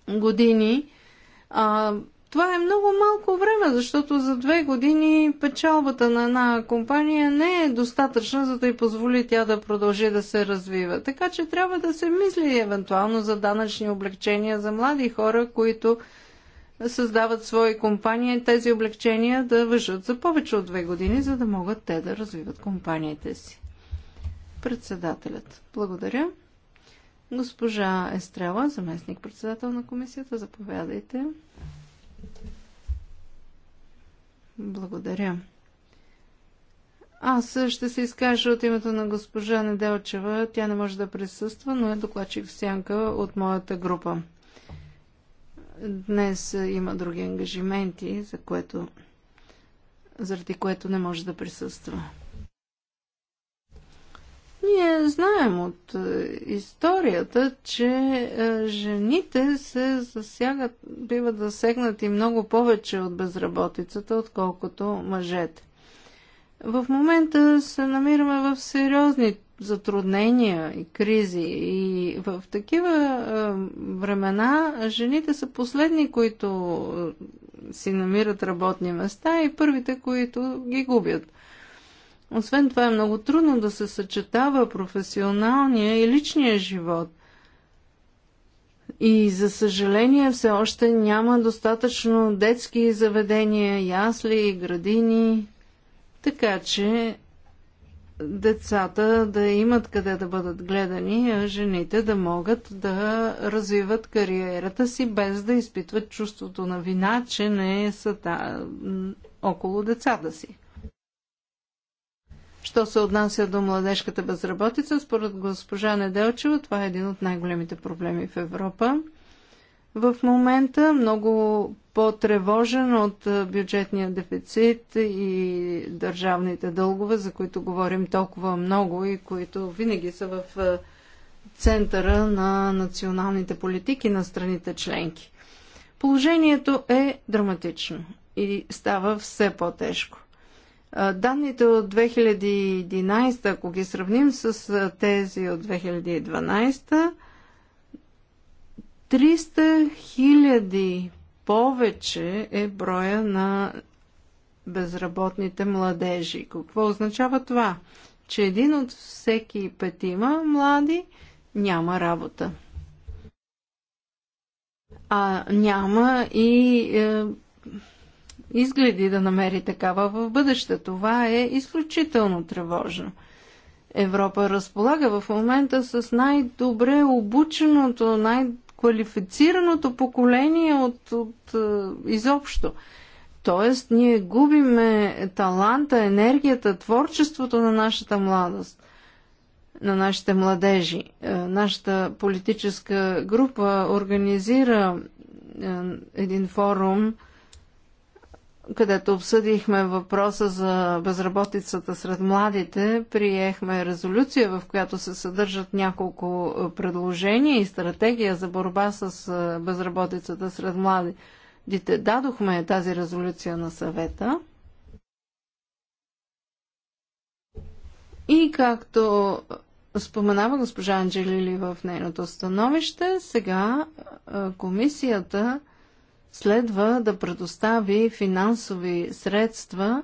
години. А, това е много малко време, защото за две години печалбата на една компания не е достатъчна, за да й позволи тя да продължи да се развива. Така че трябва да се мисли евентуално за данъчни облегчения за млади хора, които създават свои компании, тези облегчения да въжат за повече от две години, за да могат те да развиват компаниите си. Председателят. Благодаря. Госпожа Естрела, заместник председател на комисията, заповядайте. Благодаря. Аз ще се изкажа от името на госпожа Неделчева. Тя не може да присъства, но е докладчик в сянка от моята група. Днес е, има други ангажименти, за което, заради което не може да присъства. Ние знаем от е, историята, че е, жените се засягат, биват засегнати много повече от безработицата, отколкото мъжете. В момента се намираме в сериозни затруднения и кризи. И в такива времена жените са последни, които си намират работни места и първите, които ги губят. Освен това е много трудно да се съчетава професионалния и личния живот. И за съжаление все още няма достатъчно детски заведения, ясли, градини, така че децата да имат къде да бъдат гледани, а жените да могат да развиват кариерата си без да изпитват чувството на вина, че не са та, около децата си. Що се отнася до младежката безработица, според госпожа Неделчева, това е един от най-големите проблеми в Европа в момента, много по-тревожен от бюджетния дефицит и държавните дългове, за които говорим толкова много и които винаги са в центъра на националните политики на страните членки. Положението е драматично и става все по-тежко. Данните от 2011, ако ги сравним с тези от 2012, 300 хиляди повече е броя на безработните младежи. Какво означава това? Че един от всеки петима млади няма работа. А няма и е, изгледи да намери такава в бъдеще. Това е изключително тревожно. Европа разполага в момента с най-добре обученото, най- квалифицираното поколение от, от е, изобщо. Тоест, ние губиме таланта, енергията, творчеството на нашата младост, на нашите младежи. Е, нашата политическа група организира е, един форум – където обсъдихме въпроса за безработицата сред младите, приехме резолюция, в която се съдържат няколко е, предложения и стратегия за борба с е, безработицата сред младите. Дадохме тази резолюция на съвета. И както споменава госпожа Анджелили в нейното становище, сега е, комисията следва да предостави финансови средства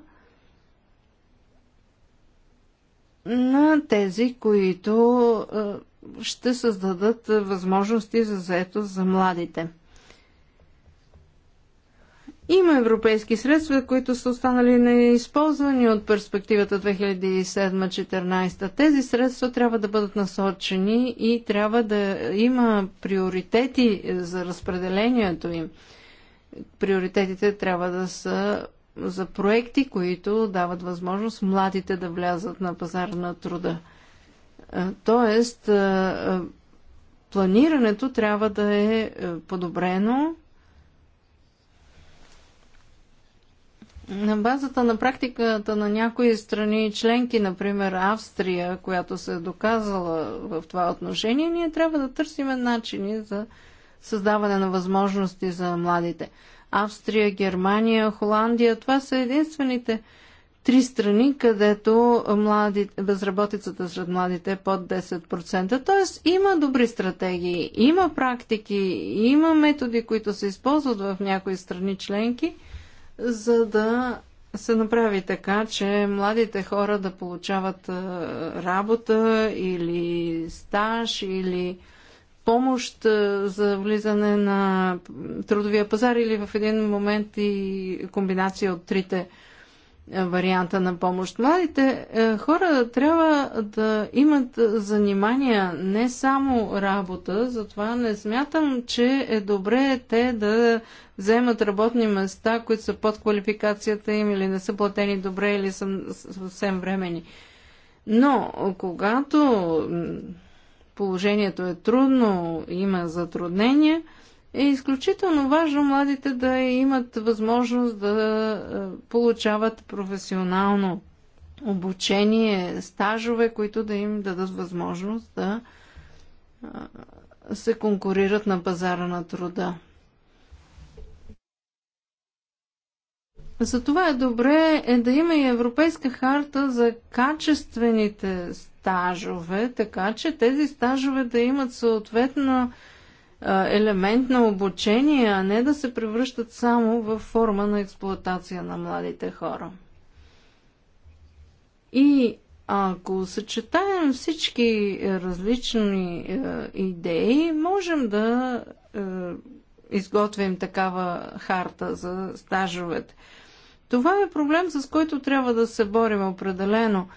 на тези, които ще създадат възможности за заетост за младите. Има европейски средства, които са останали неизползвани от перспективата 2007-2014. Тези средства трябва да бъдат насочени и трябва да има приоритети за разпределението им. Приоритетите трябва да са за проекти, които дават възможност младите да влязат на пазар на труда. Тоест, планирането трябва да е, е подобрено На базата на практиката на някои страни членки, например Австрия, която се е доказала в това отношение, ние трябва да търсим начини за създаване на възможности за младите. Австрия, Германия, Холандия, това са единствените три страни, където млади, безработицата сред младите е под 10%. Т.е. има добри стратегии, има практики, има методи, които се използват в някои страни членки, за да се направи така, че младите хора да получават работа или стаж или помощ за влизане на трудовия пазар или в един момент и комбинация от трите варианта на помощ. Младите хора трябва да имат занимания, не само работа, затова не смятам, че е добре те да вземат работни места, които са под квалификацията им или не са платени добре или са съвсем времени. Но когато положението е трудно, има затруднения, е изключително важно младите да имат възможност да е, получават професионално обучение, стажове, които да им дадат възможност да е, се конкурират на пазара на труда. Затова е добре е да има и Европейска харта за качествените стажове стажове, така че тези стажове да имат съответно елемент на обучение, а не да се превръщат само в форма на експлоатация на младите хора. И ако съчетаем всички различни е, идеи, можем да е, изготвим такава харта за стажовете. Това е проблем, с който трябва да се борим определено.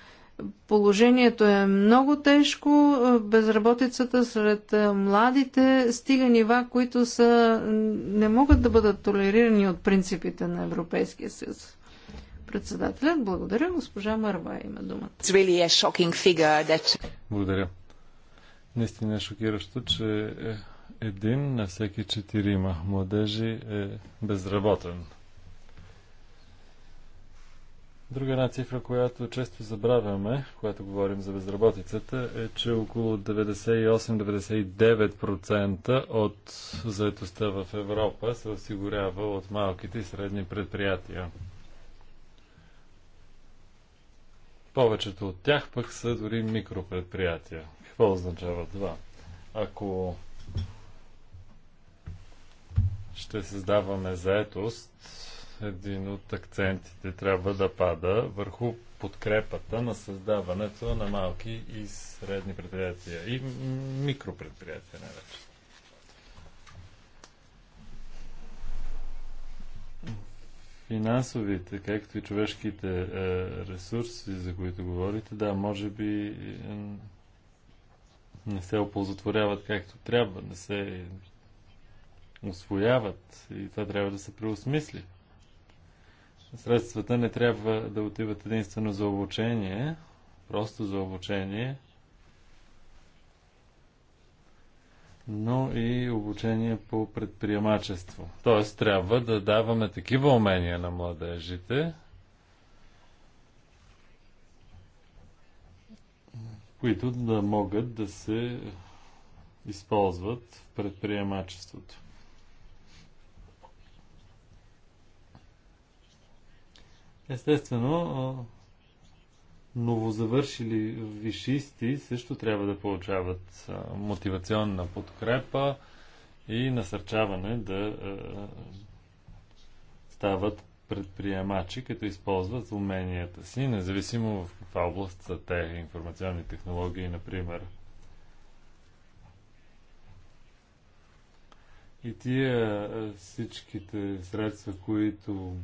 Положението е много тежко, безработицата сред е, младите стига нива, които са, не могат да бъдат толерирани от принципите на Европейския съюз. Председателят, благодаря. Госпожа Марва има думата. Really that... Благодаря. Наистина е шокиращо, че е, един на всеки четирима младежи е безработен. Друга една цифра, която често забравяме, когато говорим за безработицата, е, че около 98-99% от заетостта в Европа се осигурява от малките и средни предприятия. Повечето от тях пък са дори микропредприятия. Какво означава това? Ако ще създаваме заетост, един от акцентите трябва да пада върху подкрепата на създаването на малки и средни предприятия и микропредприятия най-вече. Финансовите, както и човешките е, ресурси, за които говорите, да, може би е, не се оползотворяват както трябва, не се освояват и това трябва да се преосмисли средствата не трябва да отиват единствено за обучение, просто за обучение, но и обучение по предприемачество. Тоест, трябва да даваме такива умения на младежите, които да могат да се използват в предприемачеството. Естествено, новозавършили вишисти също трябва да получават мотивационна подкрепа и насърчаване да стават предприемачи, като използват уменията си, независимо в каква област са те, информационни технологии, например. И тия всичките средства, които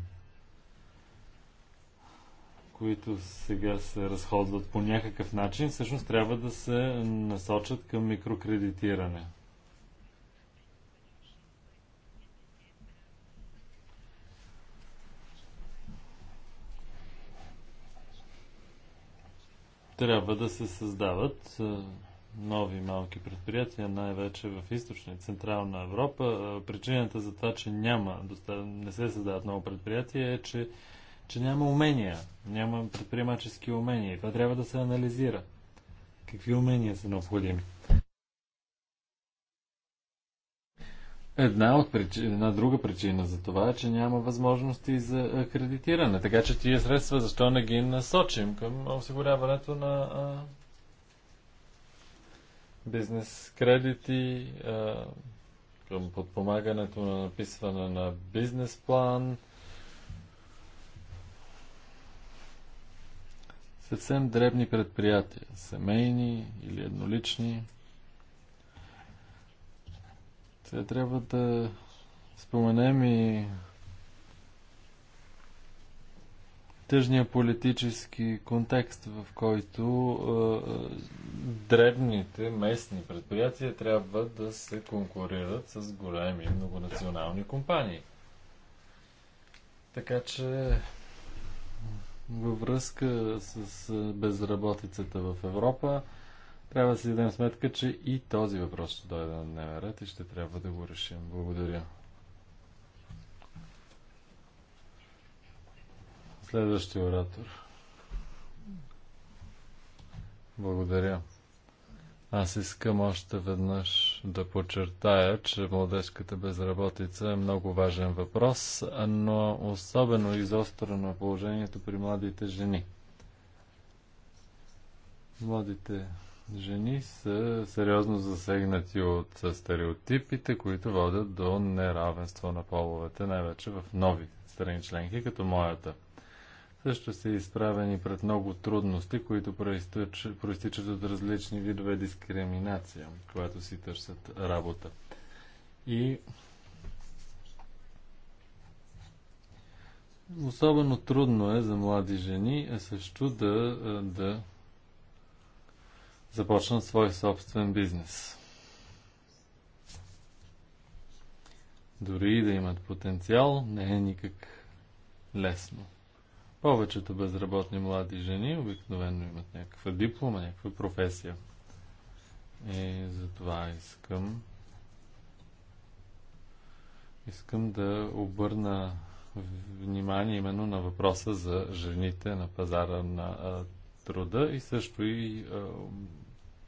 които сега се разходват по някакъв начин, всъщност трябва да се насочат към микрокредитиране. Трябва да се създават нови малки предприятия, най-вече в източна и централна Европа. Причината за това, че няма, не се създават много предприятия е, че че няма умения, няма предприемачески умения и това трябва да се анализира. Какви умения са необходими? Една, от причина, една друга причина за това е, че няма възможности за акредитиране. Така че тия средства, защо не ги насочим към осигуряването на а, бизнес кредити, а, към подпомагането на написване на бизнес план, съвсем дребни предприятия, семейни или еднолични. Сега трябва да споменем и тъжния политически контекст, в който е, дребните местни предприятия трябва да се конкурират с големи многонационални компании. Така че във връзка с безработицата в Европа, трябва да си дадем сметка, че и този въпрос ще дойде на дневен ред и ще трябва да го решим. Благодаря. Следващия оратор. Благодаря. Аз искам още веднъж да подчертая, че младежката безработица е много важен въпрос, но особено изострено е положението при младите жени. Младите жени са сериозно засегнати от стереотипите, които водят до неравенство на половете, най-вече в нови страни членки, като моята също са изправени пред много трудности, които проистич, проистичат от различни видове дискриминация, когато си търсят работа. И особено трудно е за млади жени е също да, да започнат свой собствен бизнес. Дори и да имат потенциал, не е никак лесно. Повечето безработни млади жени обикновено имат някаква диплома, някаква професия. И затова искам искам да обърна внимание именно на въпроса за жените на пазара на труда и също и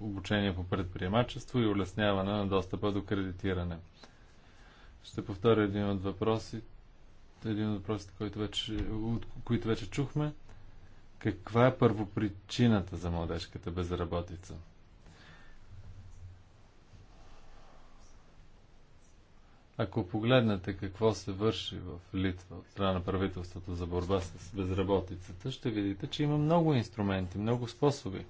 обучение по предприемачество и улесняване на достъпа до кредитиране. Ще повторя един от въпросите е един от въпросите, който вече, от които вече чухме. Каква е първопричината за младежката безработица? Ако погледнете какво се върши в Литва от страна на правителството за борба с безработицата, ще видите, че има много инструменти, много способи.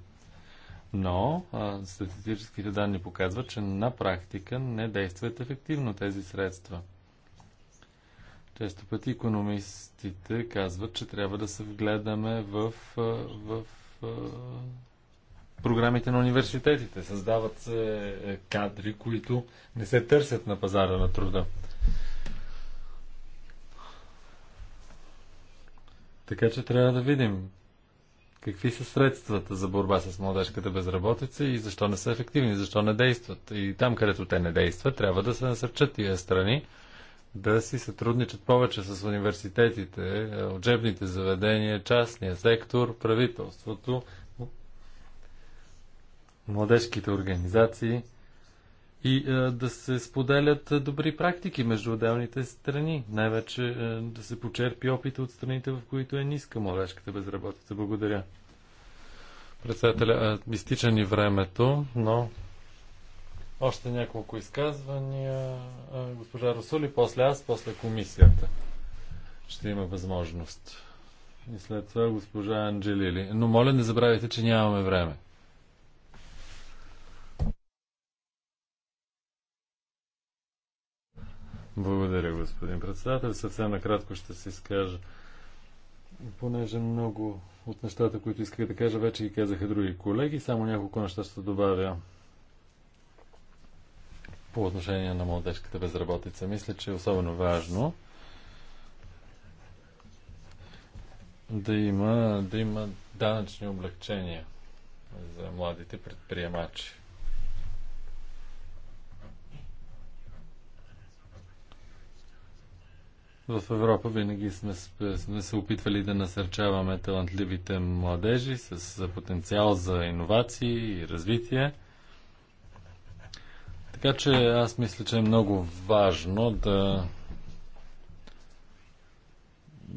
Но статистическите данни показват, че на практика не действат ефективно тези средства – често пъти економистите казват, че трябва да се вгледаме в, в, в програмите на университетите. Създават се е, кадри, които не се търсят на пазара на труда. Така че трябва да видим какви са средствата за борба с младежката безработица и защо не са ефективни, защо не действат. И там, където те не действат, трябва да се насърчат тия страни да си сътрудничат повече с университетите, е, учебните заведения, частния сектор, правителството, младежките организации и е, да се споделят е, добри практики между отделните страни. Най-вече да се почерпи опита от страните, в които е ниска младежката безработица. Благодаря. Председателя, изтича ни времето, но още няколко изказвания. Госпожа Русули, после аз, после комисията. Ще има възможност. И след това госпожа Анджелили. Но моля не забравяйте, че нямаме време. Благодаря, господин председател. Съвсем накратко ще се изкажа. Понеже много от нещата, които исках да кажа, вече ги казаха други колеги, само няколко неща ще добавя по отношение на младежката безработица. Мисля, че е особено важно да има, да има данъчни облегчения за младите предприемачи. В Европа винаги сме, сме се опитвали да насърчаваме талантливите младежи с потенциал за иновации и развитие – така че аз мисля, че е много важно да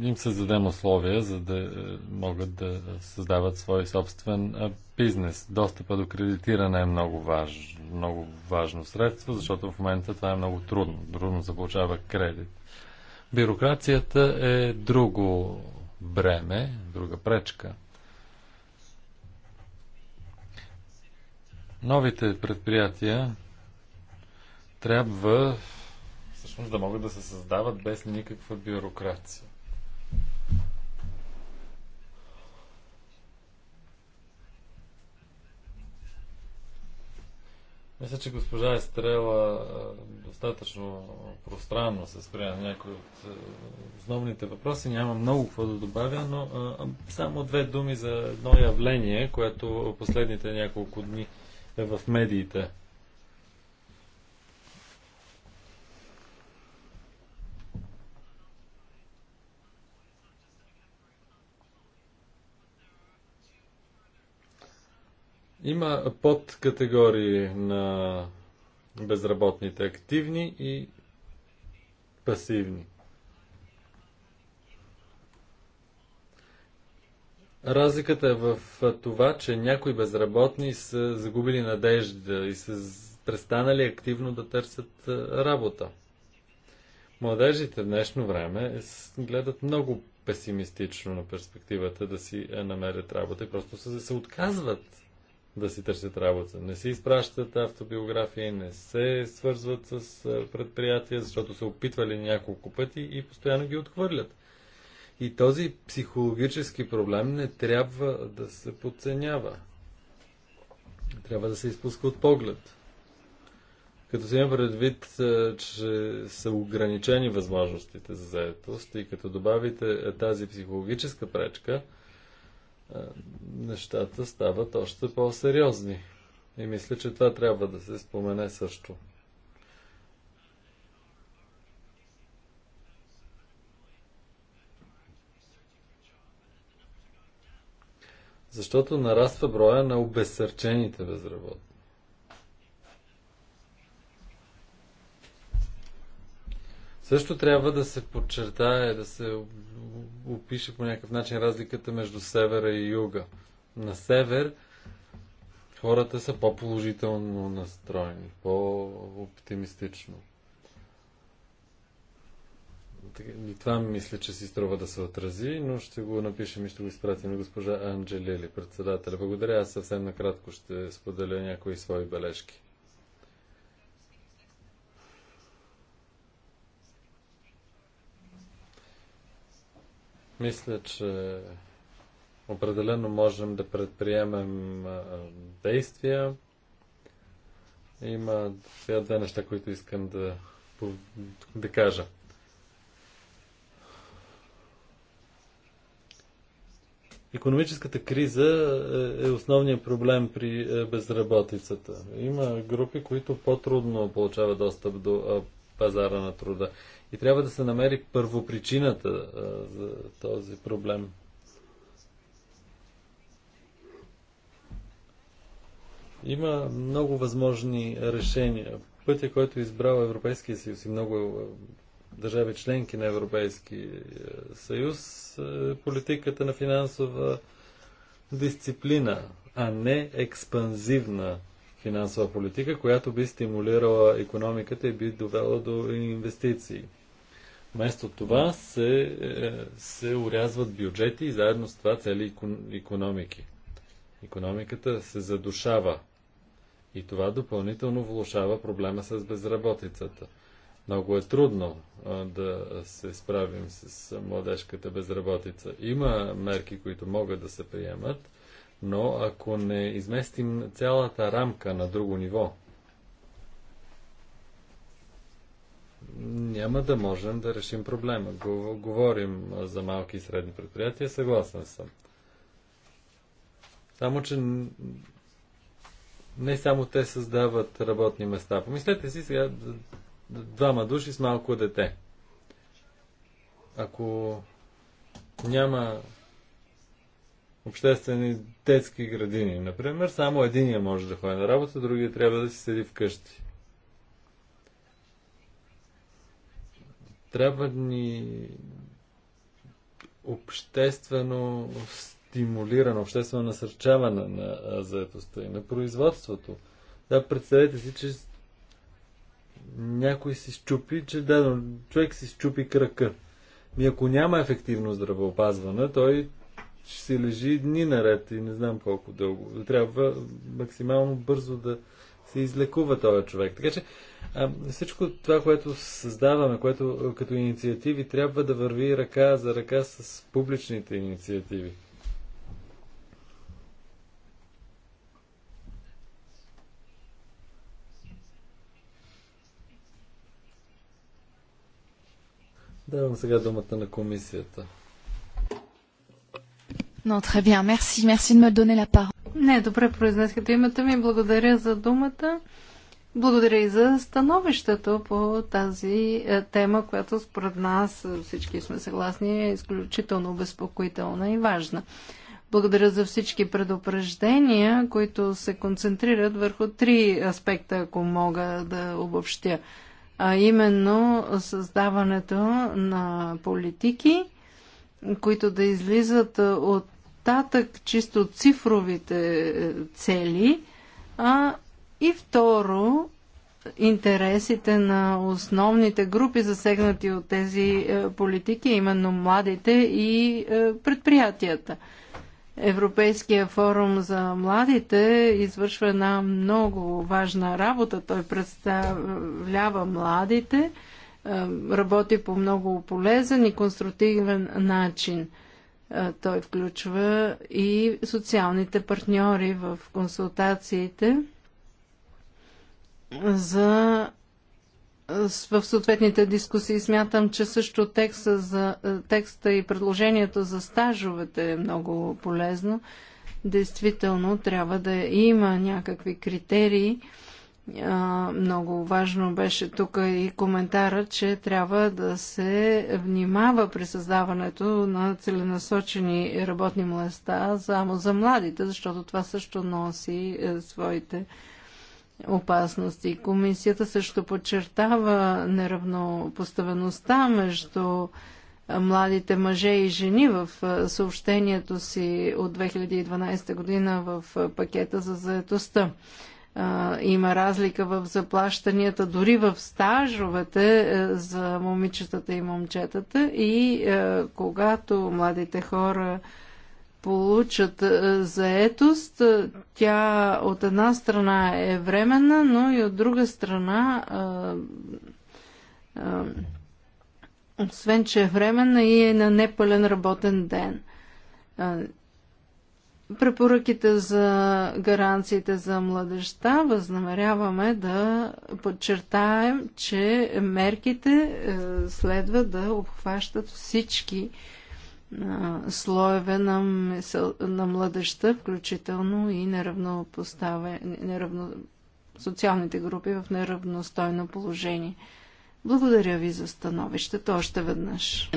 им създадем условия, за да е, могат да създават свой собствен е, бизнес. Достъпа до кредитиране е много, важ, много важно средство, защото в момента това е много трудно. Трудно се получава кредит. Бюрокрацията е друго бреме, друга пречка. Новите предприятия трябва всъщност да могат да се създават без никаква бюрокрация. Мисля, че госпожа Естрела достатъчно пространно се спря на някои от основните въпроси. Няма много какво да добавя, но само две думи за едно явление, което последните няколко дни е в медиите. Има подкатегории на безработните активни и пасивни. Разликата е в това, че някои безработни са загубили надежда и са престанали активно да търсят работа. Младежите в днешно време гледат много песимистично на перспективата да си намерят работа и просто се, отказват да си търсят работа. Не се изпращат автобиографии, не се свързват с предприятия, защото са опитвали няколко пъти и постоянно ги отхвърлят. И този психологически проблем не трябва да се подценява. Трябва да се изпуска от поглед. Като се има предвид, че са ограничени възможностите за заедост и като добавите тази психологическа пречка – нещата стават още по-сериозни. И мисля, че това трябва да се спомене също. Защото нараства броя на обесърчените безработни. Също трябва да се подчертае, да се опише по някакъв начин разликата между севера и юга. На север хората са по-положително настроени, по-оптимистично. И това мисля, че си струва да се отрази, но ще го напишем и ще го изпратим на госпожа Анджелили, председателя. Благодаря, аз съвсем накратко ще споделя някои свои бележки. Мисля, че определено можем да предприемем действия. Има сега две неща, които искам да, да кажа. Економическата криза е, е основният проблем при е, безработицата. Има групи, които по-трудно получават достъп до пазара на труда. И трябва да се намери първопричината а, за този проблем. Има много възможни решения. Пътя, който е избрал Европейския съюз и много държави членки на Европейски съюз, е политиката на финансова дисциплина, а не експанзивна финансова политика, която би стимулирала економиката и би довела до инвестиции. Вместо това се, е, се урязват бюджети и заедно с това цели економики. Економиката се задушава и това допълнително влушава проблема с безработицата. Много е трудно да се справим с младежката безработица. Има мерки, които могат да се приемат, но ако не изместим цялата рамка на друго ниво, няма да можем да решим проблема. Говорим за малки и средни предприятия, съгласен съм. Само, че не само те създават работни места. Помислете си сега двама души с малко дете. Ако няма обществени детски градини, например, само единия може да ходи на работа, другия трябва да си седи вкъщи. Трябва ни обществено стимулиране, обществено насърчаване на заедостта и на производството. Да, представете си, че някой си щупи, че да, човек си щупи кръка. И ако няма ефективно здравеопазване, той ще си лежи дни наред и не знам колко дълго. Трябва максимално бързо да се излекува този човек. Така че а, всичко това, което създаваме, което като инициативи трябва да върви ръка за ръка с публичните инициативи. Давам сега думата на комисията. Но, très bien. Merci. Merci de me donner la parole. Не, добре произнескате името ми. Благодаря за думата. Благодаря и за становището по тази е, тема, която според нас е, всички сме съгласни е изключително безпокоителна и важна. Благодаря за всички предупреждения, които се концентрират върху три аспекта, ако мога да обобщя. А именно създаването на политики, които да излизат е, от татък чисто цифровите цели, а и второ, интересите на основните групи, засегнати от тези е, политики, именно младите и е, предприятията. Европейския форум за младите извършва една много важна работа. Той представлява младите, е, работи по много полезен и конструктивен начин. Той включва и социалните партньори в консултациите за в съответните дискусии смятам, че също текста, за, е, текста и предложението за стажовете е много полезно. Действително трябва да има някакви критерии. Много важно беше тук и коментара, че трябва да се внимава при създаването на целенасочени работни места само за младите, защото това също носи е, своите опасности. Комисията също подчертава неравнопоставеността между младите мъже и жени в съобщението си от 2012 година в пакета за заетостта. Има разлика в заплащанията, дори в стажовете за момичетата и момчетата и когато младите хора получат е, заетост. Е, тя от една страна е временна, но и от друга страна, е, освен че е временна и е на непълен работен ден. препоръките за гаранциите за младеща възнамеряваме да подчертаем, че мерките следва да обхващат всички а, слоеве на, мисъл, на младеща, включително и неравнопоставе, неравно, социалните групи в неравностойно положение. Благодаря ви за становището още веднъж.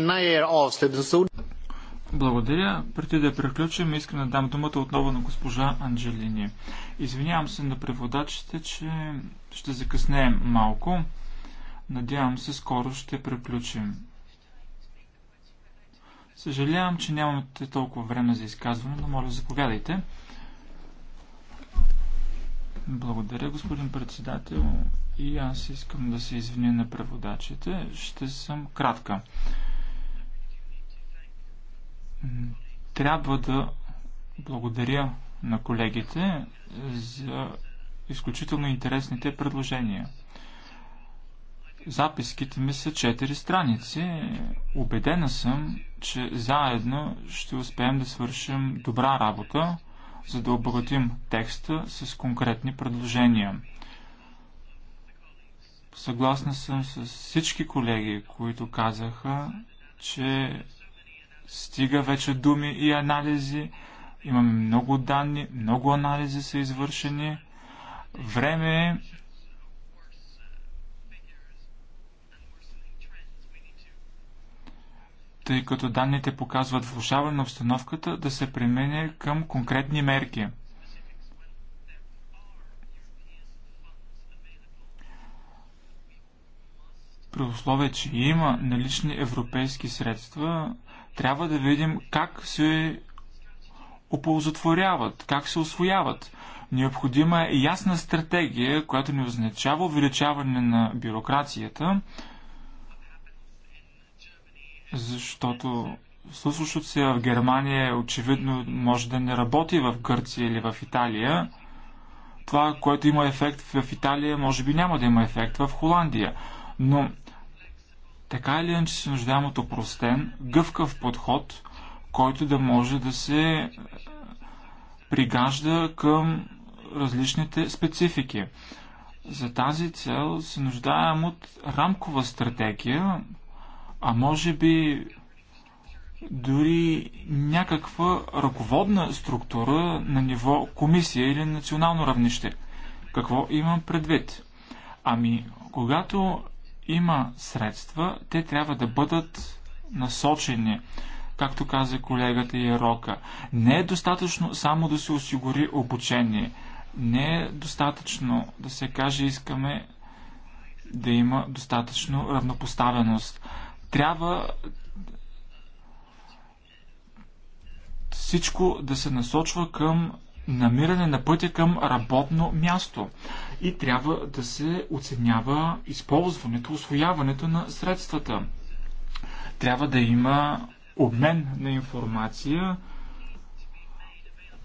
Благодаря. Преди да приключим, искам да дам думата отново на госпожа Анджелини. Извинявам се на преводачите, че ще закъснеем малко. Надявам се, скоро ще приключим. Съжалявам, че нямате толкова време за изказване, но моля, заповядайте. Благодаря, господин председател. И аз искам да се извиня на преводачите. Ще съм кратка. Трябва да благодаря на колегите за изключително интересните предложения. Записките ми са 4 страници. Обедена съм, че заедно ще успеем да свършим добра работа, за да обогатим текста с конкретни предложения. Съгласна съм с всички колеги, които казаха, че стига вече думи и анализи. Имаме много данни, много анализи са извършени. Време е тъй като данните показват влушаване на обстановката, да се премине към конкретни мерки. При условие, че има налични европейски средства, трябва да видим как се оползотворяват, как се освояват. Необходима е ясна стратегия, която не означава увеличаване на бюрокрацията, защото случващото се в Германия е очевидно може да не работи в Гърция или в Италия. Това, което има ефект в Италия, може би няма да има ефект в Холандия. Но така или иначе се нуждаем от опростен, гъвкав подход, който да може да се пригажда към различните специфики. За тази цел се нуждаем от рамкова стратегия, а може би дори някаква ръководна структура на ниво комисия или национално равнище. Какво имам предвид? Ами, когато има средства, те трябва да бъдат насочени, както каза колегата Ярока. Не е достатъчно само да се осигури обучение. Не е достатъчно да се каже искаме да има достатъчно равнопоставеност. Трябва всичко да се насочва към намиране на пътя към работно място и трябва да се оценява използването, освояването на средствата. Трябва да има обмен на информация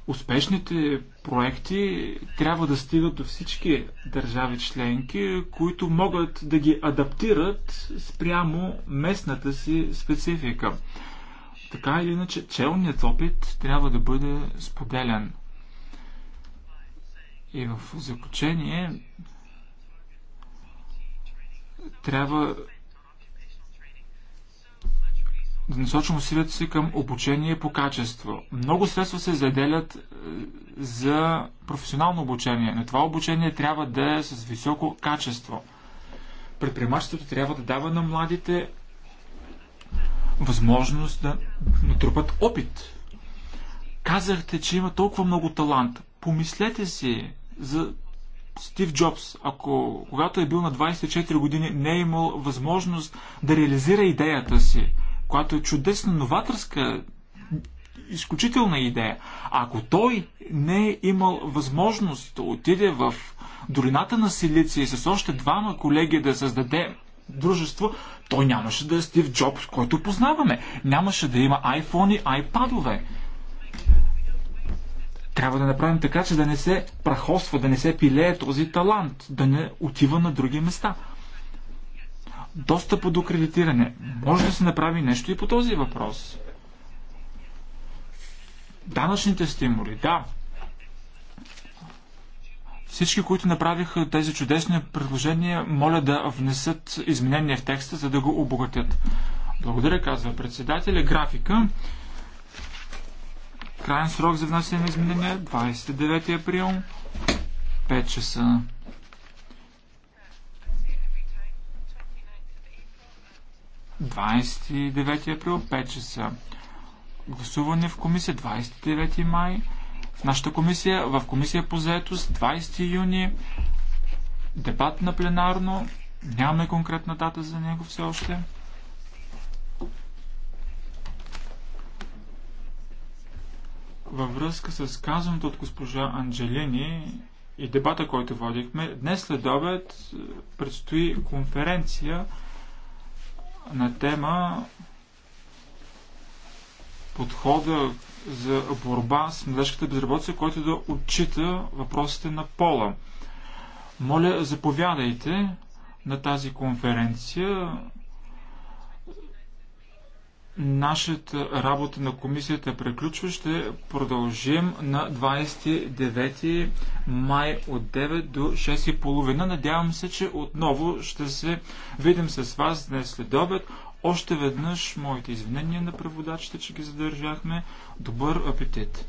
успешните проекти трябва да стигат до всички държави членки, които могат да ги адаптират спрямо местната си специфика. Така или иначе, челният опит трябва да бъде споделен. И в заключение трябва да насочим усилията си към обучение по качество. Много средства се заделят е, за професионално обучение, но това обучение трябва да е с високо качество. Предприемачеството трябва да дава на младите възможност да натрупат опит. Казахте, че има толкова много талант. Помислете си за Стив Джобс, ако когато е бил на 24 години, не е имал възможност да реализира идеята си – която е чудесна, новаторска, изключителна идея. Ако той не е имал възможност да отиде в долината на Силиция и с още двама колеги да създаде дружество, той нямаше да е Стив Джобс, който познаваме. Нямаше да има iPhone и iPad-ове. Трябва да направим така, че да не се прахосва, да не се пилее този талант, да не отива на други места. Доста под кредитиране. Може да се направи нещо и по този въпрос. Данъчните стимули, да. Всички, които направиха тези чудесни предложения, моля да внесат изменения в текста, за да го обогатят. Благодаря, казва председателя. Графика. Крайен срок за внасяне на изменения 29 април 5 часа. 29 април, 5 часа. Гласуване в комисия 29 май. В нашата комисия, в комисия по заетост 20 юни. Дебат на пленарно. Нямаме конкретна дата за него все още. Във връзка с казаното от госпожа Анджелини и дебата, който водихме, днес след обед предстои конференция на тема подхода за борба с младежката безработица, който да отчита въпросите на пола. Моля, заповядайте на тази конференция. Нашата работа на комисията приключва. Ще продължим на 29 май от 9 до 6.30. Надявам се, че отново ще се видим с вас днес след обед. Още веднъж моите извинения на преводачите, че ги задържахме. Добър апетит!